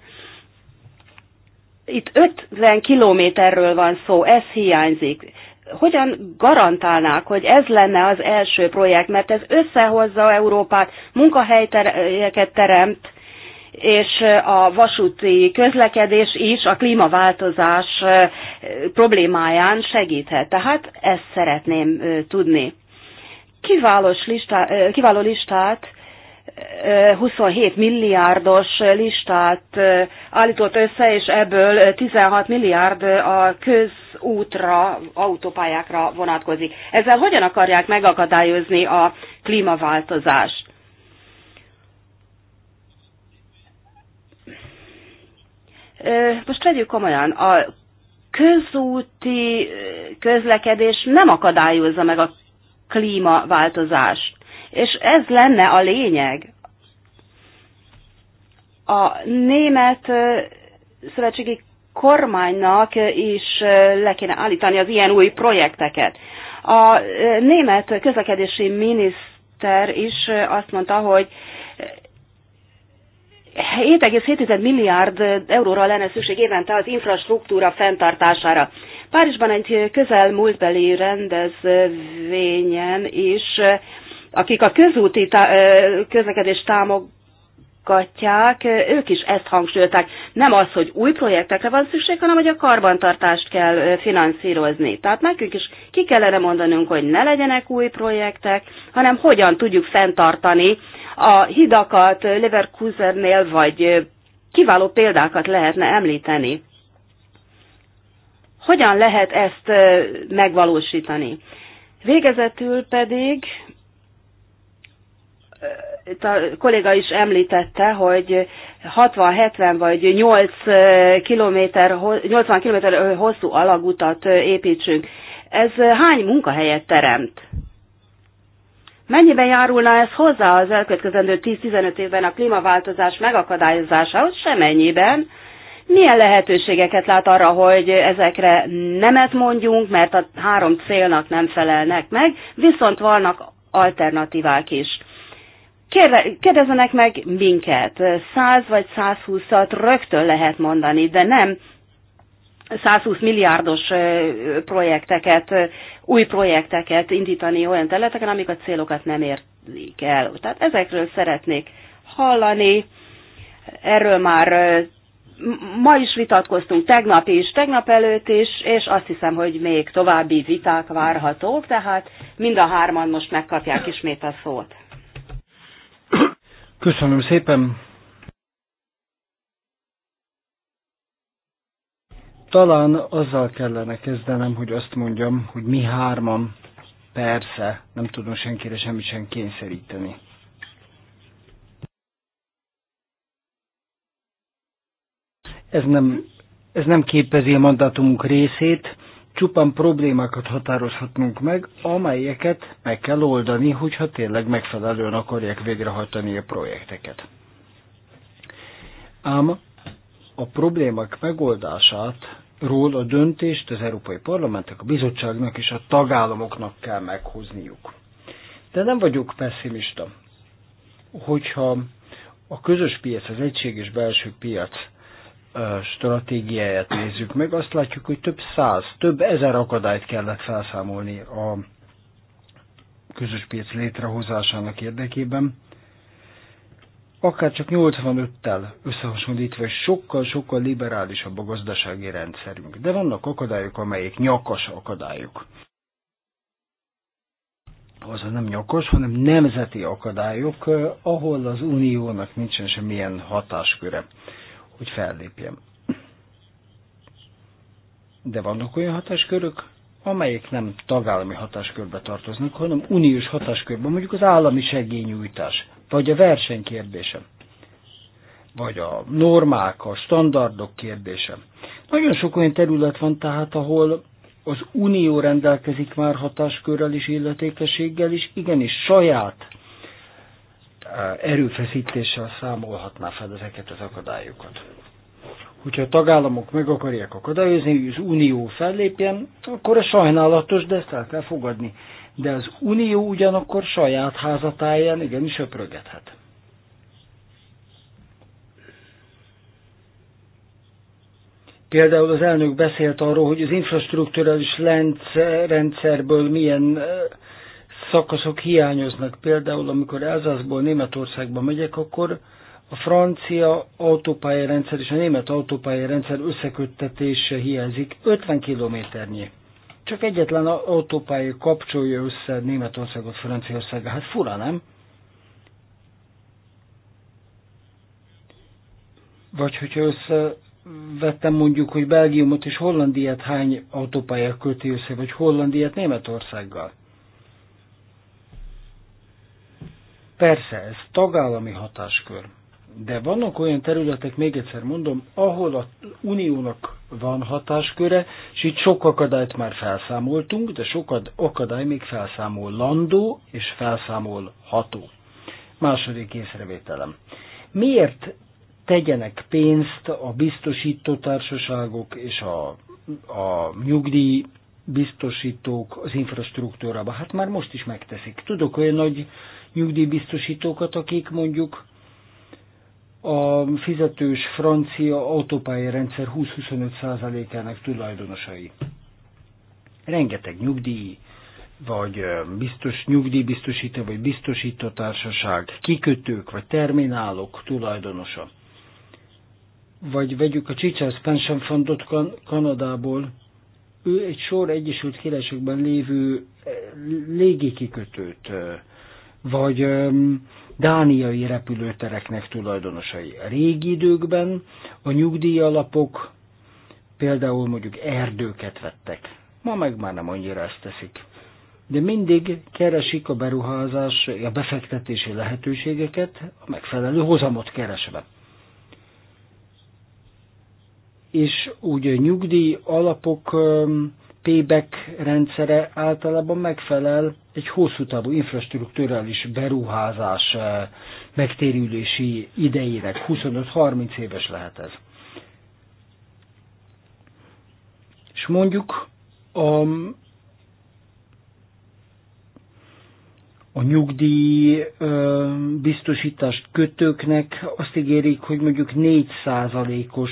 Itt 50 kilométerről van szó, ez hiányzik hogyan garantálnák, hogy ez lenne az első projekt, mert ez összehozza Európát, munkahelyeket teremt, és a vasúti közlekedés is a klímaváltozás problémáján segíthet. Tehát ezt szeretném tudni. Kiválós listá, kiváló listát 27 milliárdos listát állított össze, és ebből 16 milliárd a közútra, autópályákra vonatkozik. Ezzel hogyan akarják megakadályozni a klímaváltozást? Most vegyük komolyan, a közúti közlekedés nem akadályozza meg a klímaváltozást és ez lenne a lényeg. A német szövetségi kormánynak is le kéne állítani az ilyen új projekteket. A német közlekedési miniszter is azt mondta, hogy 7,7 milliárd euróra lenne szükség évente az infrastruktúra fenntartására. Párizsban egy közel múltbeli rendezvényen is akik a közúti tá- közlekedést támogatják, ők is ezt hangsúlyozták. Nem az, hogy új projektekre van szükség, hanem hogy a karbantartást kell finanszírozni. Tehát nekünk is ki kellene mondanunk, hogy ne legyenek új projektek, hanem hogyan tudjuk fenntartani a hidakat Leverkusennél, vagy kiváló példákat lehetne említeni. Hogyan lehet ezt megvalósítani? Végezetül pedig a kolléga is említette, hogy 60-70 vagy 8 km, 80 kilométer hosszú alagutat építsünk. Ez hány munkahelyet teremt? Mennyiben járulna ez hozzá az elkövetkezendő 10-15 évben a klímaváltozás megakadályozásához? Semennyiben. Milyen lehetőségeket lát arra, hogy ezekre nemet mondjunk, mert a három célnak nem felelnek meg, viszont vannak alternatívák is kérdezzenek meg minket. 100 vagy 120-at rögtön lehet mondani, de nem 120 milliárdos projekteket, új projekteket indítani olyan területeken, amik a célokat nem értik el. Tehát ezekről szeretnék hallani. Erről már ma is vitatkoztunk, tegnap is, tegnap előtt is, és azt hiszem, hogy még további viták várhatók, tehát mind a hárman most megkapják ismét a szót. Köszönöm szépen. Talán azzal kellene kezdenem, hogy azt mondjam, hogy mi hárman, persze, nem tudom senkire semmit sem kényszeríteni. Ez nem, ez nem képezi a mandátumunk részét, csupán problémákat határozhatnunk meg, amelyeket meg kell oldani, hogyha tényleg megfelelően akarják végrehajtani a projekteket. Ám a problémák megoldását ról a döntést az Európai Parlamentnek, a bizottságnak és a tagállamoknak kell meghozniuk. De nem vagyok pessimista, hogyha a közös piac, az egységes belső piac stratégiáját nézzük meg, azt látjuk, hogy több száz, több ezer akadályt kellett felszámolni a közös piac létrehozásának érdekében. Akár csak 85-tel összehasonlítva, és sokkal-sokkal liberálisabb a gazdasági rendszerünk. De vannak akadályok, amelyek nyakas akadályok. Azon nem nyakas, hanem nemzeti akadályok, eh, ahol az uniónak nincsen semmilyen hatásköre hogy fellépjem. De vannak olyan hatáskörök, amelyek nem tagállami hatáskörbe tartoznak, hanem uniós hatáskörbe, mondjuk az állami segélynyújtás, vagy a verseny kérdése, vagy a normák, a standardok kérdése. Nagyon sok olyan terület van tehát, ahol az unió rendelkezik már hatáskörrel és illetékességgel is, igenis saját Eh, erőfeszítéssel számolhatná fel ezeket az akadályokat. Hogyha a tagállamok meg akarják akadályozni, hogy az Unió fellépjen, akkor a sajnálatos, de ezt el kell fogadni. De az Unió ugyanakkor saját házatáján igenis öprögethet. Például az elnök beszélt arról, hogy az infrastruktúrális rendszerből milyen eh, szakaszok hiányoznak. Például, amikor Elzászból Németországba megyek, akkor a francia autópályarendszer és a német autópályarendszer összeköttetése hiányzik 50 kilométernyi. Csak egyetlen autópálya kapcsolja össze Németországot Franciaországgal. Hát fura, nem? Vagy hogyha összevettem mondjuk, hogy Belgiumot és Hollandiát hány autópálya köti össze, vagy Hollandiát Németországgal. Persze, ez tagállami hatáskör. De vannak olyan területek, még egyszer mondom, ahol a uniónak van hatásköre, és itt sok akadályt már felszámoltunk, de sok akadály még felszámol landó és felszámol ható. Második észrevételem. Miért tegyenek pénzt a biztosító társaságok és a, a nyugdíj biztosítók az infrastruktúrába? Hát már most is megteszik. Tudok olyan nagy nyugdíjbiztosítókat, akik mondjuk a fizetős francia rendszer 20-25%-ának tulajdonosai. Rengeteg nyugdíj, vagy biztos nyugdíjbiztosító, vagy biztosító társaság, kikötők, vagy terminálok tulajdonosa. Vagy vegyük a Chichas Pension Fundot kan- Kanadából, ő egy sor Egyesült Királyságban lévő légikikötőt vagy dániai repülőtereknek tulajdonosai. A régi időkben a nyugdíjalapok például mondjuk erdőket vettek. Ma meg már nem annyira ezt teszik. De mindig keresik a beruházás, a befektetési lehetőségeket a megfelelő hozamot keresve. És úgy a nyugdíj alapok payback rendszere általában megfelel egy hosszú távú infrastruktúrális beruházás eh, megtérülési idejének. 25-30 éves lehet ez. És mondjuk a, a nyugdíj biztosítást kötőknek azt ígérik, hogy mondjuk 4 os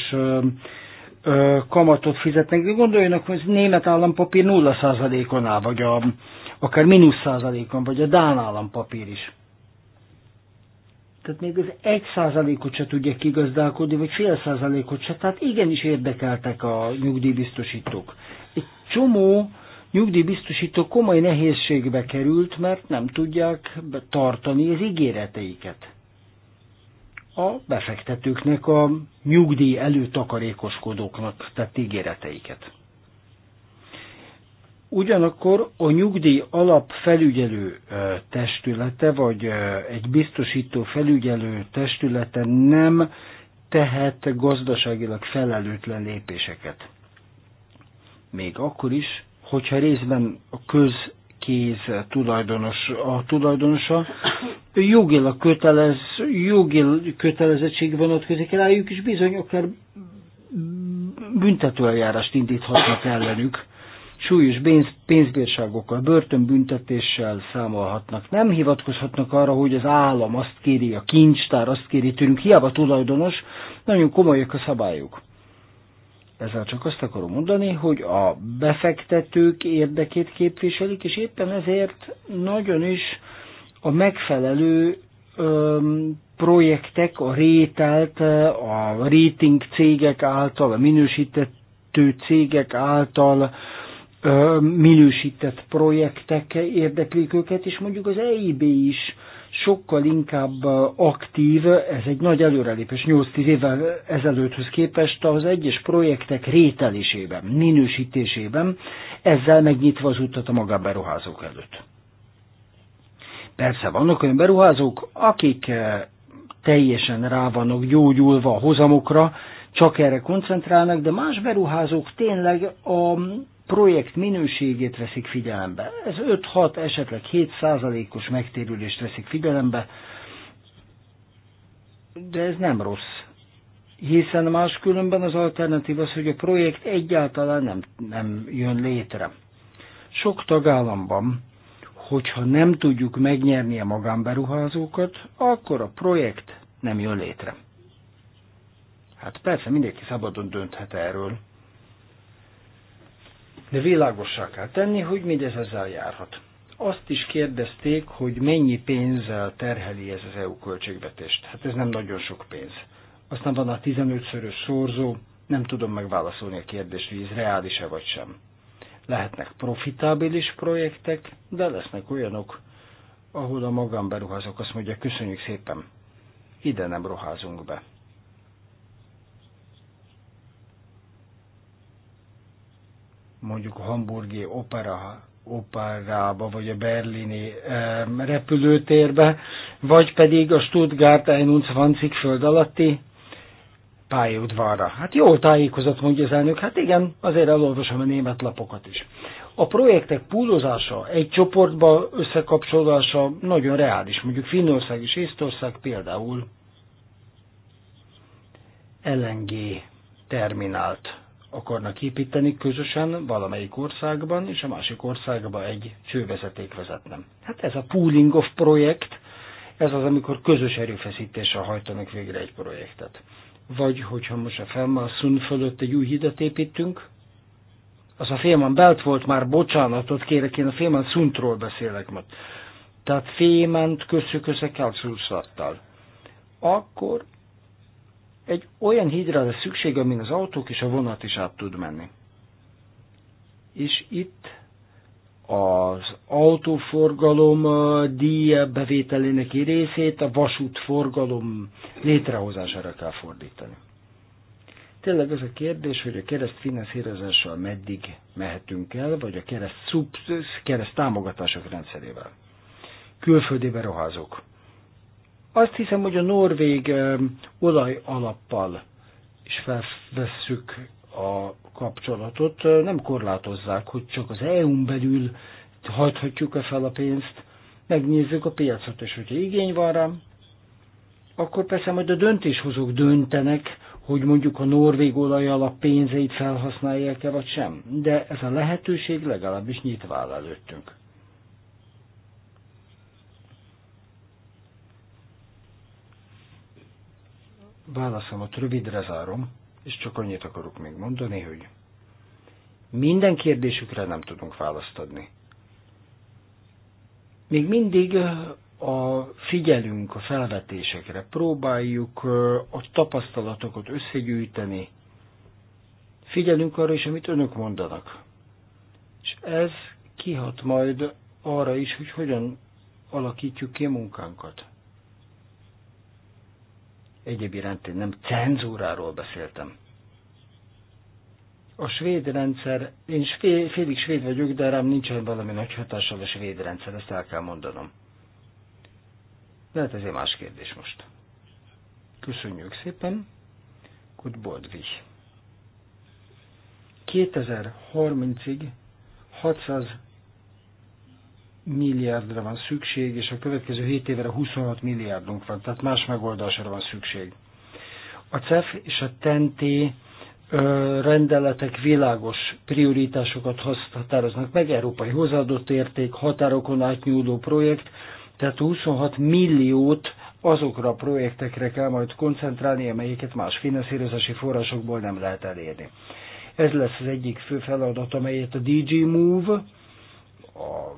kamatot fizetnek, de gondoljanak, hogy német állampapír 0%-on áll, vagy a, akár mínusz százalékon, vagy a dán állampapír is. Tehát még az egy százalékot se tudja kigazdálkodni, vagy fél százalékot se, tehát igenis érdekeltek a nyugdíjbiztosítók. Egy csomó nyugdíjbiztosító komoly nehézségbe került, mert nem tudják tartani az ígéreteiket a befektetőknek, a nyugdíj előtakarékoskodóknak tett ígéreteiket. Ugyanakkor a nyugdíj alap felügyelő testülete, vagy egy biztosító felügyelő testülete nem tehet gazdaságilag felelőtlen lépéseket. Még akkor is, hogyha részben a köz kéz tulajdonos, a tulajdonosa, jogilag kötelez, jogil kötelezettség vonatkozik rájuk, és bizony akár büntetőeljárást indíthatnak ellenük. Súlyos pénz, pénzbírságokkal, börtönbüntetéssel számolhatnak. Nem hivatkozhatnak arra, hogy az állam azt kéri, a kincstár azt kéri tőlünk, hiába tulajdonos, nagyon komolyak a szabályok. Ezzel csak azt akarom mondani, hogy a befektetők érdekét képviselik, és éppen ezért nagyon is a megfelelő öm, projektek, a rételt, a rating cégek által, a minősítettő cégek által minősített projektek érdeklik őket, és mondjuk az EIB is sokkal inkább uh, aktív, ez egy nagy előrelépés 8-10 évvel ezelőtthöz képest az egyes projektek rételésében, minősítésében, ezzel megnyitva az utat a magánberuházók előtt. Persze vannak olyan beruházók, akik uh, teljesen rá vannak gyógyulva a hozamokra, csak erre koncentrálnak, de más beruházók tényleg a projekt minőségét veszik figyelembe. Ez 5-6, esetleg 7 százalékos megtérülést veszik figyelembe, de ez nem rossz. Hiszen máskülönben az alternatív az, hogy a projekt egyáltalán nem, nem jön létre. Sok tagállamban, hogyha nem tudjuk megnyerni a magánberuházókat, akkor a projekt nem jön létre. Hát persze, mindenki szabadon dönthet erről de világossá kell tenni, hogy mindez ezzel járhat. Azt is kérdezték, hogy mennyi pénzzel terheli ez az EU költségvetést. Hát ez nem nagyon sok pénz. Aztán van a 15-szörös szorzó, nem tudom megválaszolni a kérdést, hogy ez reális-e vagy sem. Lehetnek profitábilis projektek, de lesznek olyanok, ahol a magánberuházók azt mondja, köszönjük szépen, ide nem ruházunk be. mondjuk a hamburgi opera, operába, vagy a berlini e, repülőtérbe, vagy pedig a Stuttgart 180 föld alatti pályaudvarra. Hát jól tájékozott, mondja az elnök, hát igen, azért elolvasom a német lapokat is. A projektek púlozása, egy csoportba összekapcsolása nagyon reális. Mondjuk Finnország és Észtország például LNG terminált akarnak építeni közösen valamelyik országban, és a másik országban egy csővezeték vezetnem. Hát ez a pooling of projekt, ez az, amikor közös erőfeszítéssel hajtanak végre egy projektet. Vagy hogyha most a Felmasszun fölött egy új hidat építünk, az a Féman Belt volt már, bocsánatot kérek, én a Féman Szuntról beszélek most. Tehát Fément köszököse Kalszulszattal. Akkor egy olyan hídra lesz szükség, amin az autók és a vonat is át tud menni. És itt az autóforgalom díj bevételének részét a vasútforgalom létrehozására kell fordítani. Tényleg az a kérdés, hogy a kereszt finanszírozással meddig mehetünk el, vagy a kereszt, kereszt támogatások rendszerével. Külföldi beruházók. Azt hiszem, hogy a norvég olaj alappal is felvesszük a kapcsolatot. Nem korlátozzák, hogy csak az EU-n belül hajthatjuk-e fel a pénzt. Megnézzük a piacot, és hogyha igény van rám, akkor persze majd a döntéshozók döntenek, hogy mondjuk a norvég olaj alap pénzeit felhasználják-e vagy sem. De ez a lehetőség legalábbis nyitva áll előttünk. válaszomat rövidre zárom, és csak annyit akarok még mondani, hogy minden kérdésükre nem tudunk választ adni. Még mindig a figyelünk a felvetésekre, próbáljuk a tapasztalatokat összegyűjteni, figyelünk arra is, amit önök mondanak. És ez kihat majd arra is, hogy hogyan alakítjuk ki a munkánkat. Egyéb iránt én nem cenzúráról beszéltem. A svéd rendszer, én félig svéd vagyok, de rám nincsen valami nagy hatással a svéd rendszer, ezt el kell mondanom. Lehet ez egy más kérdés most. Köszönjük szépen. Good boldvi. 2030-ig 600 milliárdra van szükség, és a következő 7 évre 26 milliárdunk van, tehát más megoldásra van szükség. A CEF és a TNT rendeletek világos prioritásokat határoznak meg, európai hozzáadott érték, határokon átnyúló projekt, tehát 26 milliót azokra a projektekre kell majd koncentrálni, amelyeket más finanszírozási forrásokból nem lehet elérni. Ez lesz az egyik fő feladat, amelyet a DG Move, a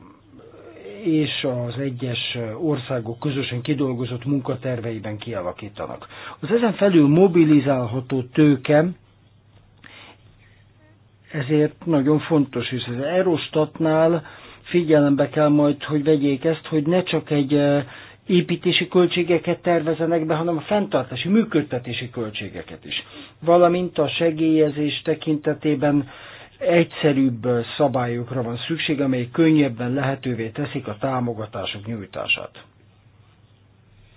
és az egyes országok közösen kidolgozott munkaterveiben kialakítanak. Az ezen felül mobilizálható tőke, ezért nagyon fontos, hisz az Erostatnál figyelembe kell majd, hogy vegyék ezt, hogy ne csak egy eh, építési költségeket tervezenek be, hanem a fenntartási, működtetési költségeket is. Valamint a segélyezés tekintetében egyszerűbb szabályokra van szükség, amely könnyebben lehetővé teszik a támogatások nyújtását.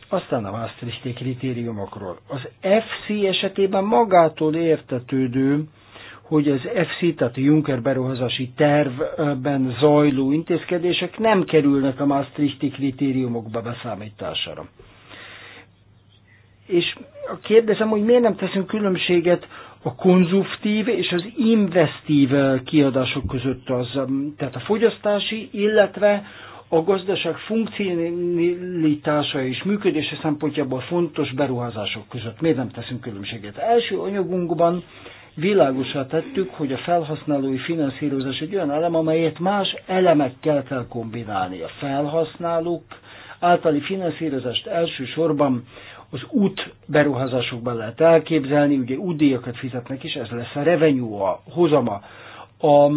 Aztán a Maastrichti kritériumokról. Az FC esetében magától értetődő, hogy az FC, tehát a Juncker beruházási tervben zajló intézkedések nem kerülnek a Maastrichti kritériumokba beszámítására. És kérdezem, hogy miért nem teszünk különbséget a konzumtív és az investív kiadások között az, tehát a fogyasztási, illetve a gazdaság funkcionalitása és működése szempontjából fontos beruházások között. Miért nem teszünk különbséget? Első anyagunkban világosra tettük, hogy a felhasználói finanszírozás egy olyan elem, amelyet más elemekkel kell kombinálni. A felhasználók általi finanszírozást elsősorban az út beruházásokban lehet elképzelni, ugye útdíjakat fizetnek is, ez lesz a revenue, a hozama a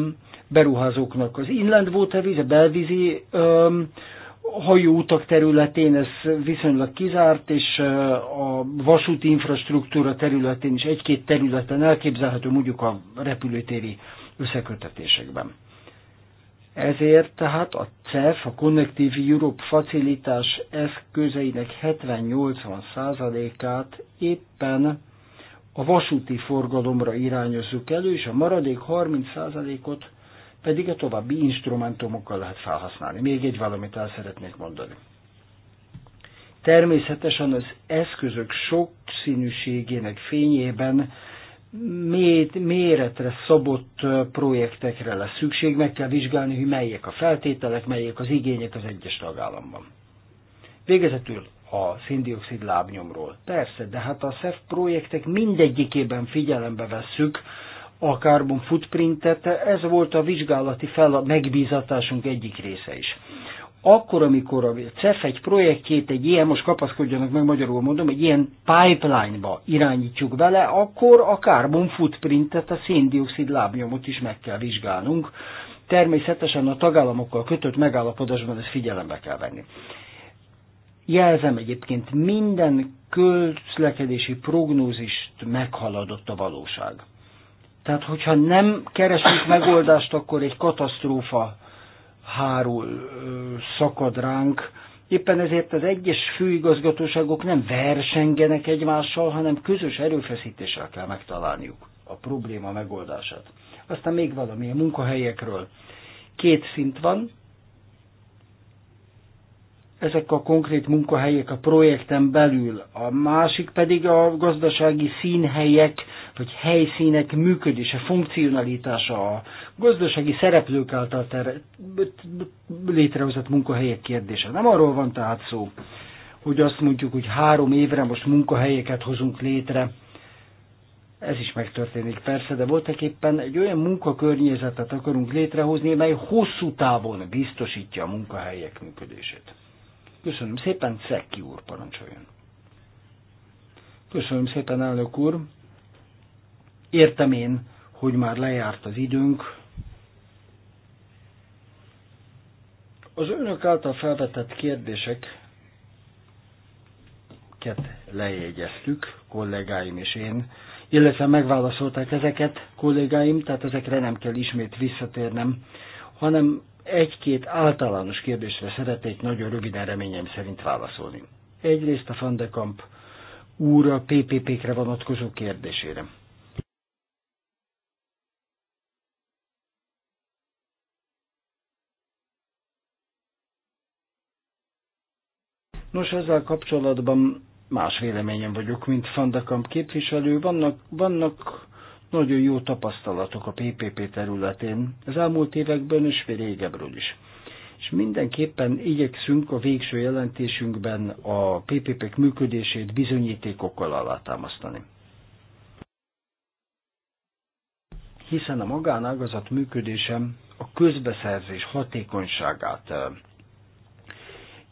beruházóknak. Az inland víz, a belvízi um, hajóutak területén ez viszonylag kizárt, és a vasúti infrastruktúra területén is egy-két területen elképzelhető, mondjuk a repülőtéri összekötetésekben. Ezért tehát a CEF, a Connective Europe facilitás eszközeinek 70-80%-át éppen a vasúti forgalomra irányozzuk elő, és a maradék 30%-ot pedig a további instrumentumokkal lehet felhasználni. Még egy valamit el szeretnék mondani. Természetesen az eszközök sokszínűségének fényében méretre szabott projektekre lesz szükség, meg kell vizsgálni, hogy melyek a feltételek, melyek az igények az egyes tagállamban. Végezetül a széndiokszid lábnyomról. Persze, de hát a SZEF projektek mindegyikében figyelembe vesszük a carbon footprintet, ez volt a vizsgálati fel a megbízatásunk egyik része is akkor, amikor a CEF egy projektjét, egy ilyen, most kapaszkodjanak meg magyarul mondom, egy ilyen pipeline-ba irányítjuk bele, akkor a carbon footprintet, a széndiokszid lábnyomot is meg kell vizsgálnunk. Természetesen a tagállamokkal kötött megállapodásban ezt figyelembe kell venni. Jelzem egyébként, minden közlekedési prognózist meghaladott a valóság. Tehát, hogyha nem keresünk megoldást, akkor egy katasztrófa hárul szakad ránk. Éppen ezért az egyes főigazgatóságok nem versengenek egymással, hanem közös erőfeszítéssel kell megtalálniuk a probléma megoldását. Aztán még valami a munkahelyekről. Két szint van, ezek a konkrét munkahelyek a projekten belül, a másik pedig a gazdasági színhelyek vagy helyszínek működése, funkcionalitása, a gazdasági szereplők által ter- létrehozott munkahelyek kérdése. Nem arról van tehát szó, hogy azt mondjuk, hogy három évre most munkahelyeket hozunk létre, ez is megtörténik persze, de voltak éppen egy olyan munkakörnyezetet akarunk létrehozni, mely hosszú távon biztosítja a munkahelyek működését. Köszönöm szépen, Szeki úr, parancsoljon. Köszönöm szépen, elnök úr. Értem én, hogy már lejárt az időnk. Az önök által felvetett kérdéseket lejegyeztük, kollégáim és én, illetve megválaszolták ezeket kollégáim, tehát ezekre nem kell ismét visszatérnem, hanem egy-két általános kérdésre szeretnék nagyon röviden reményem szerint válaszolni. Egyrészt a Fandekamp úr a PPP-kre vonatkozó kérdésére. Nos, ezzel kapcsolatban más véleményem vagyok, mint Fandekamp képviselő. Vannak, vannak nagyon jó tapasztalatok a PPP területén, az elmúlt években és régebről is. És mindenképpen igyekszünk a végső jelentésünkben a PPP-k működését bizonyítékokkal alátámasztani. Hiszen a magánágazat működésem a közbeszerzés hatékonyságát eh,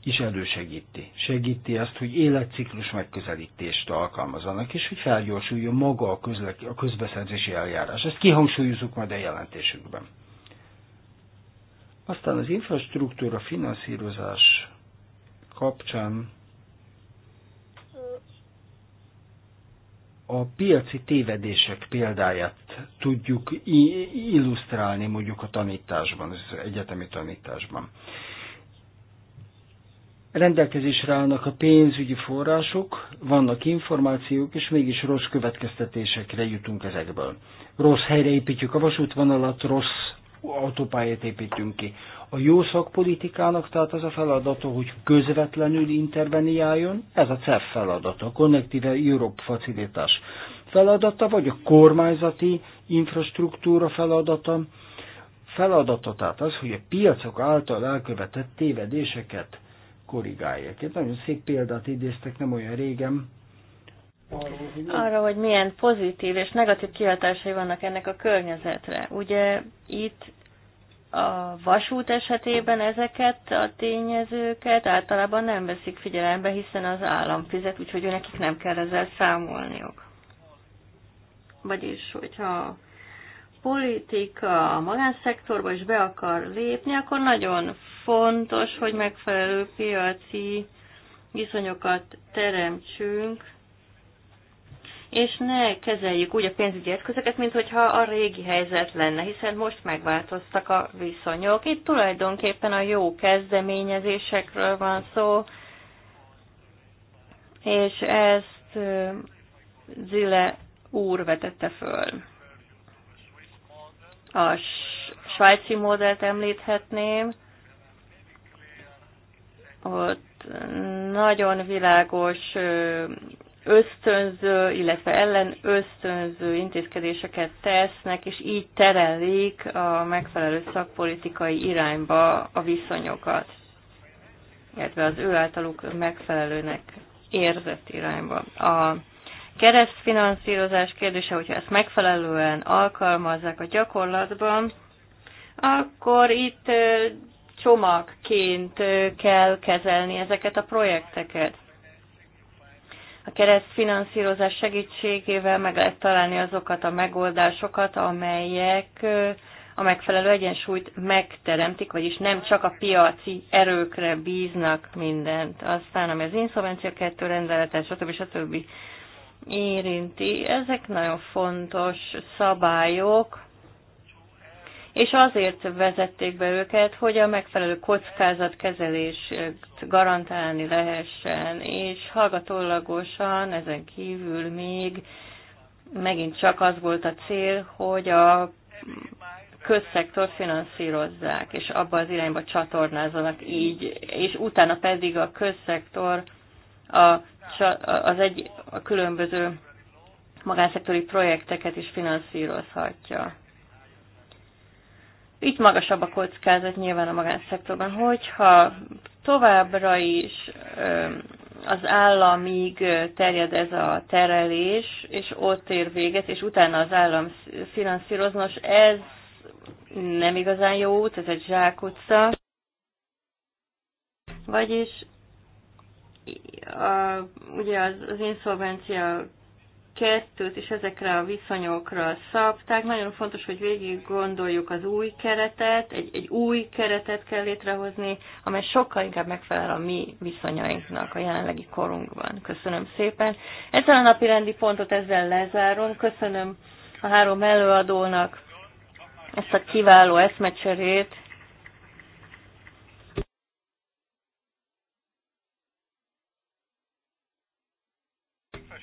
is elősegíti. Segíti azt, hogy életciklus megközelítést alkalmazanak, és hogy felgyorsuljon maga a, közlek, a közbeszerzési eljárás. Ezt kihangsúlyozunk majd a jelentésükben. Aztán az infrastruktúra finanszírozás kapcsán a piaci tévedések példáját tudjuk illusztrálni mondjuk a tanításban, az egyetemi tanításban rendelkezésre állnak a pénzügyi források, vannak információk, és mégis rossz következtetésekre jutunk ezekből. Rossz helyre építjük a vasútvonalat, rossz autópályát építünk ki. A jó szakpolitikának tehát az a feladata, hogy közvetlenül interveniáljon, ez a CEF feladata, a Connective Europe facilitás feladata, vagy a kormányzati infrastruktúra feladata. Feladata tehát az, hogy a piacok által elkövetett tévedéseket korrigálják. Egy nagyon szép példát idéztek nem olyan régen. Arra, hogy milyen pozitív és negatív kihatásai vannak ennek a környezetre. Ugye itt a vasút esetében ezeket a tényezőket általában nem veszik figyelembe, hiszen az állam fizet, úgyhogy nekik nem kell ezzel számolniuk. Vagyis, hogyha politika a magánszektorba is be akar lépni, akkor nagyon fontos, hogy megfelelő piaci viszonyokat teremtsünk, és ne kezeljük úgy a pénzügyi eszközöket, mint hogyha a régi helyzet lenne, hiszen most megváltoztak a viszonyok. Itt tulajdonképpen a jó kezdeményezésekről van szó, és ezt Zile úr vetette föl. A svájci modellt említhetném, ott nagyon világos ösztönző, illetve ellen ösztönző intézkedéseket tesznek, és így terelik a megfelelő szakpolitikai irányba a viszonyokat, illetve az ő általuk megfelelőnek érzett irányba. A keresztfinanszírozás kérdése, hogyha ezt megfelelően alkalmazzák a gyakorlatban, akkor itt csomagként kell kezelni ezeket a projekteket. A keresztfinanszírozás segítségével meg lehet találni azokat a megoldásokat, amelyek a megfelelő egyensúlyt megteremtik, vagyis nem csak a piaci erőkre bíznak mindent. Aztán, ami az inszolvencia kettő rendelete, stb. stb. stb érinti. Ezek nagyon fontos szabályok, és azért vezették be őket, hogy a megfelelő kockázatkezelést garantálni lehessen, és hallgatólagosan ezen kívül még megint csak az volt a cél, hogy a közszektor finanszírozzák, és abba az irányba csatornázzanak így, és utána pedig a közszektor a, az egy, a különböző magánszektori projekteket is finanszírozhatja. Itt magasabb a kockázat nyilván a magánszektorban, hogyha továbbra is az államig terjed ez a terelés, és ott ér véget, és utána az állam finanszíroznos, ez nem igazán jó út, ez egy zsákutca. Vagyis a, ugye az, az inszolvencia kettőt és ezekre a viszonyokra szabták. Nagyon fontos, hogy végig gondoljuk az új keretet, egy, egy új keretet kell létrehozni, amely sokkal inkább megfelel a mi viszonyainknak a jelenlegi korunkban. Köszönöm szépen. Ezzel a napi rendi pontot ezzel lezárom. Köszönöm a három előadónak ezt a kiváló eszmecserét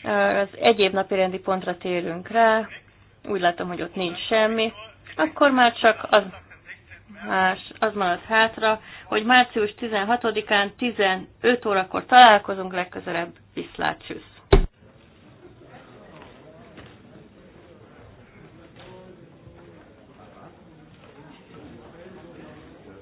Az egyéb napi rendi pontra térünk rá, úgy látom, hogy ott nincs semmi, akkor már csak az, más, az marad hátra, hogy március 16-án 15 órakor találkozunk legközelebb, viszlát, csüssz.